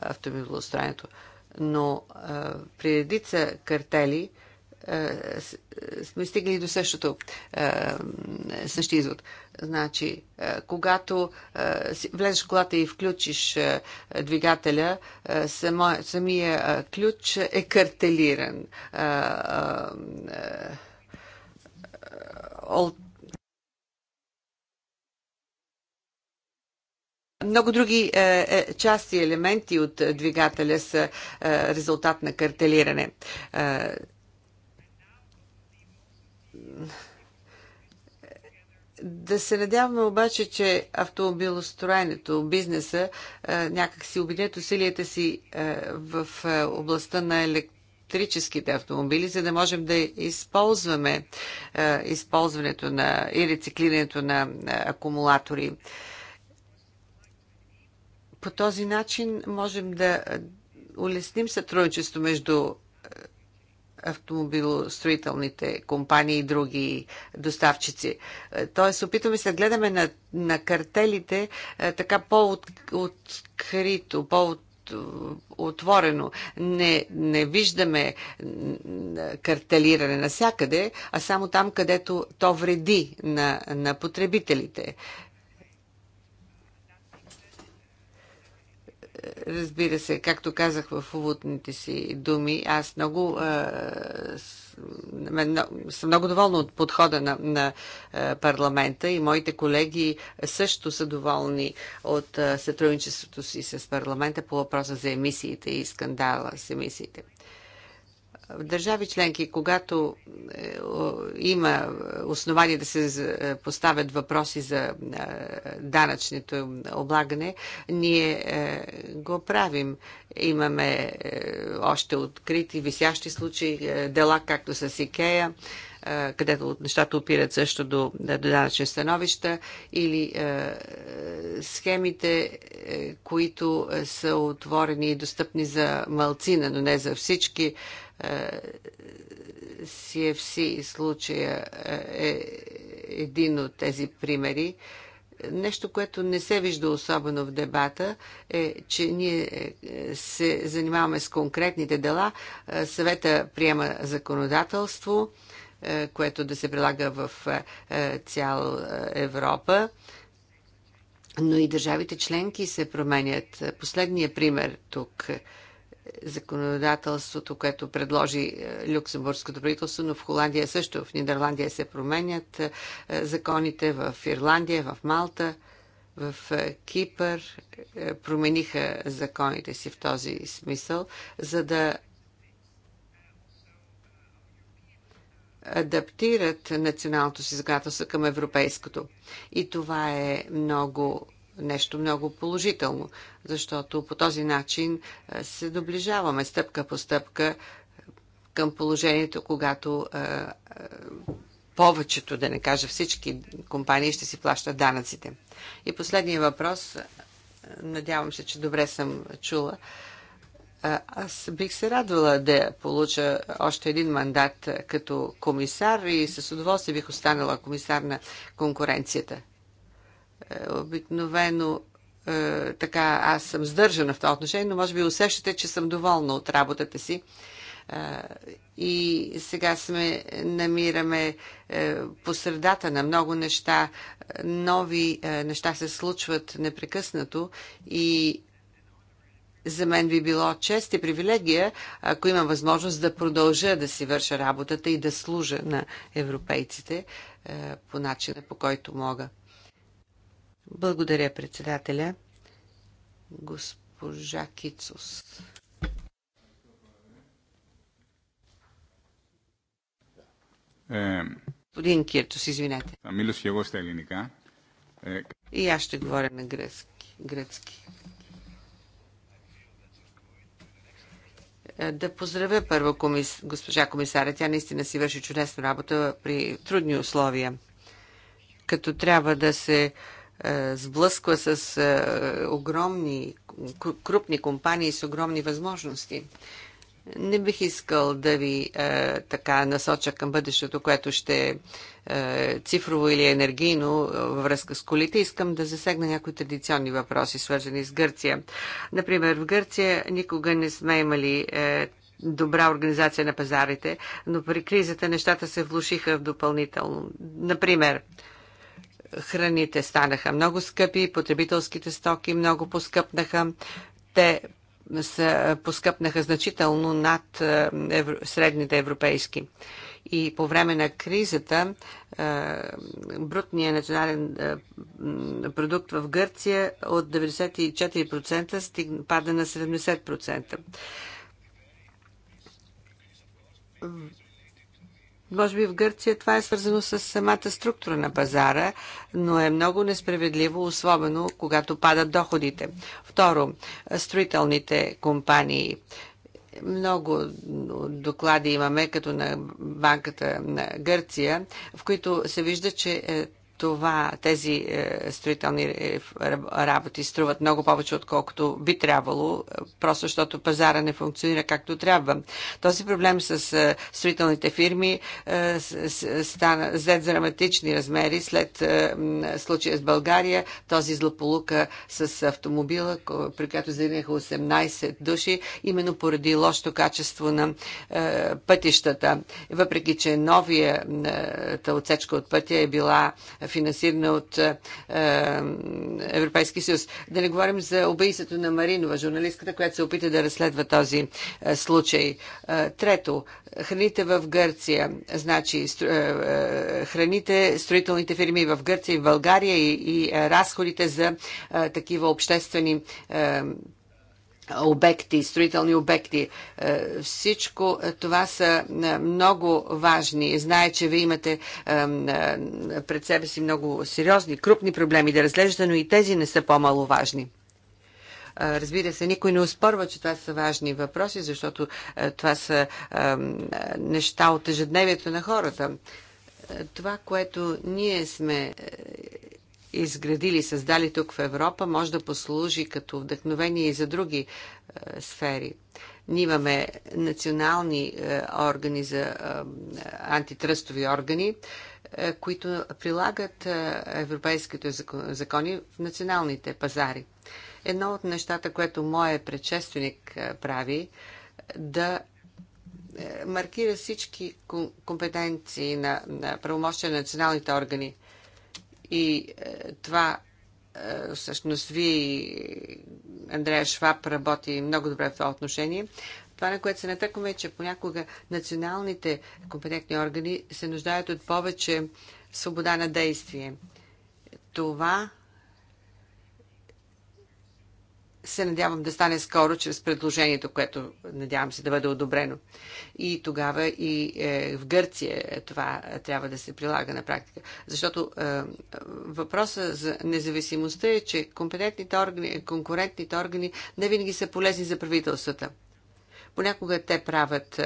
автомобилостроенето. Но а, при редица картели е, е, сме стигнали до същото, е, същия извод. Значи, когато влезеш в колата и включиш двигателя, самия ключ е картелиран. Много други е, части и елементи от двигателя са е, резултат на картелиране. Е, да се надяваме обаче, че автомобилостроенето, бизнеса е, някак си обединят усилията си е, в е, областта на електрическите автомобили, за да можем да използваме използването на и рециклирането на акумулатори. По този начин можем да улесним сътрудничество между автомобилостроителните компании и други доставчици. Е, тоест, опитваме се да гледаме на, на картелите е, така по-открито, по отворено. Не, не виждаме картелиране насякъде, а само там, където то вреди на, на потребителите. разбира се, както казах в уводните си думи, аз много съм много доволна от подхода на, на парламента и моите колеги също са доволни от сътрудничеството си с парламента по въпроса за емисиите и скандала с емисиите. В държави членки, когато е, има основания да се е, поставят въпроси за е, данъчното облагане, ние го правим. Имаме още открити, висящи случаи, дела както с Икея, където нещата опират също до, до данъчни становища, или е, схемите, които са отворени и достъпни за малцина, но не за всички. Е, CFC случая е, е един от тези примери. Нещо, което не се вижда особено в дебата, е, че ние е, се занимаваме с конкретните дела. Е, съвета приема законодателство, което да се прилага в цяла Европа. Но и държавите членки се променят. Последният пример тук е законодателството, което предложи е, люксембургското правителство, но в Холандия също, в Нидерландия се променят е, законите, в Ирландия, в Малта, в е, Кипър промениха законите си в този смисъл, за да адаптират националното си законодателство към европейското. И това е много, нещо много положително защото по този начин е, се доближаваме стъпка по стъпка е, към положението, когато е, повечето, да не кажа всички компании ще си плащат данъците. И последния въпрос, надявам се, че добре съм чула. Аз бих се радвала да получа още един мандат като комисар и с удоволствие бих останала комисар на конкуренцията. Обикновено е, така аз съм сдържана в това отношение, но може би усещате, че съм доволна от работата си. Е, и сега сме намираме е, по средата на много неща. Е, нови е, неща се случват непрекъснато и за мен би било чест и привилегия, ако имам възможност да продължа да си върша работата и да служа на европейците е, по начина по който мога. Благодаря, председателя. Госпожа Кицус. Е, Господин Киртус, извинете. Е, И аз ще говоря на гръцки. гръцки. Е, да поздравя първо комис... госпожа комисаря. Тя наистина си върши чудесна работа при трудни условия. Като трябва да се е, сблъсква с е, огромни, крупни компании с огромни възможности. Не бих искал да ви е, така насоча към бъдещето, което ще е, цифрово или енергийно е, във връзка с колите. Искам да засегна някои традиционни въпроси, свързани с Гърция. Например, в Гърция никога не сме имали е, добра организация на пазарите, но при кризата нещата се влушиха в допълнително. Например, е, храните станаха много скъпи, потребителските стоки много поскъпнаха. Те са, поскъпнаха значително над е, средните европейски. И по време на кризата е, брутният национален е, продукт в Гърция от 94% стиг, пада на 70% може би в Гърция това е свързано с самата структура на пазара, но е много несправедливо, особено когато падат доходите. Второ, строителните компании много доклади имаме, като на банката на Гърция, в които се вижда, че е, това, тези е, строителни е, работи струват много повече, отколкото би трябвало, е, просто защото пазара не функционира както трябва. Този проблем с е, строителните фирми е, стана зед драматични размери след е, случая с България, този злополука с автомобила, при която загинаха 18 души, именно поради лошото качество на е, пътищата. Въпреки, че новия е, отсечка от пътя е била финансирана от е, е, Европейски съюз. Да не говорим за убийството на Маринова, журналистката, която се опита да разследва този е, случай. Е, трето, храните в Гърция. Значи, е, е, храните, строителните фирми в Гърция и в България и, и разходите за такива обществени обекти, строителни обекти. Е, всичко това са е, много важни. Знае, че вие имате е, пред себе си много сериозни, крупни проблеми да разглеждате, но и тези не са по-маловажни. Разбира се, никой не успорва, че това са важни въпроси, защото това са неща от ежедневието на хората. Това, което ние сме изградили, създали тук в Европа, може да послужи като вдъхновение и за други е, сфери. Ние имаме национални е, органи за е, антитръстови органи, е, които прилагат е, европейските закони в националните пазари. Едно от нещата, което моят предшественик е, прави, е, да е, маркира всички компетенции на, на правомощия на националните органи – и е, това е, всъщност ви, Андрея Шваб, работи много добре в това отношение. Това, на което се натъкваме, е, че понякога националните компетентни органи се нуждаят от повече свобода на действие. Това се надявам да стане скоро чрез предложението, което надявам се да бъде одобрено. И тогава и е, в Гърция е, това трябва да се прилага на практика. Защото е, въпросът за независимостта е, че компетентните органи, конкурентните органи не винаги са полезни за правителствата. Понякога те правят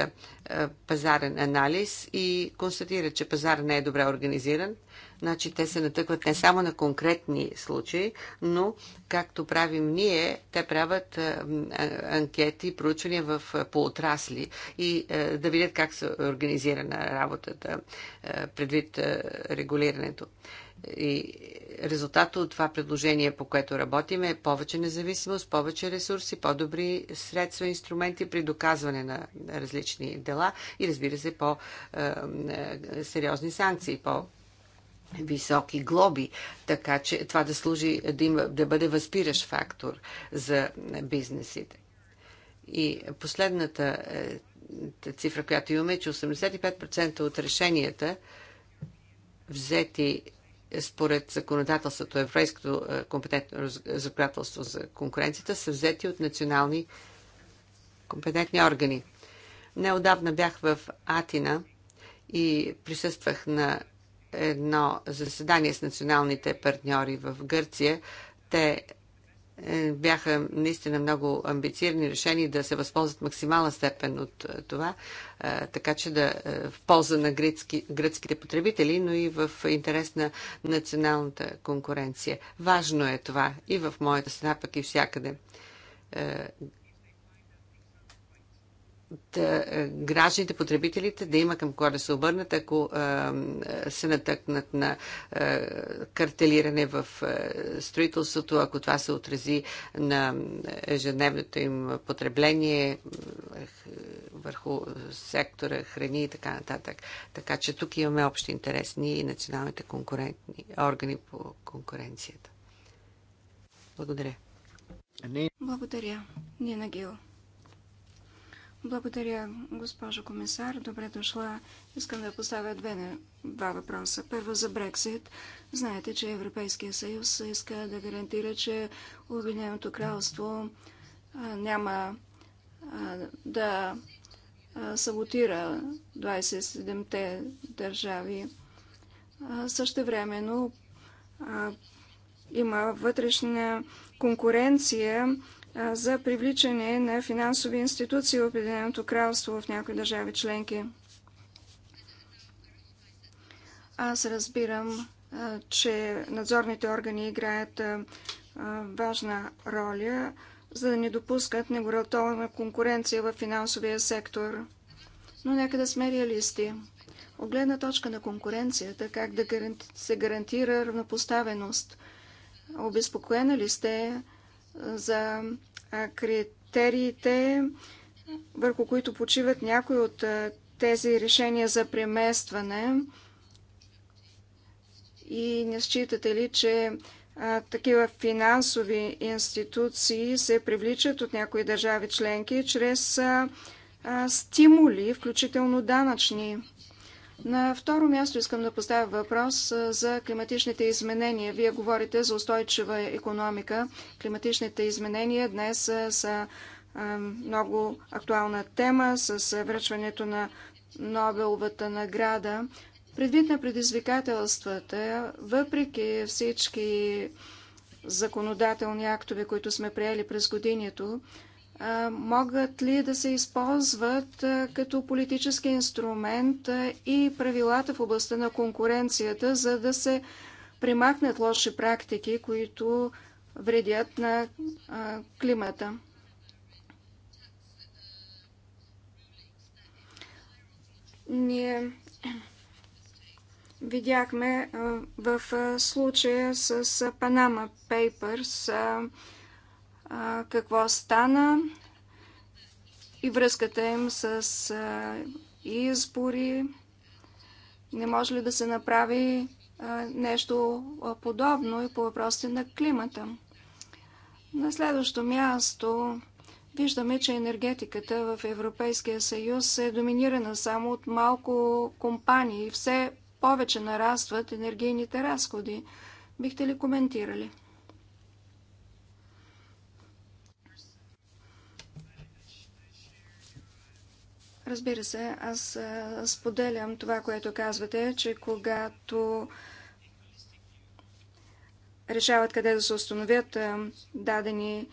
пазарен анализ и констатират, че пазар не е добре организиран – Значи те се натъкват не само на конкретни случаи, но както правим ние, те правят анкети, проучвания в, поотрасли и да видят как се организирана работата предвид регулирането. И резултата от това предложение, по което работим, е повече независимост, повече ресурси, по-добри средства, инструменти при доказване на различни дела и, разбира се, по-сериозни санкции, по високи глоби, така че това да служи, да, има, да бъде възпиращ фактор за бизнесите. И последната е, цифра, която имаме, е, че 85% от решенията взети според законодателството, еврейското е, компетентно законодателство за конкуренцията, са взети от национални компетентни органи. Неодавна бях в Атина и присъствах на едно заседание с националните партньори в Гърция. Те е, бяха наистина много амбицирани, решени да се възползват максимална степен от е, това, е, така че да в полза на гръцки, гръцките потребители, но и в интерес на националната конкуренция. Важно е това и в моята страна, пък и всякъде да, е, гражданите, потребителите да има към кой да се обърнат, ако а, е, се натъкнат на а, е, картелиране в а, строителството, ако това се отрази на ежедневното им потребление върху сектора храни и така нататък. Така че тук имаме общи интерес ние и националните конкурентни органи по конкуренцията. Благодаря. Благодаря. Нина Гил. Благодаря, госпожо комисар. Добре дошла. Искам да поставя две, два въпроса. Първо за Брексит. Знаете, че Европейския съюз иска да гарантира, че Обединеното кралство а, няма а, да саботира 27-те държави. Също същевременно има вътрешна конкуренция за привличане на финансови институции в Обединеното кралство в някои държави членки. Аз разбирам, че надзорните органи играят важна роля, за да не допускат негарантована конкуренция в финансовия сектор. Но нека да сме реалисти. От гледна точка на конкуренцията, как да се гарантира равнопоставеност? Обезпокоена ли сте за критериите, върху които почиват някои от тези решения за преместване. И не считате ли, че такива финансови институции се привличат от някои държави членки чрез стимули, включително данъчни? На второ място искам да поставя въпрос за климатичните изменения. Вие говорите за устойчива економика. Климатичните изменения днес са много актуална тема с връчването на Нобеловата награда. Предвид на предизвикателствата, въпреки всички законодателни актове, които сме приели през годинието, могат ли да се използват като политически инструмент и правилата в областта на конкуренцията, за да се примахнат лоши практики, които вредят на климата. Ние видяхме в случая с Panama Papers, какво стана и връзката им с избори. Не може ли да се направи нещо подобно и по въпросите на климата? На следващо място виждаме, че енергетиката в Европейския съюз е доминирана само от малко компании и все повече нарастват енергийните разходи. Бихте ли коментирали? Разбира се, аз споделям това, което казвате, че когато решават къде да се установят дадени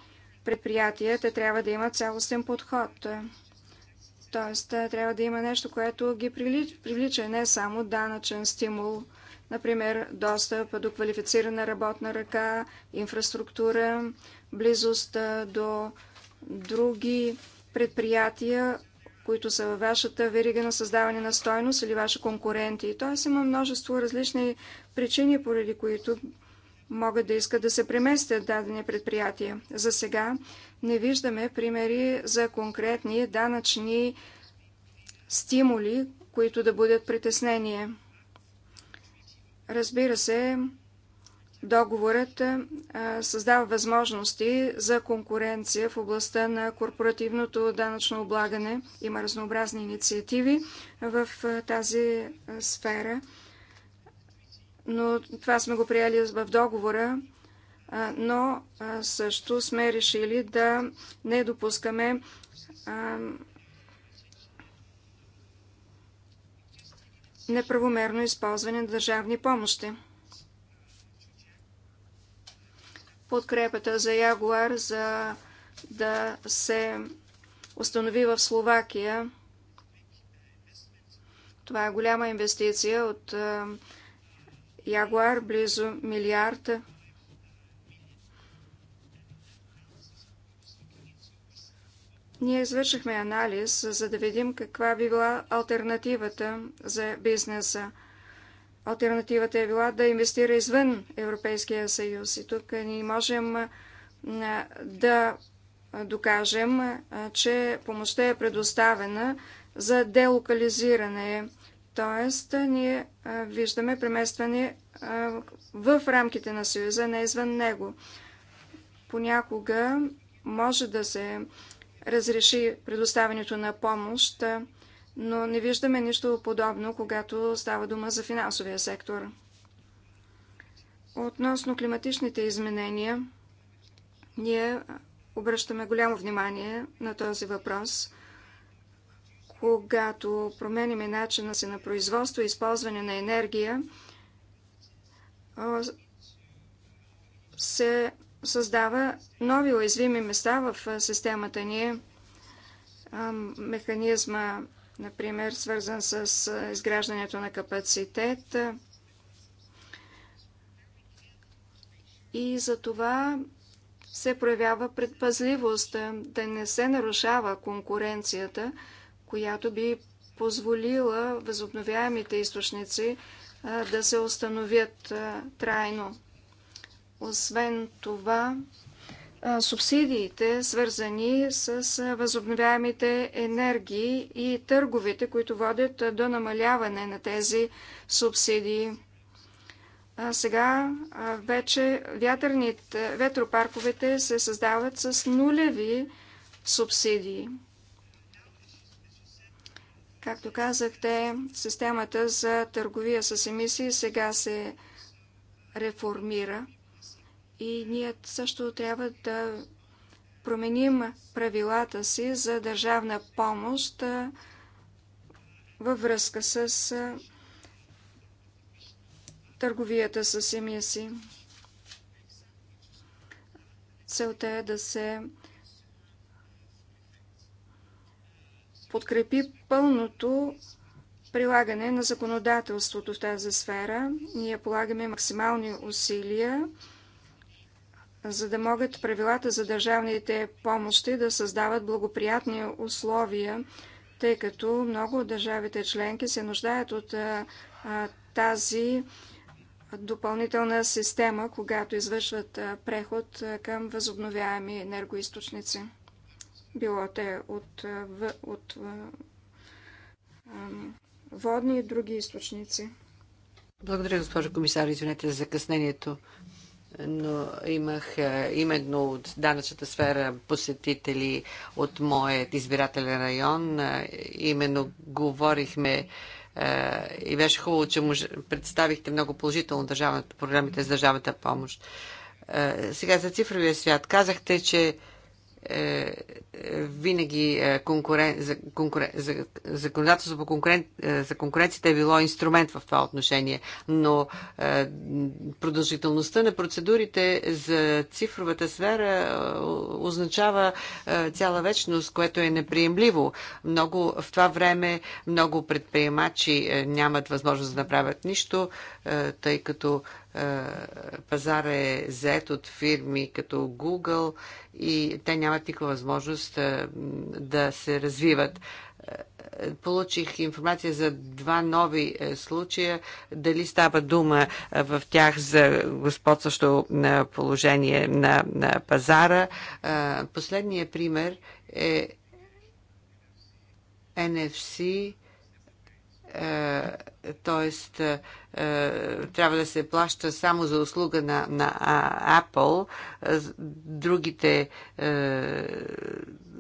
предприятия, те трябва да имат цялостен подход. Тоест, трябва да има нещо, което ги привлича, не само данъчен стимул, например, достъп до квалифицирана работна ръка, инфраструктура, близост до други предприятия, които са във вашата верига на създаване на стойност или ваши конкуренти. Тоест има множество различни причини, поради които могат да искат да се преместят дадени предприятия. За сега не виждаме примери за конкретни данъчни стимули, които да бъдат притеснение. Разбира се, Договорът създава възможности за конкуренция в областта на корпоративното данъчно облагане. Има разнообразни инициативи в тази сфера, но това сме го приели в договора, но също сме решили да не допускаме неправомерно използване на държавни помощи. подкрепата за Ягуар за да се установи в Словакия. Това е голяма инвестиция от Ягуар, близо милиард. Ние извършихме анализ, за да видим каква би била альтернативата за бизнеса. Альтернативата е била да инвестира извън Европейския съюз. И тук ние можем да докажем, че помощта е предоставена за делокализиране. Тоест, ние виждаме преместване в рамките на Съюза, не извън него. Понякога може да се разреши предоставянето на помощ но не виждаме нищо подобно, когато става дума за финансовия сектор. Относно климатичните изменения, ние обръщаме голямо внимание на този въпрос. Когато променим начина си на производство и използване на енергия, се създава нови уязвими места в системата ни. Механизма например, свързан с изграждането на капацитет. И за това се проявява предпазливост да не се нарушава конкуренцията, която би позволила възобновяемите източници да се установят трайно. Освен това, субсидиите, свързани с възобновяемите енергии и търговите, които водят до намаляване на тези субсидии. А сега вече вятърните, ветропарковете се създават с нулеви субсидии. Както казахте, системата за търговия с емисии сега се реформира – и ние също трябва да променим правилата си за държавна помощ във връзка с търговията с емисии. Целта е да се подкрепи пълното прилагане на законодателството в тази сфера. Ние полагаме максимални усилия за да могат правилата за държавните помощи да създават благоприятни условия, тъй като много от държавите членки се нуждаят от а, тази допълнителна система, когато извършват преход към възобновяеми енергоисточници. Било те от, в, от водни и други източници. Благодаря, госпожо комисар. Извинете за закъснението но имах е, именно от данъчната сфера посетители от моят избирателен район. Е, именно говорихме е, и беше хубаво, че представихте много положително държавната, програмите за държавната помощ. Сега за цифровия свят. Казахте, че е, е, винаги е, конкурен, за, конкурен, за, законодателство по конкурен, за конкуренцията е било инструмент в това отношение, но продължителността на процедурите за цифровата сфера означава цяла вечност, което е неприемливо. Много, в това време много предприемачи нямат възможност да направят нищо, тъй като е, пазара е зет от фирми като Google и те нямат никаква възможност е, да се развиват. Е, получих информация за два нови случая. Дали става дума в тях за господстващо положение на, на пазара? Последният пример е NFC т.е. Е, е, трябва да се плаща само за услуга на, на Apple. Е, другите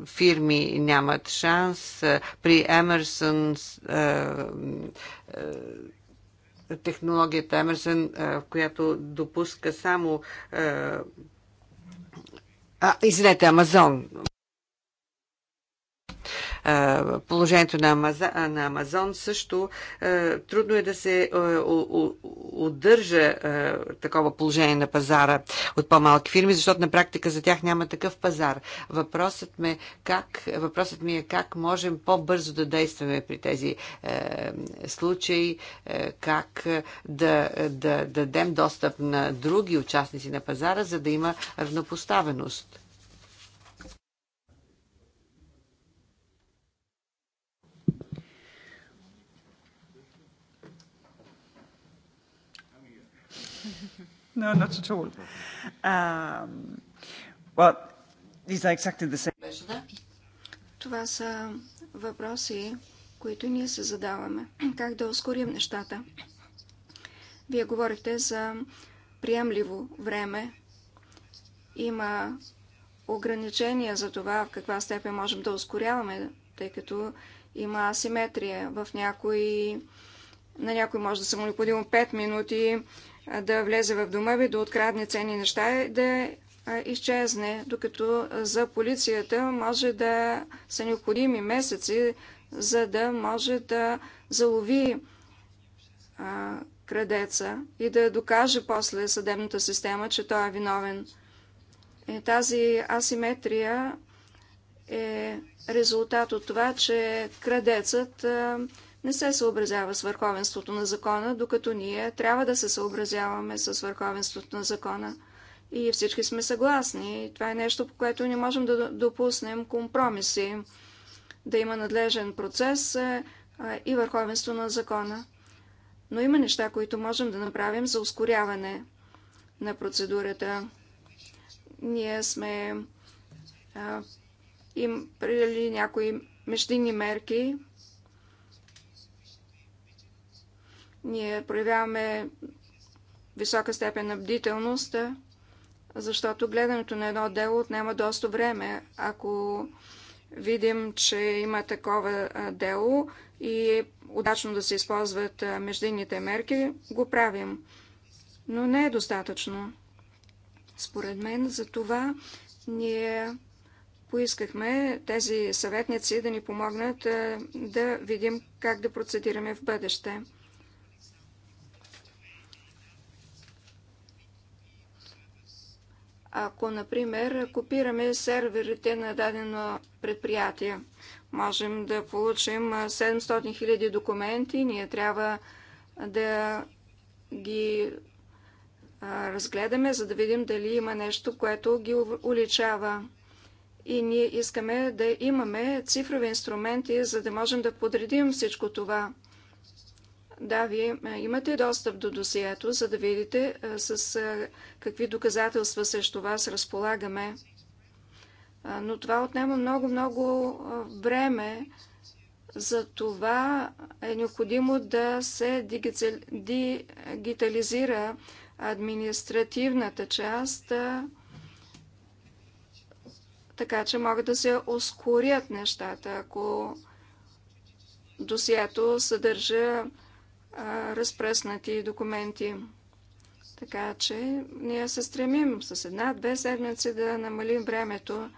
фирми нямат шанс. При Emerson технологията Emerson, в която допуска само а, извинете, Амазон положението на, Амазон, на Амазон също трудно е да се удържа такова положение на пазара от по-малки фирми, защото на практика за тях няма такъв пазар. Въпросът, е как, въпросът ми е как можем по-бързо да действаме при тези случаи, как да, да дадем достъп на други участници на пазара, за да има равнопоставеност. No, not at all. Um, well, these are exactly the same. Това са въпроси, които ние се задаваме. Как да ускорим нещата? Вие говорихте за приемливо време. Има ограничения за това в каква степен можем да ускоряваме, тъй като има асиметрия. В някои, на някой може да са му необходимо 5 минути, да влезе в дома ви, да открадне ценни неща и да изчезне, докато за полицията може да са необходими месеци, за да може да залови крадеца и да докаже после съдебната система, че той е виновен. И е, тази асиметрия е резултат от това, че крадецът не се съобразява с върховенството на закона, докато ние трябва да се съобразяваме с върховенството на закона. И всички сме съгласни. Това е нещо, по което не можем да допуснем компромиси, да има надлежен процес е, е, и върховенство на закона. Но има неща, които можем да направим за ускоряване на процедурата. Ние сме а, е, им приели някои междинни мерки, Ние проявяваме висока степен на бдителност, защото гледането на едно дело отнема доста време. Ако видим, че има такова дело и е удачно да се използват междинните мерки, го правим. Но не е достатъчно. Според мен за това ние поискахме тези съветници да ни помогнат да видим как да процедираме в бъдеще. Ако, например, копираме серверите на дадено предприятие, можем да получим 700 000 документи, ние трябва да ги разгледаме, за да видим дали има нещо, което ги уличава. И ние искаме да имаме цифрови инструменти, за да можем да подредим всичко това. Да, вие имате достъп до досието, за да видите с какви доказателства срещу вас разполагаме. Но това отнема много-много време. За това е необходимо да се дигитализира административната част, така че могат да се ускорят нещата, ако досието съдържа разпръснати документи. Така че ние се стремим с една-две седмици да намалим времето.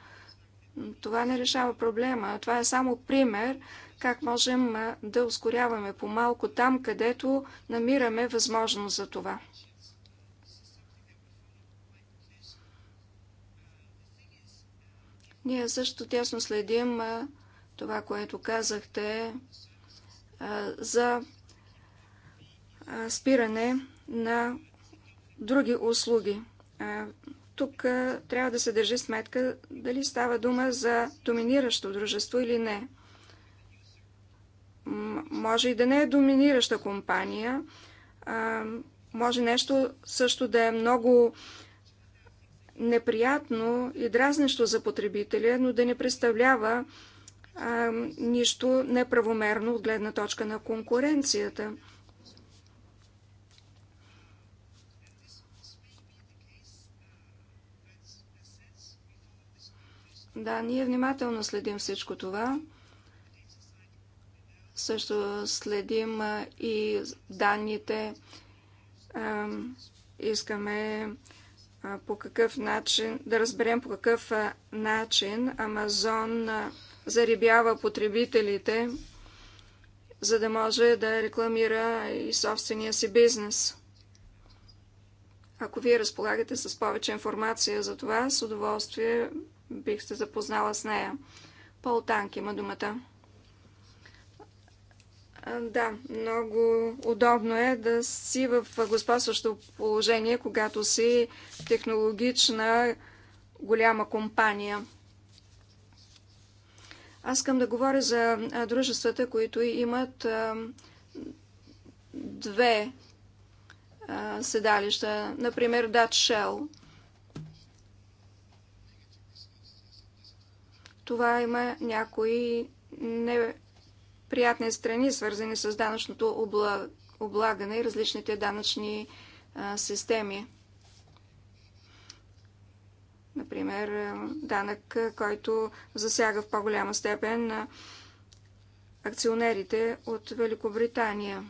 Това не решава проблема. Това е само пример как можем да ускоряваме по-малко там, където намираме възможност за това. Ние също тясно следим това, което казахте за спиране на други услуги. Тук трябва да се държи сметка дали става дума за доминиращо дружество или не. Може и да не е доминираща компания, може нещо също да е много неприятно и дразнещо за потребителя, но да не представлява а, нищо неправомерно от гледна точка на конкуренцията. Да, ние внимателно следим всичко това. Също следим и данните. Искаме по какъв начин, да разберем по какъв начин Амазон зарибява потребителите, за да може да рекламира и собствения си бизнес. Ако вие разполагате с повече информация за това, с удоволствие бих се запознала с нея. Пол Танк има думата. Да, много удобно е да си в господстващо положение, когато си технологична голяма компания. Аз искам да говоря за дружествата, които имат две седалища, например Dutch Shell. Това има някои неприятни страни, свързани с данъчното облагане и различните данъчни системи. Например, данък, който засяга в по-голяма степен акционерите от Великобритания.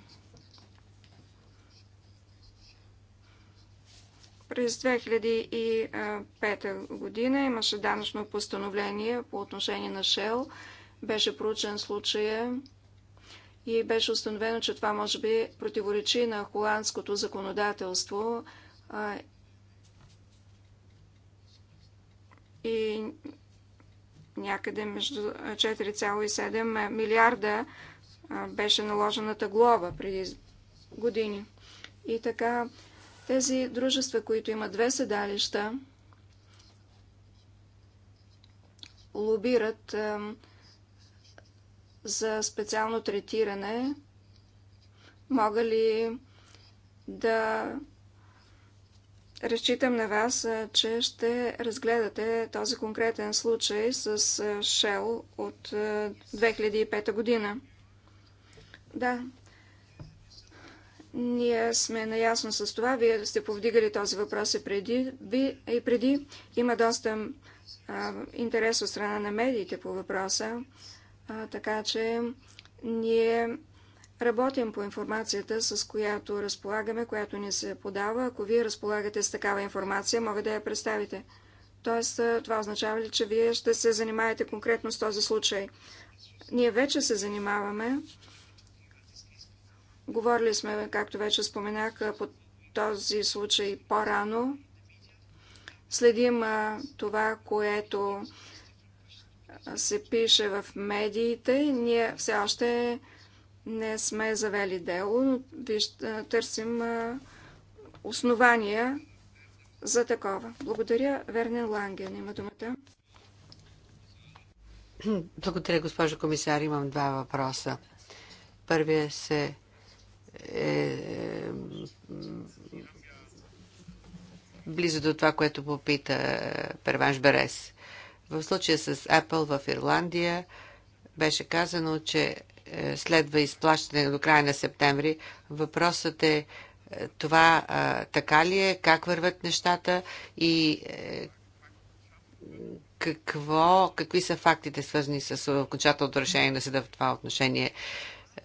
През 2005 година имаше данъчно постановление по отношение на Шел. Беше проучен случая и беше установено, че това може би противоречи на холандското законодателство и някъде между 4,7 милиарда беше наложената глоба преди години. И така тези дружества, които имат две седалища, лобират за специално третиране. Мога ли да разчитам на вас, че ще разгледате този конкретен случай с шел от 2005 година? Да, ние сме наясно с това. Вие сте повдигали този въпрос и преди. Ви, и преди. Има доста а, интерес от страна на медиите по въпроса, а, така че ние работим по информацията, с която разполагаме, която ни се подава. Ако вие разполагате с такава информация, мога да я представите. Тоест, това означава ли, че вие ще се занимаете конкретно с този случай? Ние вече се занимаваме Говорили сме, както вече споменах, по този случай по-рано. Следим това, което се пише в медиите. Ние все още не сме завели дело. но Търсим основания за такова. Благодаря. Вернен Ланген има думата. Благодаря, госпожо комисар. Имам два въпроса. Първият се е, е близо до това, което попита е, Перванш Берес. В случая с Apple в Ирландия беше казано, че е, следва изплащане до края на септември. Въпросът е това така ли е, как върват нещата и какво, какви са фактите свързани с окончателното решение на съда в това отношение.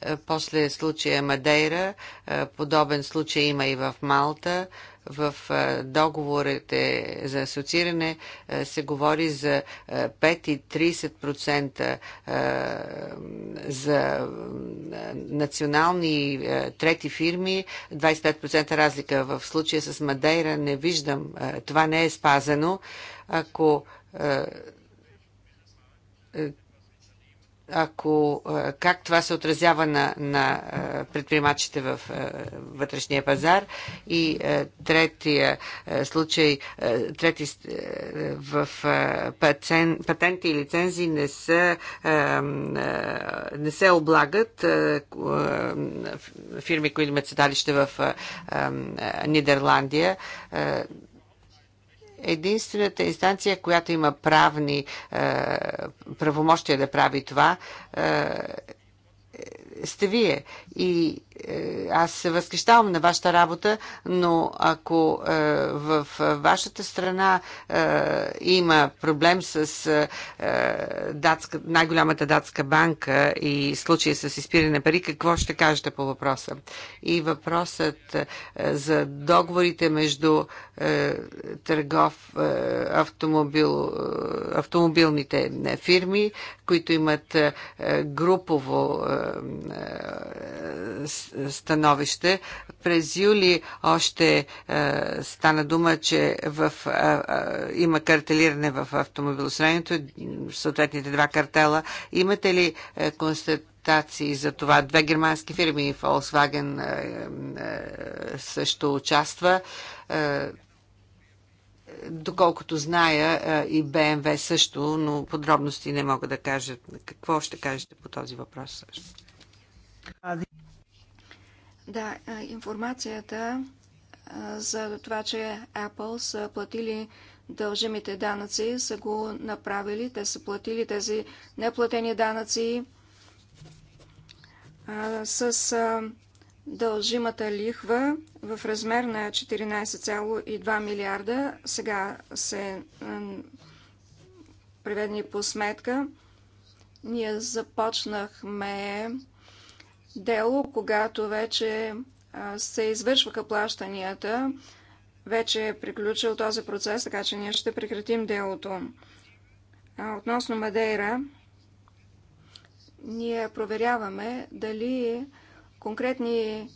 Е, после случая Мадейра, е, подобен случай има и в Малта. В е, договорите за асоцииране се говори за 5 и 30% за национални трети фирми, 25% разлика. В случая с Мадейра не виждам. Това не е спазено. Ако ако, как това се отразява на, на предприемачите в вътрешния пазар. И третия случай, трети в пациент, патенти и лицензии не се, не се облагат фирми, които имат седалище в Нидерландия единствената инстанция, която има правни е, правомощия да прави това, е, сте вие. И е, аз се възхищавам на вашата работа, но ако е, в вашата страна е, има проблем с е, датска, най-голямата датска банка и случая с изпиране на пари, какво ще кажете по въпроса? И въпросът е, за договорите между е, търгов е, автомобил, е, автомобилните е, фирми, които имат е, групово е, е, е, становище. През юли още е, стана дума, че в, е, има картелиране в автомобилостроението, съответните два картела. Имате ли констатации за това. Две германски фирми, Volkswagen също участва. Доколкото зная и БМВ също, но подробности не мога да кажа. Какво ще кажете по този въпрос също? Да, информацията за това, че Apple са платили дължимите данъци, са го направили. Те са платили тези неплатени данъци с дължимата лихва в размер на 14,2 милиарда. Сега се преведени по сметка. Ние започнахме дело, когато вече се извършваха плащанията, вече е приключил този процес, така че ние ще прекратим делото. Относно Мадейра, ние проверяваме дали конкретни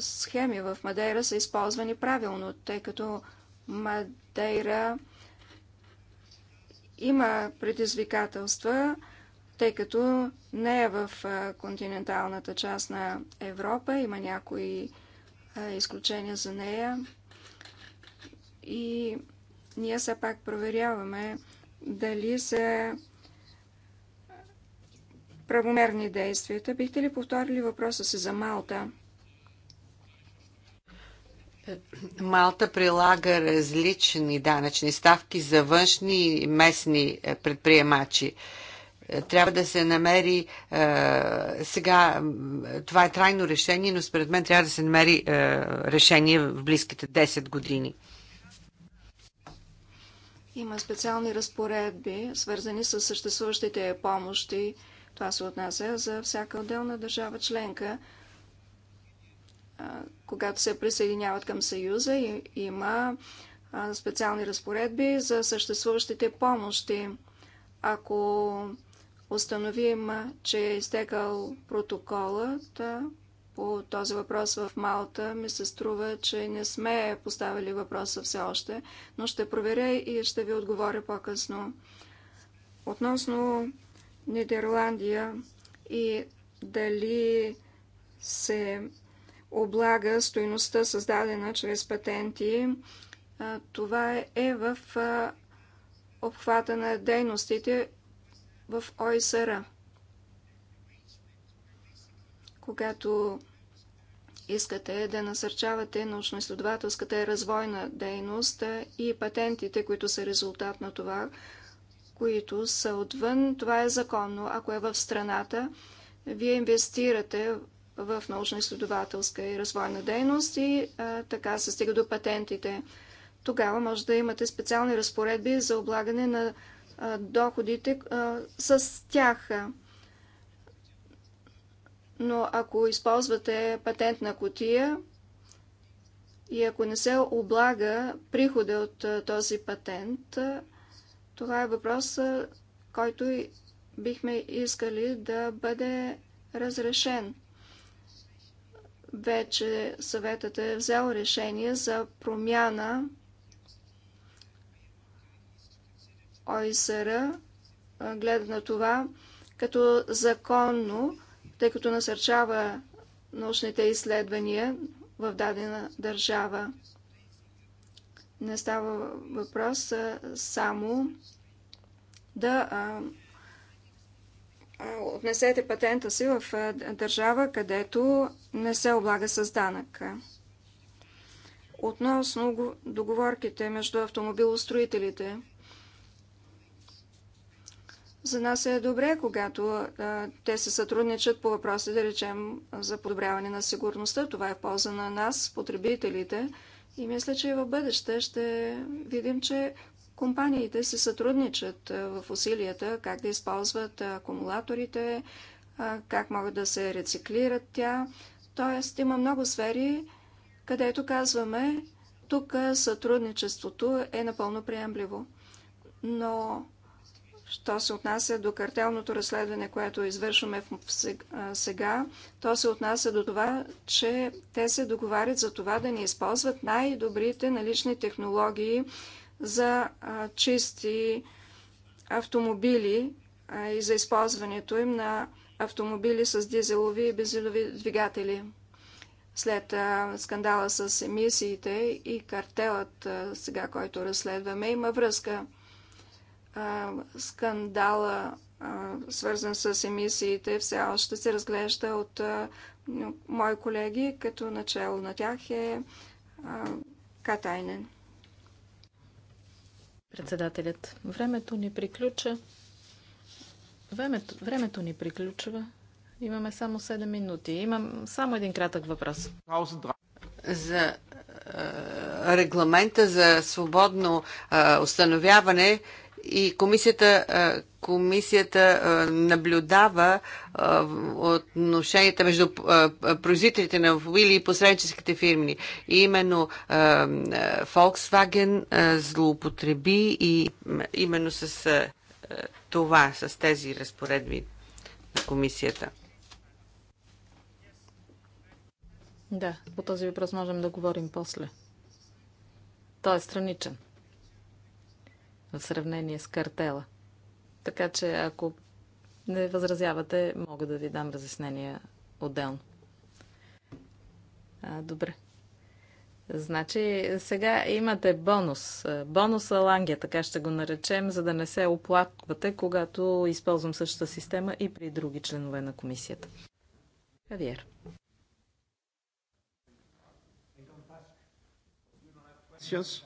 схеми в Мадейра са използвани правилно, тъй като Мадейра има предизвикателства, тъй като не е в континенталната част на Европа. Има някои изключения за нея. И ние все пак проверяваме дали са правомерни действията. Бихте ли повторили въпроса си за Малта? Малта прилага различни данъчни ставки за външни и местни предприемачи. Трябва да се намери е, сега, това е трайно решение, но според мен трябва да се намери е, решение в близките 10 години. Има специални разпоредби, свързани с съществуващите помощи. Това се отнася за всяка отделна държава членка. Когато се присъединяват към Съюза, има специални разпоредби за съществуващите помощи. Ако установим, че е изтекал протоколът по този въпрос в Малта, ми се струва, че не сме поставили въпроса все още, но ще проверя и ще ви отговоря по-късно. Относно Нидерландия и дали се облага стоиността, създадена чрез патенти, това е в обхвата на дейностите, в ОСР. Когато искате да насърчавате научно-изследователската и развойна дейност и патентите, които са резултат на това, които са отвън, това е законно. Ако е в страната, вие инвестирате в научно-изследователска и развойна дейност и а, така се стига до патентите. Тогава може да имате специални разпоредби за облагане на доходите с тях. Но ако използвате патентна котия и ако не се облага прихода от този патент, това е въпрос, който бихме искали да бъде разрешен. Вече съветът е взел решение за промяна ОИСР гледа на това като законно, тъй като насърчава научните изследвания в дадена държава. Не става въпрос само да отнесете патента си в държава, където не се облага с данък. Относно договорките между автомобилостроителите, за нас е добре, когато а, те се сътрудничат по въпроси, да речем, за подобряване на сигурността. Това е в полза на нас, потребителите. И мисля, че и в бъдеще ще видим, че компаниите се сътрудничат в усилията как да използват акумулаторите, как могат да се рециклират тя. Тоест има много сфери, където казваме, тук сътрудничеството е напълно приемливо. Но Що се отнася до картелното разследване, което извършваме сега, то се отнася до това, че те се договарят за това да ни използват най-добрите налични технологии за чисти автомобили и за използването им на автомобили с дизелови и бензинови двигатели. След скандала с емисиите и картелът сега, който разследваме, има връзка – скандала, свързан с емисиите, все още се разглежда от мои колеги, като начало на тях е Катайнен. Председателят, времето ни приключа. Времето, времето ни приключва. Имаме само 7 минути. Имам само един кратък въпрос. За регламента за свободно установяване и комисията, комисията наблюдава отношенията между производителите на автомобили и посредническите фирми. И именно Volkswagen злоупотреби и именно с това, с тези разпоредби на комисията. Да, по този въпрос можем да говорим после. Той е страничен в сравнение с картела. Така че, ако не възразявате, мога да ви дам разяснения отделно. А, добре. Значи, сега имате бонус. Бонус Алангия, така ще го наречем, за да не се оплаквате, когато използвам същата система и при други членове на комисията. Хавиер. Сейчас.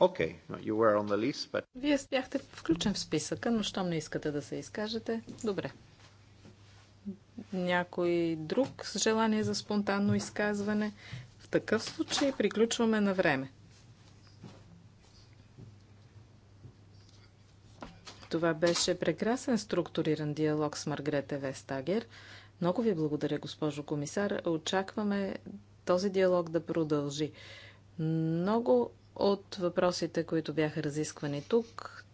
Okay, you were on the list, but... Вие бяхте включен в списъка, но щом не искате да се изкажете, добре. Някой друг с желание за спонтанно изказване? В такъв случай приключваме на време. Това беше прекрасен структуриран диалог с Маргрете Вестагер. Много ви благодаря, госпожо комисар. Очакваме този диалог да продължи. Много от въпросите, които бяха разисквани тук,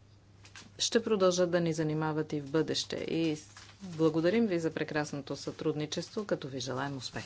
ще продължат да ни занимават и в бъдеще. И благодарим ви за прекрасното сътрудничество, като ви желаем успех!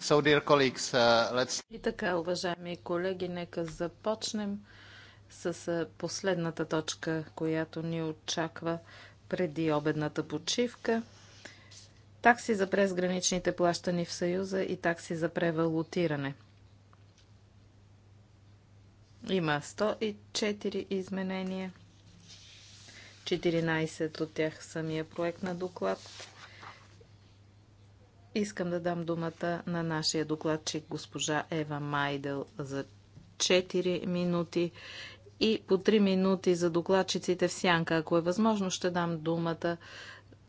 Uh, и така, уважаеми колеги, нека започнем с последната точка, която ни очаква преди обедната почивка. Такси за презграничните плащани в Съюза и такси за превалутиране. Има 104 изменения. 14 от тях самия проект на доклад. Искам да дам думата на нашия докладчик госпожа Ева Майдел за 4 минути и по 3 минути за докладчиците в сянка. Ако е възможно, ще дам думата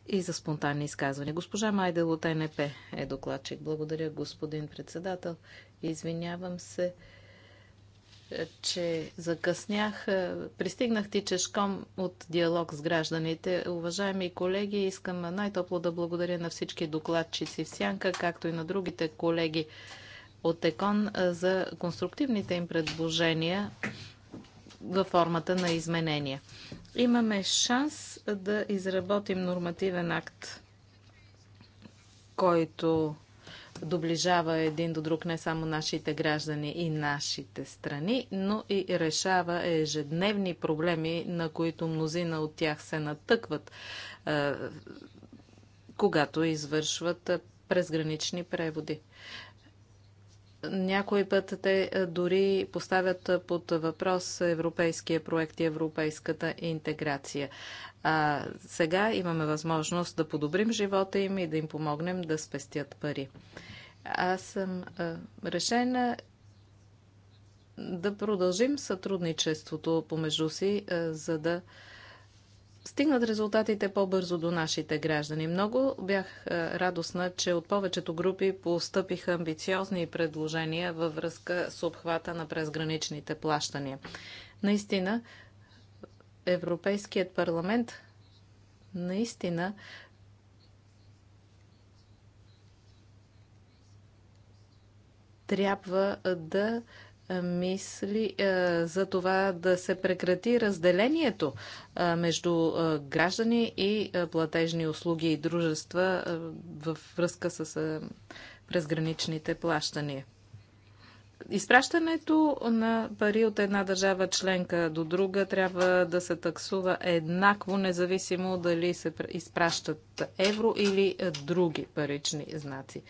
и за спонтанни изказвания. Госпожа Майдел от НП е докладчик. Благодаря, господин председател. Извинявам се че закъснях. Пристигнах ти чешком от диалог с гражданите. Уважаеми колеги, искам най-топло да благодаря на всички докладчици в Сянка, както и на другите колеги от ЕКОН за конструктивните им предложения във формата на изменения. Имаме шанс да изработим нормативен акт, който доближава един до друг не само нашите граждани и нашите страни, но и решава ежедневни проблеми, на които мнозина от тях се натъкват, е, когато извършват е, презгранични преводи. Някой път те е, дори поставят под въпрос европейския проект и европейската интеграция. А сега имаме възможност да подобрим живота им и да им помогнем да спестят пари. Аз съм е, решена да продължим сътрудничеството помежду си, е, за да стигнат резултатите по-бързо до нашите граждани. Много бях е, радостна, че от повечето групи постъпиха амбициозни предложения във връзка с обхвата на презграничните плащания. Наистина, Европейският парламент наистина трябва да мисли за това да се прекрати разделението между граждани и платежни услуги и дружества в връзка с презграничните плащания. Изпращането на пари от една държава членка до друга трябва да се таксува еднакво, независимо дали се изпращат евро или други парични знаци.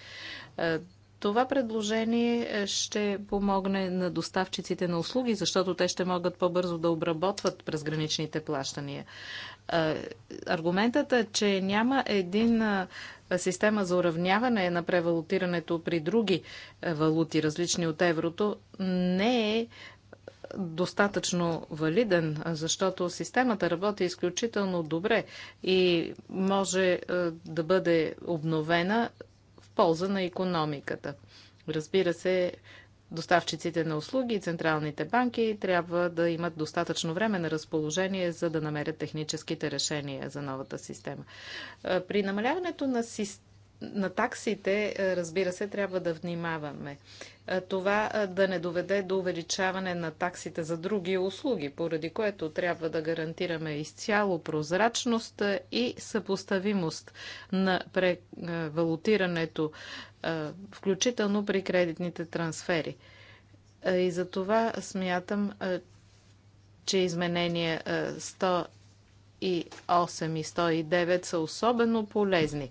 Това предложение е, ще помогне на доставчиците на услуги, защото те ще могат по-бързо да обработват през граничните плащания. Е, аргументът е, че няма един е, система за уравняване на превалутирането при други валути, различни от еврото, не е достатъчно валиден, защото системата работи изключително добре и може да бъде обновена полза на економиката. Разбира се, доставчиците на услуги и централните банки трябва да имат достатъчно време на разположение, за да намерят техническите решения за новата система. Е, при намаляването на системата, на таксите, е, разбира се, трябва да внимаваме. Е, това е, да не доведе до увеличаване на таксите за други услуги, поради което трябва да гарантираме изцяло прозрачност и съпоставимост на валутирането, включително при кредитните трансфери. И за това смятам, че изменения 108 и 109 са особено полезни.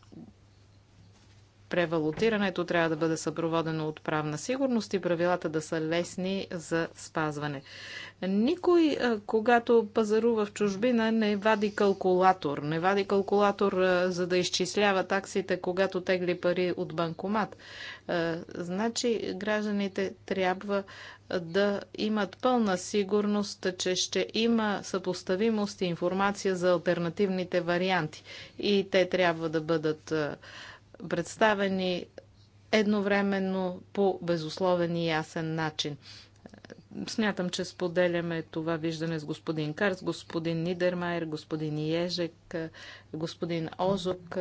Превалутирането трябва да бъде съпроводено от правна сигурност и правилата да са лесни за спазване. Никой, когато пазарува в чужбина, не вади калкулатор. Не вади калкулатор, за да изчислява таксите, когато тегли пари от банкомат. Значи гражданите трябва да имат пълна сигурност, че ще има съпоставимост и информация за альтернативните варианти. И те трябва да бъдат представени едновременно по безусловен и ясен начин. Смятам, че споделяме това виждане с господин Карс, господин Нидермайер, господин Ежек, господин Озок,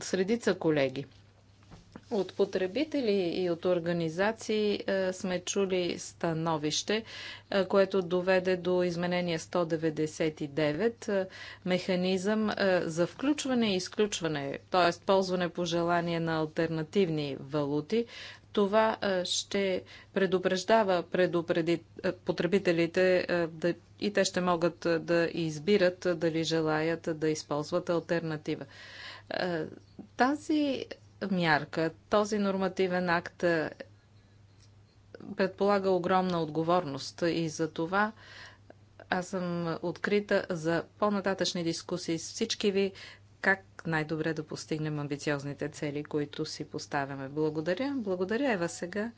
средица колеги. От потребители и от организации е, сме чули становище, е, което доведе до изменение 199, е, механизъм за включване и изключване, т.е. ползване по желание на альтернативни валути. Това ще предупреждава предупреди... потребителите да... и те ще могат да избират дали желаят да използват альтернатива. Тази мярка. Този нормативен акт е, предполага огромна отговорност и за това аз съм открита за по-нататъчни дискусии с всички ви, как най-добре да постигнем амбициозните цели, които си поставяме. Благодаря. Благодаря, Ева, сега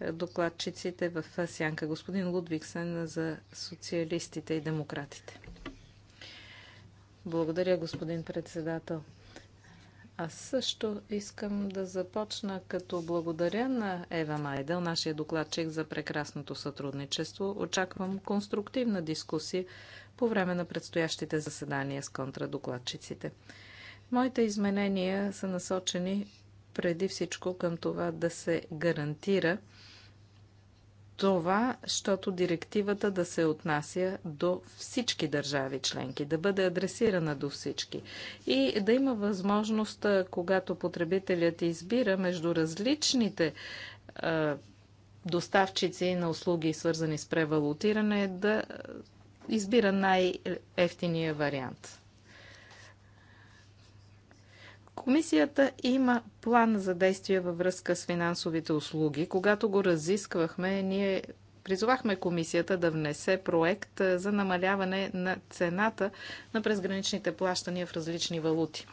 е, докладчиците в Сянка. Господин Лудвиксен за социалистите и демократите. Благодаря, господин председател. Аз също искам да започна като благодаря на Ева Майдел, нашия докладчик за прекрасното сътрудничество. Очаквам конструктивна дискусия по време на предстоящите заседания с контрадокладчиците. Моите изменения са насочени преди всичко към това да се гарантира това, защото директивата да се отнася до всички държави членки, да бъде адресирана до всички и да има възможност, когато потребителят избира между различните е, доставчици на услуги, свързани с превалутиране, да избира най-ефтиния вариант. Комисията има план за действие във връзка с финансовите услуги. Когато го разисквахме, ние призовахме комисията да внесе проект за намаляване на цената на презграничните плащания в различни валути.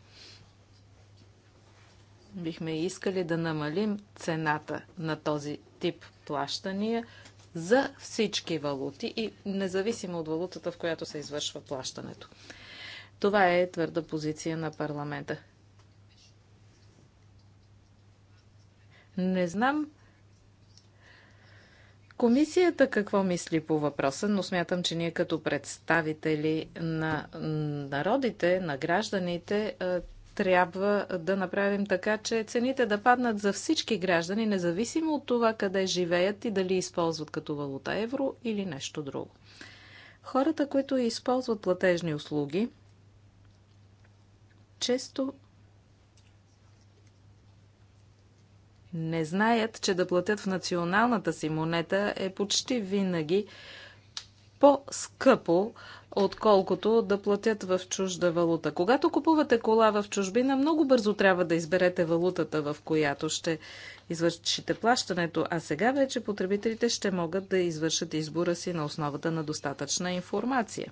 Бихме искали да намалим цената на този тип плащания за всички валути и независимо от валутата, в която се извършва плащането. Това е твърда позиция на парламента. Не знам комисията какво мисли по въпроса, но смятам, че ние като представители на народите, на гражданите, е, трябва да направим така, че цените да паднат за всички граждани, независимо от това къде живеят и дали използват като валута евро или нещо друго. Хората, които използват платежни услуги, често не знаят, че да платят в националната си монета е почти винаги по-скъпо, отколкото да платят в чужда валута. Когато купувате кола в чужбина, много бързо трябва да изберете валутата, в която ще извършите плащането, а сега вече потребителите ще могат да извършат избора си на основата на достатъчна информация.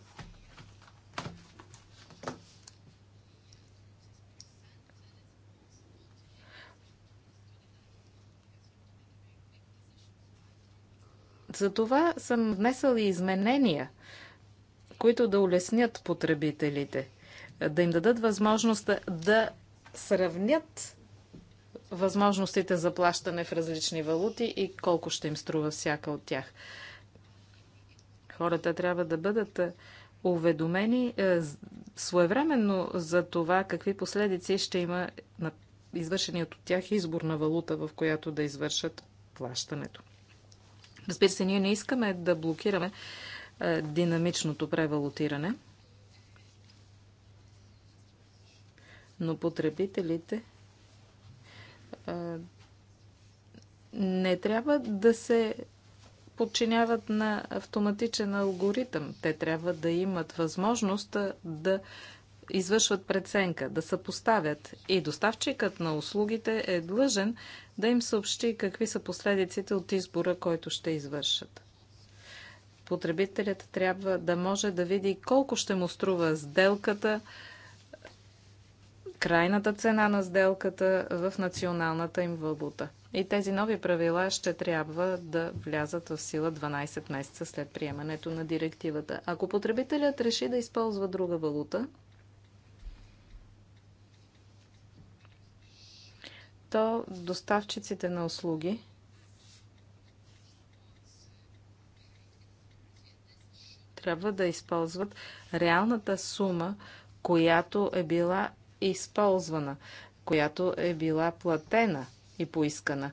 Затова съм внесъл и изменения, които да улеснят потребителите, да им дадат възможност да сравнят възможностите за плащане в различни валути и колко ще им струва всяка от тях. Хората трябва да бъдат уведомени своевременно за това какви последици ще има на извършеният от тях избор на валута, в която да извършат плащането. Разбира се, ние не искаме да блокираме е, динамичното превалутиране, но потребителите е, не трябва да се подчиняват на автоматичен алгоритъм. Те трябва да имат възможност е, да извършват преценка, да съпоставят и доставчикът на услугите е длъжен да им съобщи какви са последиците от избора, който ще извършат. Потребителят трябва да може да види колко ще му струва сделката, крайната цена на сделката в националната им валута. И тези нови правила ще трябва да влязат в сила 12 месеца след приемането на директивата. Ако потребителят реши да използва друга валута, то доставчиците на услуги трябва да използват реалната сума, която е била използвана, която е била платена и поискана.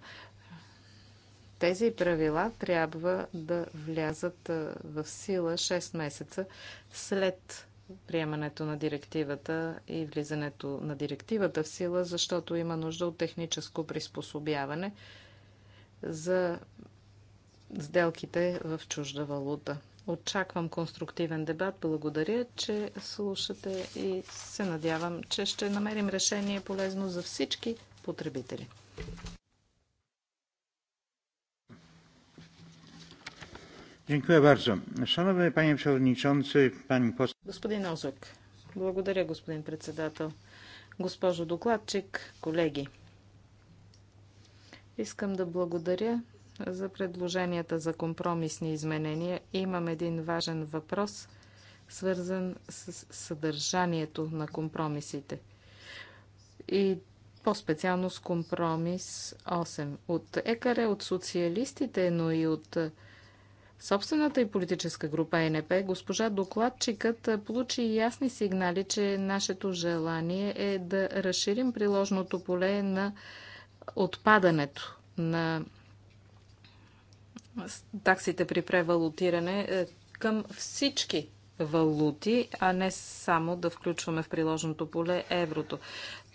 Тези правила трябва да влязат в сила 6 месеца след приемането на директивата и влизането на директивата в сила, защото има нужда от техническо приспособяване за сделките в чужда валута. Очаквам конструктивен дебат. Благодаря, че слушате и се надявам, че ще намерим решение полезно за всички потребители. Dziękuję bardzo. Szanowny panie przewodniczący, pani poseł. Господин Озок, благодаря, господин председател. Госпожо докладчик, колеги. Искам да благодаря за предложенията за компромисни изменения. Имам един важен въпрос, свързан с съдържанието на компромисите. И по-специално с компромис 8. От ЕКАРЕ, от социалистите, но и от собствената и политическа група е НП, госпожа докладчикът е, получи ясни сигнали, че нашето желание е да разширим приложното поле на отпадането на таксите при превалутиране е, към всички валути, а не само да включваме в приложното поле еврото.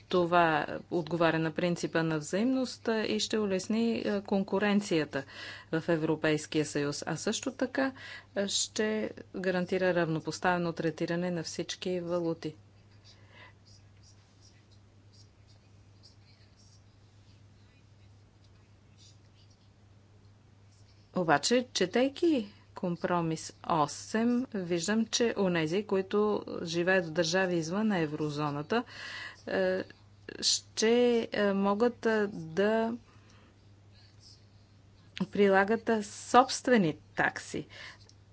Това отговаря на принципа на взаимност и ще улесни е, конкуренцията в Европейския съюз, а също така е, ще гарантира равнопоставено третиране на всички валути. Обаче, четейки компромис 8, виждам, че нези, които живеят в държави извън еврозоната, е, ще е, могат е, да прилагат собствени такси,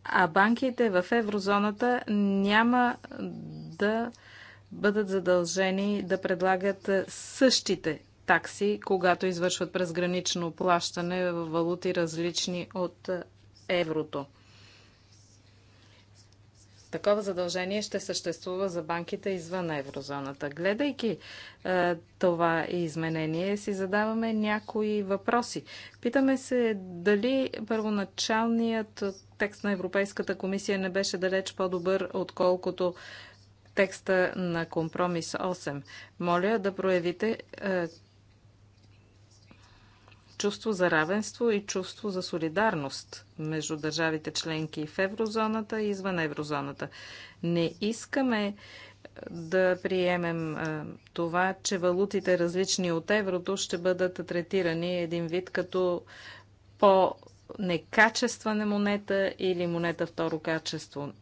а банките в еврозоната няма да бъдат задължени да предлагат същите такси, когато извършват презгранично плащане в валути различни от еврото. Такова задължение ще съществува за банките извън еврозоната. Гледайки е, това изменение, си задаваме някои въпроси. Питаме се дали първоначалният текст на Европейската комисия не беше далеч по-добър, отколкото текста на компромис 8. Моля да проявите е, чувство за равенство и чувство за солидарност между държавите членки в еврозоната и извън еврозоната. Не искаме е, да приемем е, това, че валутите различни от еврото ще бъдат третирани един вид като по некачествена монета или монета второ качество.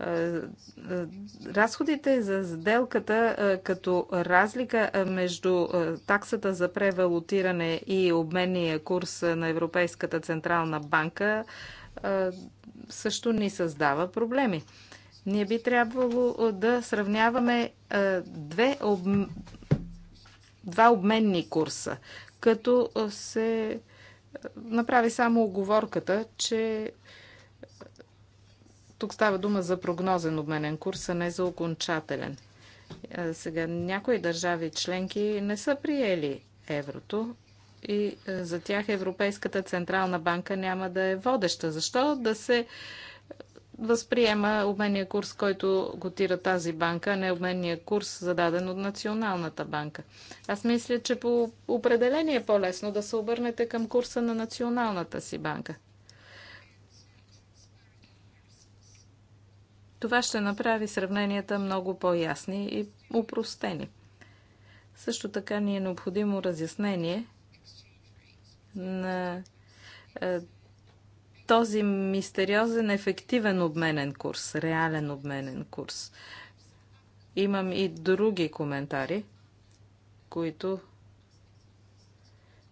Е, е, разходите за сделката е, като разлика между таксата за превалутиране и обменния курс на Европейската централна банка също ни създава проблеми. Ние би трябвало да сравняваме две об... два обменни курса, като се направи само оговорката, че тук става дума за прогнозен обменен курс, а не за окончателен. Е, сега някои държави членки не са приели еврото и е, за тях Европейската централна банка няма да е водеща. Защо да се възприема обменния курс, който готира тази банка, а не обменния курс, зададен от Националната банка. Аз мисля, че по определение е по-лесно да се обърнете към курса на Националната си банка. Това ще направи сравненията много по-ясни и упростени. Също така ни е необходимо разяснение на е, този мистериозен ефективен обменен курс, реален обменен курс. Имам и други коментари, които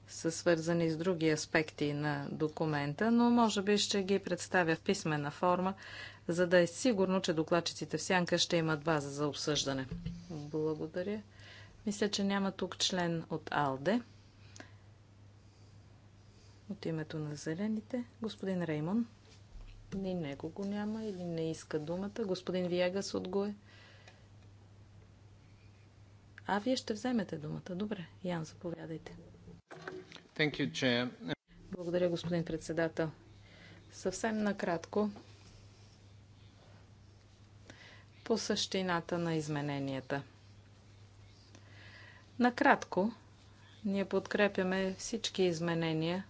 са свързани с други аспекти на документа, но може би ще ги представя в писмена форма за да е сигурно, че докладчиците в сянка ще имат база за обсъждане. Благодаря. Мисля, че няма тук член от АЛДЕ. От името на зелените, господин Реймон. Ни него го няма или не иска думата. Господин Виягас от ГОЕ. А вие ще вземете думата. Добре, Ян, заповядайте. You, Благодаря, господин председател. Съвсем накратко по същината на измененията. Накратко, ние подкрепяме всички изменения,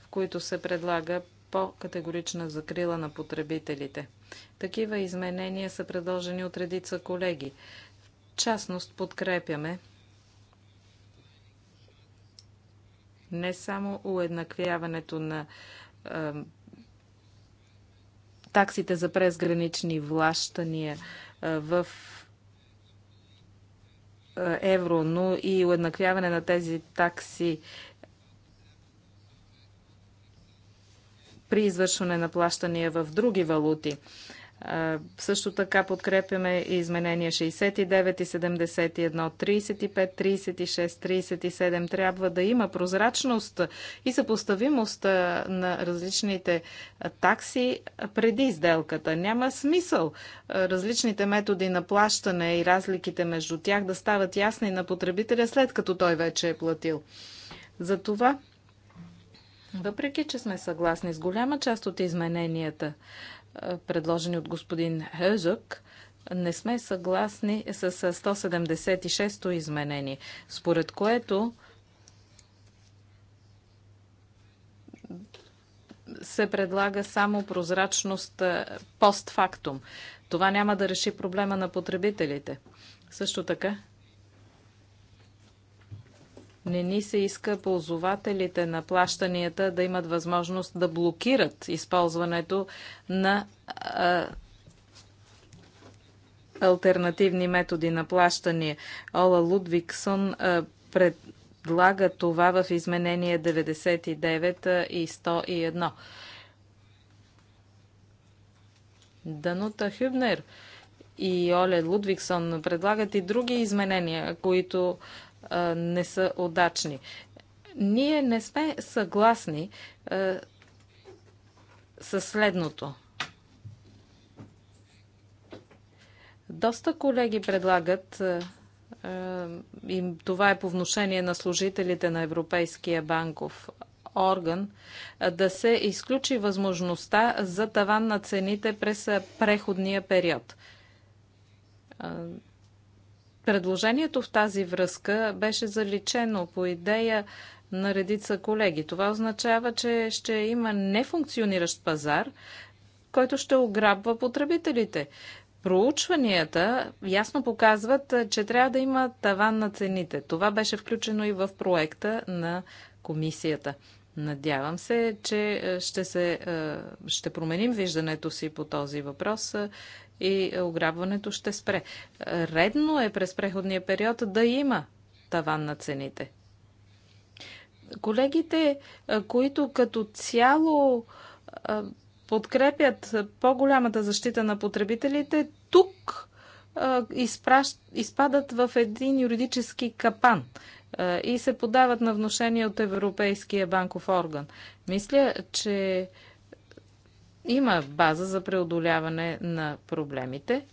в които се предлага по-категорична закрила на потребителите. Такива изменения са предложени от редица колеги. В частност подкрепяме не само уеднаквяването на таксите за презгранични влащания в евро, но и уеднаквяване на тези такси при извършване на плащания в други валути. Също така подкрепяме и изменения 69 и 71, 35, 36, 37. Трябва да има прозрачност и съпоставимост на различните такси преди изделката. Няма смисъл различните методи на плащане и разликите между тях да стават ясни на потребителя след като той вече е платил. Затова, въпреки че сме съгласни с голяма част от измененията, предложени от господин Хъзък, не сме съгласни с 176-то изменение, според което се предлага само прозрачност е, постфактум. Това няма да реши проблема на потребителите. Също така, не ни се иска ползвателите на плащанията да имат възможност да блокират използването на а, альтернативни методи на плащане. Ола Лудвиксон а, предлага това в изменение 99 и 101. Данута Хюбнер и Оле Лудвиксон предлагат и други изменения, които не са удачни. Ние не сме съгласни със следното. Доста колеги предлагат и това е по вношение на служителите на Европейския банков орган, да се изключи възможността за таван на цените през преходния период. Предложението в тази връзка беше заличено по идея на редица колеги. Това означава, че ще има нефункциониращ пазар, който ще ограбва потребителите. Проучванията ясно показват, че трябва да има таван на цените. Това беше включено и в проекта на комисията. Надявам се, че ще, се, е, ще променим виждането си по този въпрос е, и ограбването ще спре. Редно е през преходния период да има таван на цените. Колегите, които като цяло подкрепят по-голямата защита на потребителите, тук изпращ, изпадат в един юридически капан и се подават на вношение от Европейския банков орган. Мисля, че има база за преодоляване на проблемите.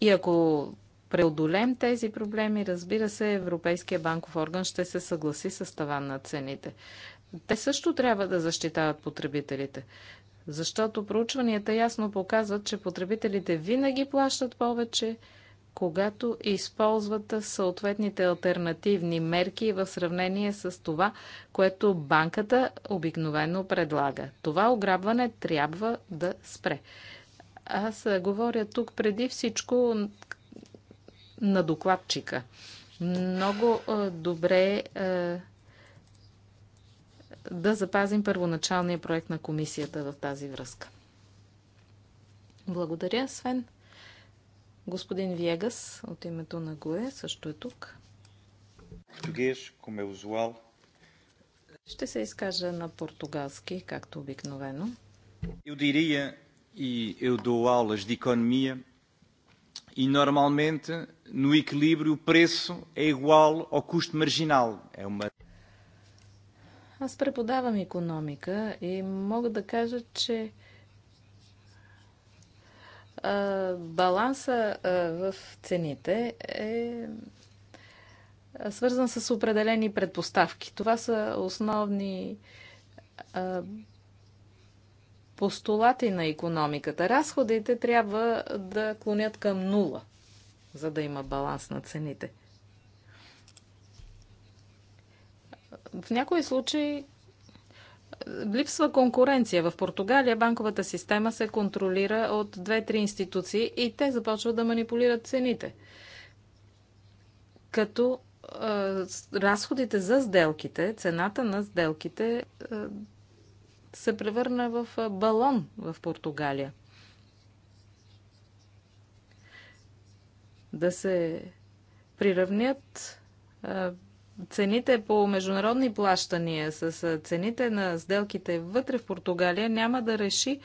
И ако преодолем тези проблеми, разбира се, Европейския банков орган ще се съгласи с таван на цените. Те също трябва да защитават потребителите, защото проучванията ясно показват, че потребителите винаги плащат повече, когато използват съответните альтернативни мерки в сравнение с това, което банката обикновено предлага. Това ограбване трябва да спре. Аз говоря тук преди всичко на докладчика. Много добре е да запазим първоначалния проект на комисията в тази връзка. Благодаря, Свен. Господин Вегас от името на ГОЕ също е тук. Португеш, como é e Ще се изкажа на португалски, както обикновено. Eu diria, e eu dou aulas de economia, e normalmente no equilíbrio o preço é igual ao custo marginal. É uma... Аз преподавам економика и мога да кажа, че баланса в цените е свързан с определени предпоставки. Това са основни постулати на економиката. Разходите трябва да клонят към нула, за да има баланс на цените. В някои случаи липсва конкуренция. В Португалия банковата система се контролира от две-три институции и те започват да манипулират цените. Като е, разходите за сделките, цената на сделките е, се превърна в балон в Португалия. Да се приравнят е, цените по международни плащания с цените на сделките вътре в Португалия няма да реши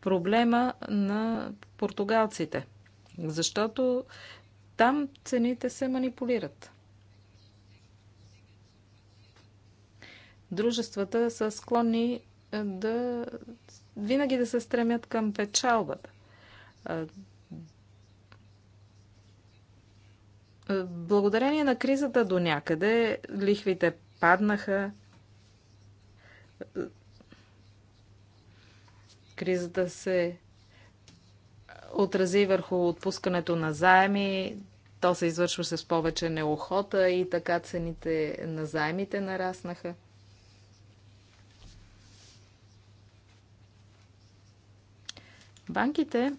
проблема на португалците. Защото там цените се манипулират. Дружествата са склонни да винаги да се стремят към печалбата. Благодарение на кризата до някъде лихвите паднаха. Кризата се отрази върху отпускането на заеми. То се извършваше с повече неохота и така цените на заемите нараснаха. Банките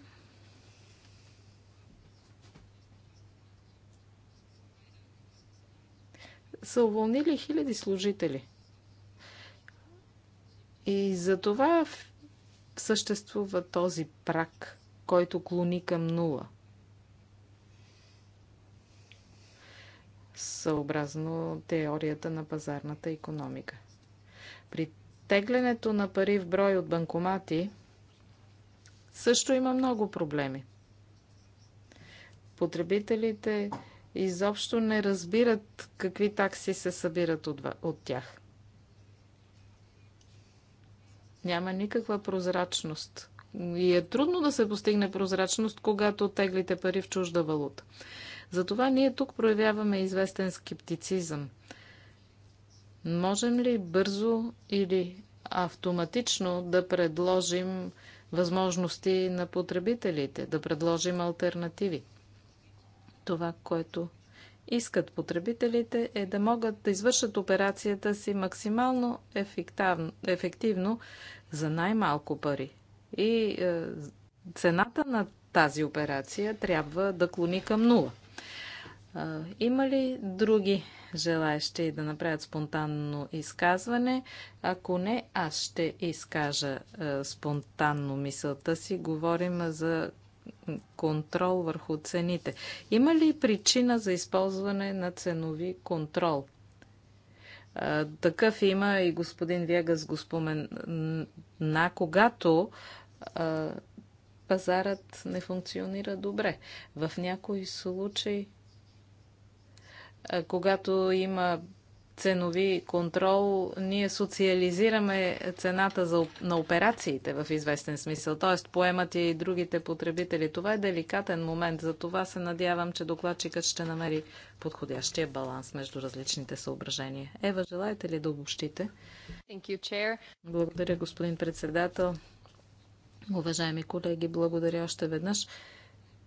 са уволнили хиляди служители. И за това съществува този прак, който клони към нула. Съобразно теорията на пазарната економика. При теглянето на пари в брой от банкомати също има много проблеми. Потребителите изобщо не разбират какви такси се събират от, от тях. Няма никаква прозрачност. И е трудно да се постигне прозрачност, когато теглите пари в чужда валута. Затова ние тук проявяваме известен скептицизъм. Можем ли бързо или автоматично да предложим възможности на потребителите, да предложим альтернативи? Това, което искат потребителите е да могат да извършат операцията си максимално ефективно, за най-малко пари. И е, цената на тази операция трябва да клони към нула. Е, има ли други желаящи да направят спонтанно изказване? Ако не, аз ще изкажа е, спонтанно мисълта си. Говорим за контрол върху цените. Има ли причина за използване на ценови контрол? Такъв има и господин Вегас го спомена, когато пазарът не функционира добре. В някои случаи, когато има ценови контрол ние социализираме цената за, на операциите в известен смисъл, т.е. поемат и другите потребители. Това е деликатен момент, за това се надявам, че докладчикът ще намери подходящия баланс между различните съображения. Ева, желаете ли да обобщите? благодаря, господин председател. Уважаеми колеги, благодаря още веднъж.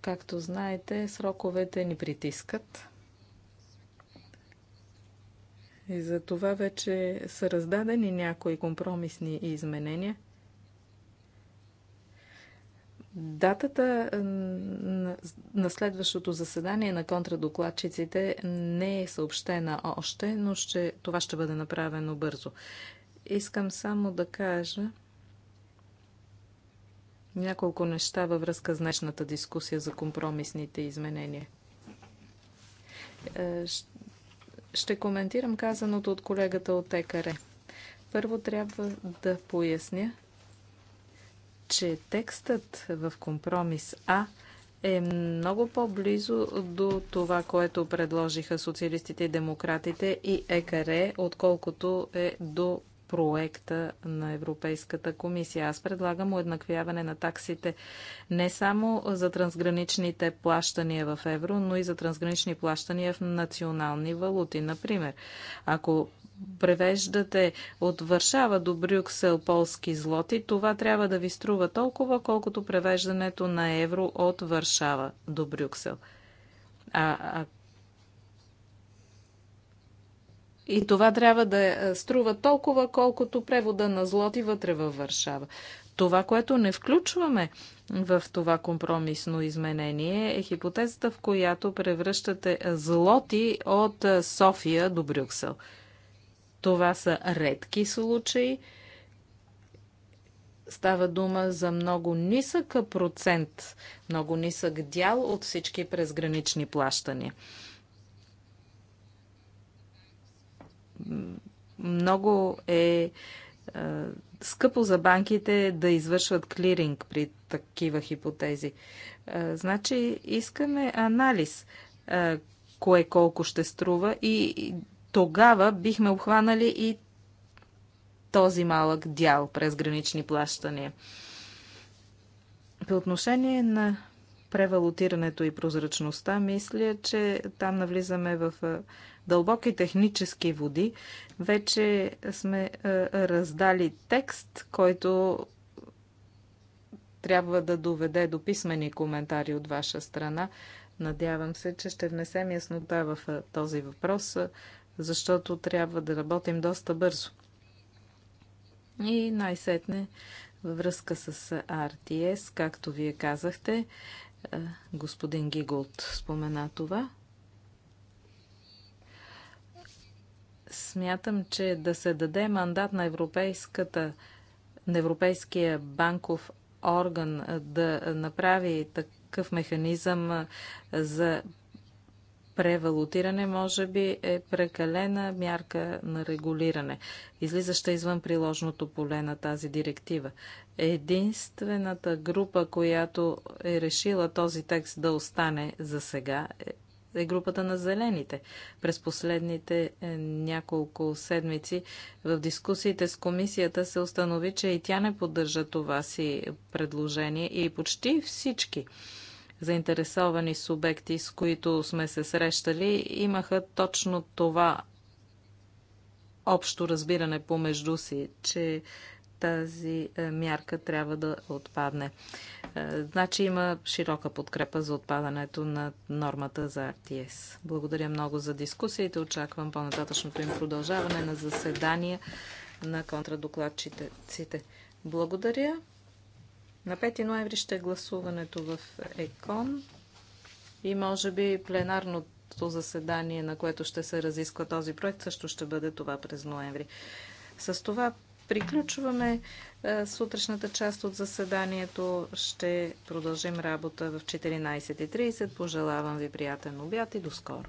Както знаете, сроковете ни притискат. И за това вече са раздадени някои компромисни изменения. Датата на следващото заседание на контрадокладчиците не е съобщена още, но ще, това ще бъде направено бързо. Искам само да кажа няколко неща във връзка с днешната дискусия за компромисните изменения. Е, ще коментирам казаното от колегата от ЕКАРЕ. Първо трябва да поясня, че текстът в компромис А е много по-близо до това, което предложиха социалистите и демократите и ЕКР, отколкото е до проекта на Европейската комисия. Аз предлагам уеднаквяване на таксите не само за трансграничните плащания в евро, но и за трансгранични плащания в национални валути. Например, ако превеждате от Варшава до Брюксел полски злоти, това трябва да ви струва толкова, колкото превеждането на евро от Варшава до Брюксел. А, а И това трябва да е, е, струва толкова, колкото превода на злоти вътре във Варшава. Това, което не включваме в това компромисно изменение е хипотезата, в която превръщате злоти от е, София до Брюксел. Това са редки случаи. Става дума за много нисък процент, много нисък дял от всички презгранични плащания. много е скъпо за банките да извършват клиринг при такива хипотези. Значи искаме анализ кое колко ще струва и тогава бихме обхванали и този малък дял през гранични плащания. По отношение на превалутирането и прозрачността, мисля, че там навлизаме в дълбоки технически води, вече сме е, раздали текст, който трябва да доведе до писмени коментари от ваша страна. Надявам се, че ще внесем яснота в е, този въпрос, е, защото трябва да работим доста бързо. И най-сетне, във връзка с RTS, както вие казахте, господин Гигулт спомена това. Смятам, че да се даде мандат на Европейската, на Европейския банков орган да направи такъв механизъм за превалутиране, може би е прекалена мярка на регулиране, излизаща извън приложното поле на тази директива. Единствената група, която е решила този текст да остане за сега, е е групата на зелените. През последните е, няколко седмици в дискусиите с комисията се установи, че и тя не поддържа това си предложение и почти всички заинтересовани субекти, с които сме се срещали, имаха точно това общо разбиране помежду си, че тази е, мярка трябва да отпадне. Е, значи има широка подкрепа за отпадането на нормата за RTS. Благодаря много за дискусиите. Очаквам по-нататъчното им продължаване на заседания на контрадокладчиците. Благодаря. На 5 ноември ще е гласуването в ЕКОН и може би пленарното заседание, на което ще се разисква този проект, също ще бъде това през ноември. С това Приключваме е, сутрешната част от заседанието. Ще продължим работа в 14.30. Пожелавам ви приятен обяд и до скоро.